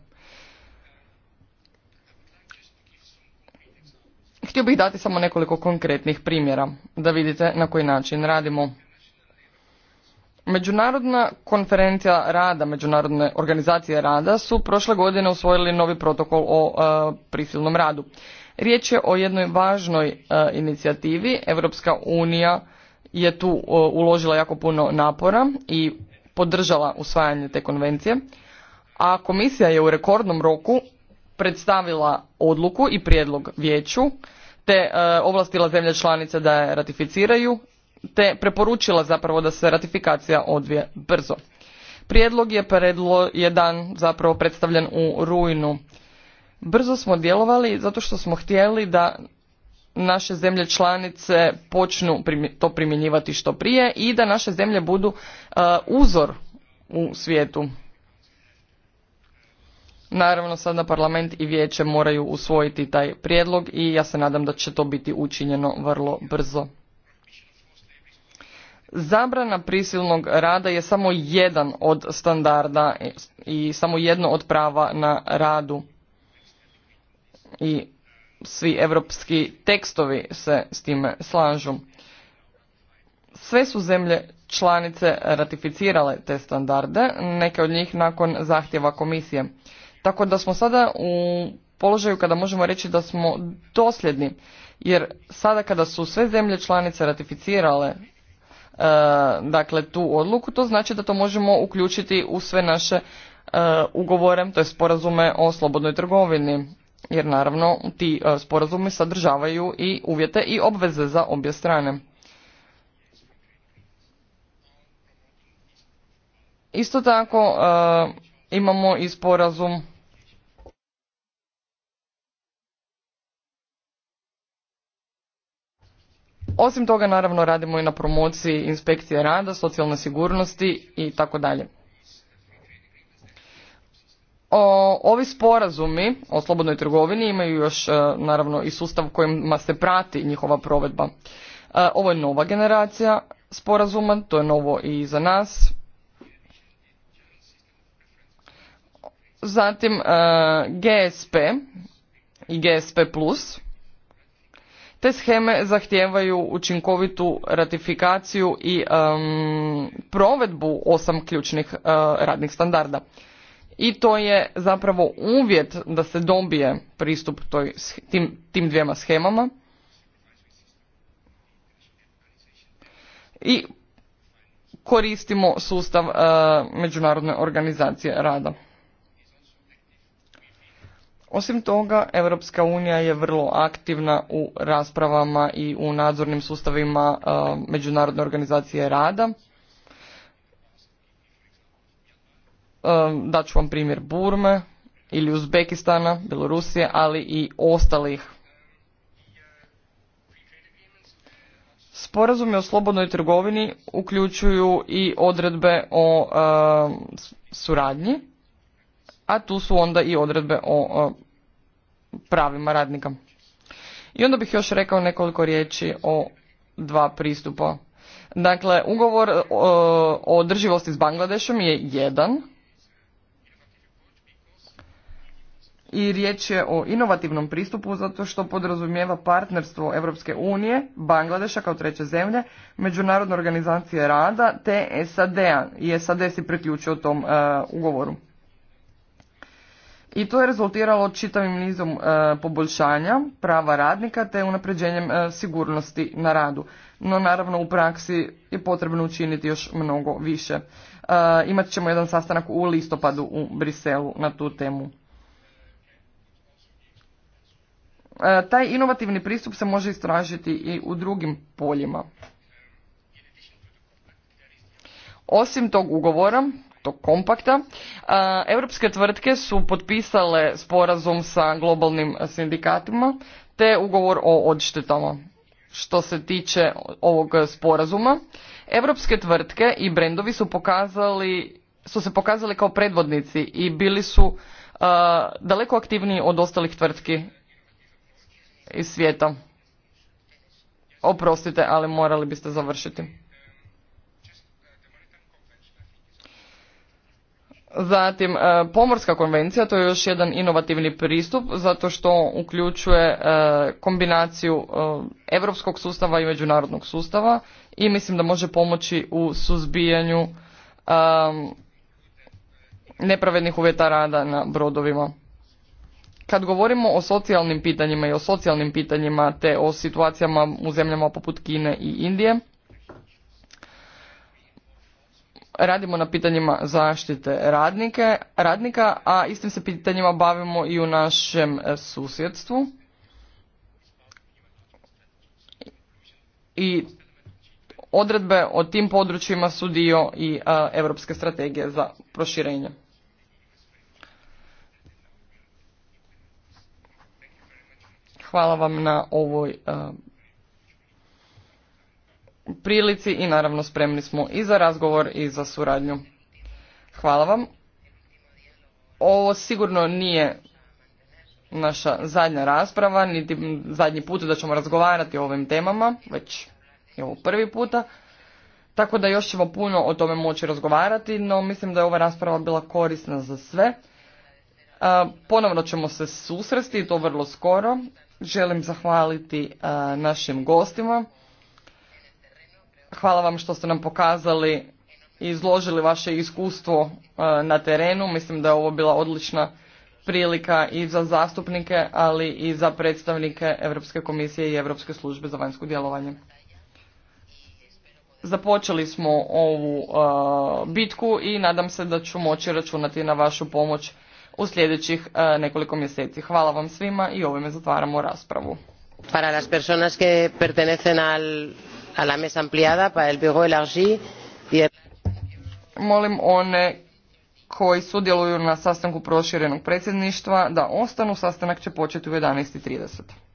Htio bih dati samo nekoliko konkretnih primjera da vidite na koji način radimo. Međunarodna konferencija rada, međunarodne organizacije rada su prošle godine usvojili novi protokol o e, prisilnom radu. Riječ je o jednoj važnoj e, inicijativi. Europska unija je tu e, uložila jako puno napora i podržala usvajanje te konvencije. A komisija je u rekordnom roku predstavila odluku i prijedlog vijeću te ovlastila zemlje članice da je ratificiraju te preporučila zapravo da se ratifikacija odvije brzo. Prijedlog je, predlo, zapravo predstavljen u rujnu. Brzo smo djelovali zato što smo htjeli da naše zemlje članice počnu to primjenjivati što prije i da naše zemlje budu e, uzor u svijetu. Naravno sada parlament i vijeće moraju usvojiti taj prijedlog i ja se nadam da će to biti učinjeno vrlo brzo. Zabrana prisilnog rada je samo jedan od standarda i samo jedno od prava na radu. I svi europski tekstovi se s time slažu. Sve su zemlje članice ratificirale te standarde, neke od njih nakon zahtjeva komisije. Tako da smo sada u položaju kada možemo reći da smo dosljedni, jer sada kada su sve zemlje članice ratificirale E, dakle tu odluku, to znači da to možemo uključiti u sve naše e, ugovore, to je sporazume o slobodnoj trgovini. Jer naravno ti e, sporazumi sadržavaju i uvjete i obveze za obje strane. Isto tako imamo i sporazum Osim toga, naravno, radimo i na promociji inspekcije rada, socijalne sigurnosti i tako dalje. Ovi sporazumi o slobodnoj trgovini imaju još, e, naravno, i sustav kojima se prati njihova provedba. E, ovo je nova generacija sporazuma, to je novo i za nas. Zatim, e, GSP i GSP+, plus te sheme zahtijevaju učinkovitu ratifikaciju i provedbu osam ključnih e, radnih standarda. I to je zapravo uvjet da se dobije pristup tim, tim dvijema schemama. I koristimo sustav e, Međunarodne organizacije rada. Osim toga, Europska unija je vrlo aktivna u raspravama i u nadzornim sustavima e, Međunarodne organizacije rada. E, Daću vam primjer Burme ili Uzbekistana, Belorusije, ali i ostalih. Sporazumi o slobodnoj trgovini uključuju i odredbe o e, suradnji a tu su onda i odredbe o pravima radnika. I onda bih još rekao nekoliko riječi o dva pristupa. Dakle, ugovor e, o održivosti s Bangladešom je jedan i riječ je o inovativnom pristupu zato što podrazumijeva partnerstvo Europske unije, Bangladeša kao treće zemlje, Međunarodne organizacije rada te SAD-a i SAD si priključio tom e, ugovoru i to je rezultiralo čitavim nizom e, poboljšanja prava radnika te unapređenjem e, sigurnosti na radu. No naravno u praksi je potrebno učiniti još mnogo više. E, imat ćemo jedan sastanak u listopadu u Briselu na tu temu. Taj inovativni pristup se može istražiti i u drugim poljima. Osim tog ugovora, tog kompakta. E, europske tvrtke su potpisale sporazum sa globalnim sindikatima te ugovor o odštetama. Što se tiče ovog sporazuma, europske tvrtke i brendovi su pokazali su se pokazali kao predvodnici i bili su e, daleko aktivniji od ostalih tvrtki iz svijeta. Oprostite, ali morali biste završiti. Zatim, e, pomorska konvencija, to je još jedan inovativni pristup, zato što uključuje e, kombinaciju europskog sustava i međunarodnog sustava i mislim da može pomoći u suzbijanju e, nepravednih uvjeta rada na brodovima. Kad govorimo o socijalnim pitanjima i o socijalnim pitanjima te o situacijama u zemljama poput Kine i Indije, radimo na pitanjima zaštite radnike, radnika, a istim se pitanjima bavimo i u našem e, susjedstvu. I odredbe o tim područjima su dio i e, Europske strategije za proširenje. Hvala vam na ovoj e, prilici i naravno spremni smo i za razgovor i za suradnju. Hvala vam. Ovo sigurno nije naša zadnja rasprava, niti zadnji put da ćemo razgovarati o ovim temama, već je ovo prvi puta. Tako da još ćemo puno o tome moći razgovarati, no mislim da je ova rasprava bila korisna za sve. Ponovno ćemo se susresti, to vrlo skoro. Želim zahvaliti našim gostima Hvala vam što ste nam pokazali i izložili vaše iskustvo e, na terenu. Mislim da je ovo bila odlična prilika i za zastupnike, ali i za predstavnike Europske komisije i Europske službe za vanjsko djelovanje. Započeli smo ovu e, bitku i nadam se da ću moći računati na vašu pomoć u sljedećih e, nekoliko mjeseci. Hvala vam svima i ovime zatvaramo raspravu mesa ampliada el molim one koji sudjeluju na sastanku proširenog predsjedništva da ostanu sastanak će početi u 11:30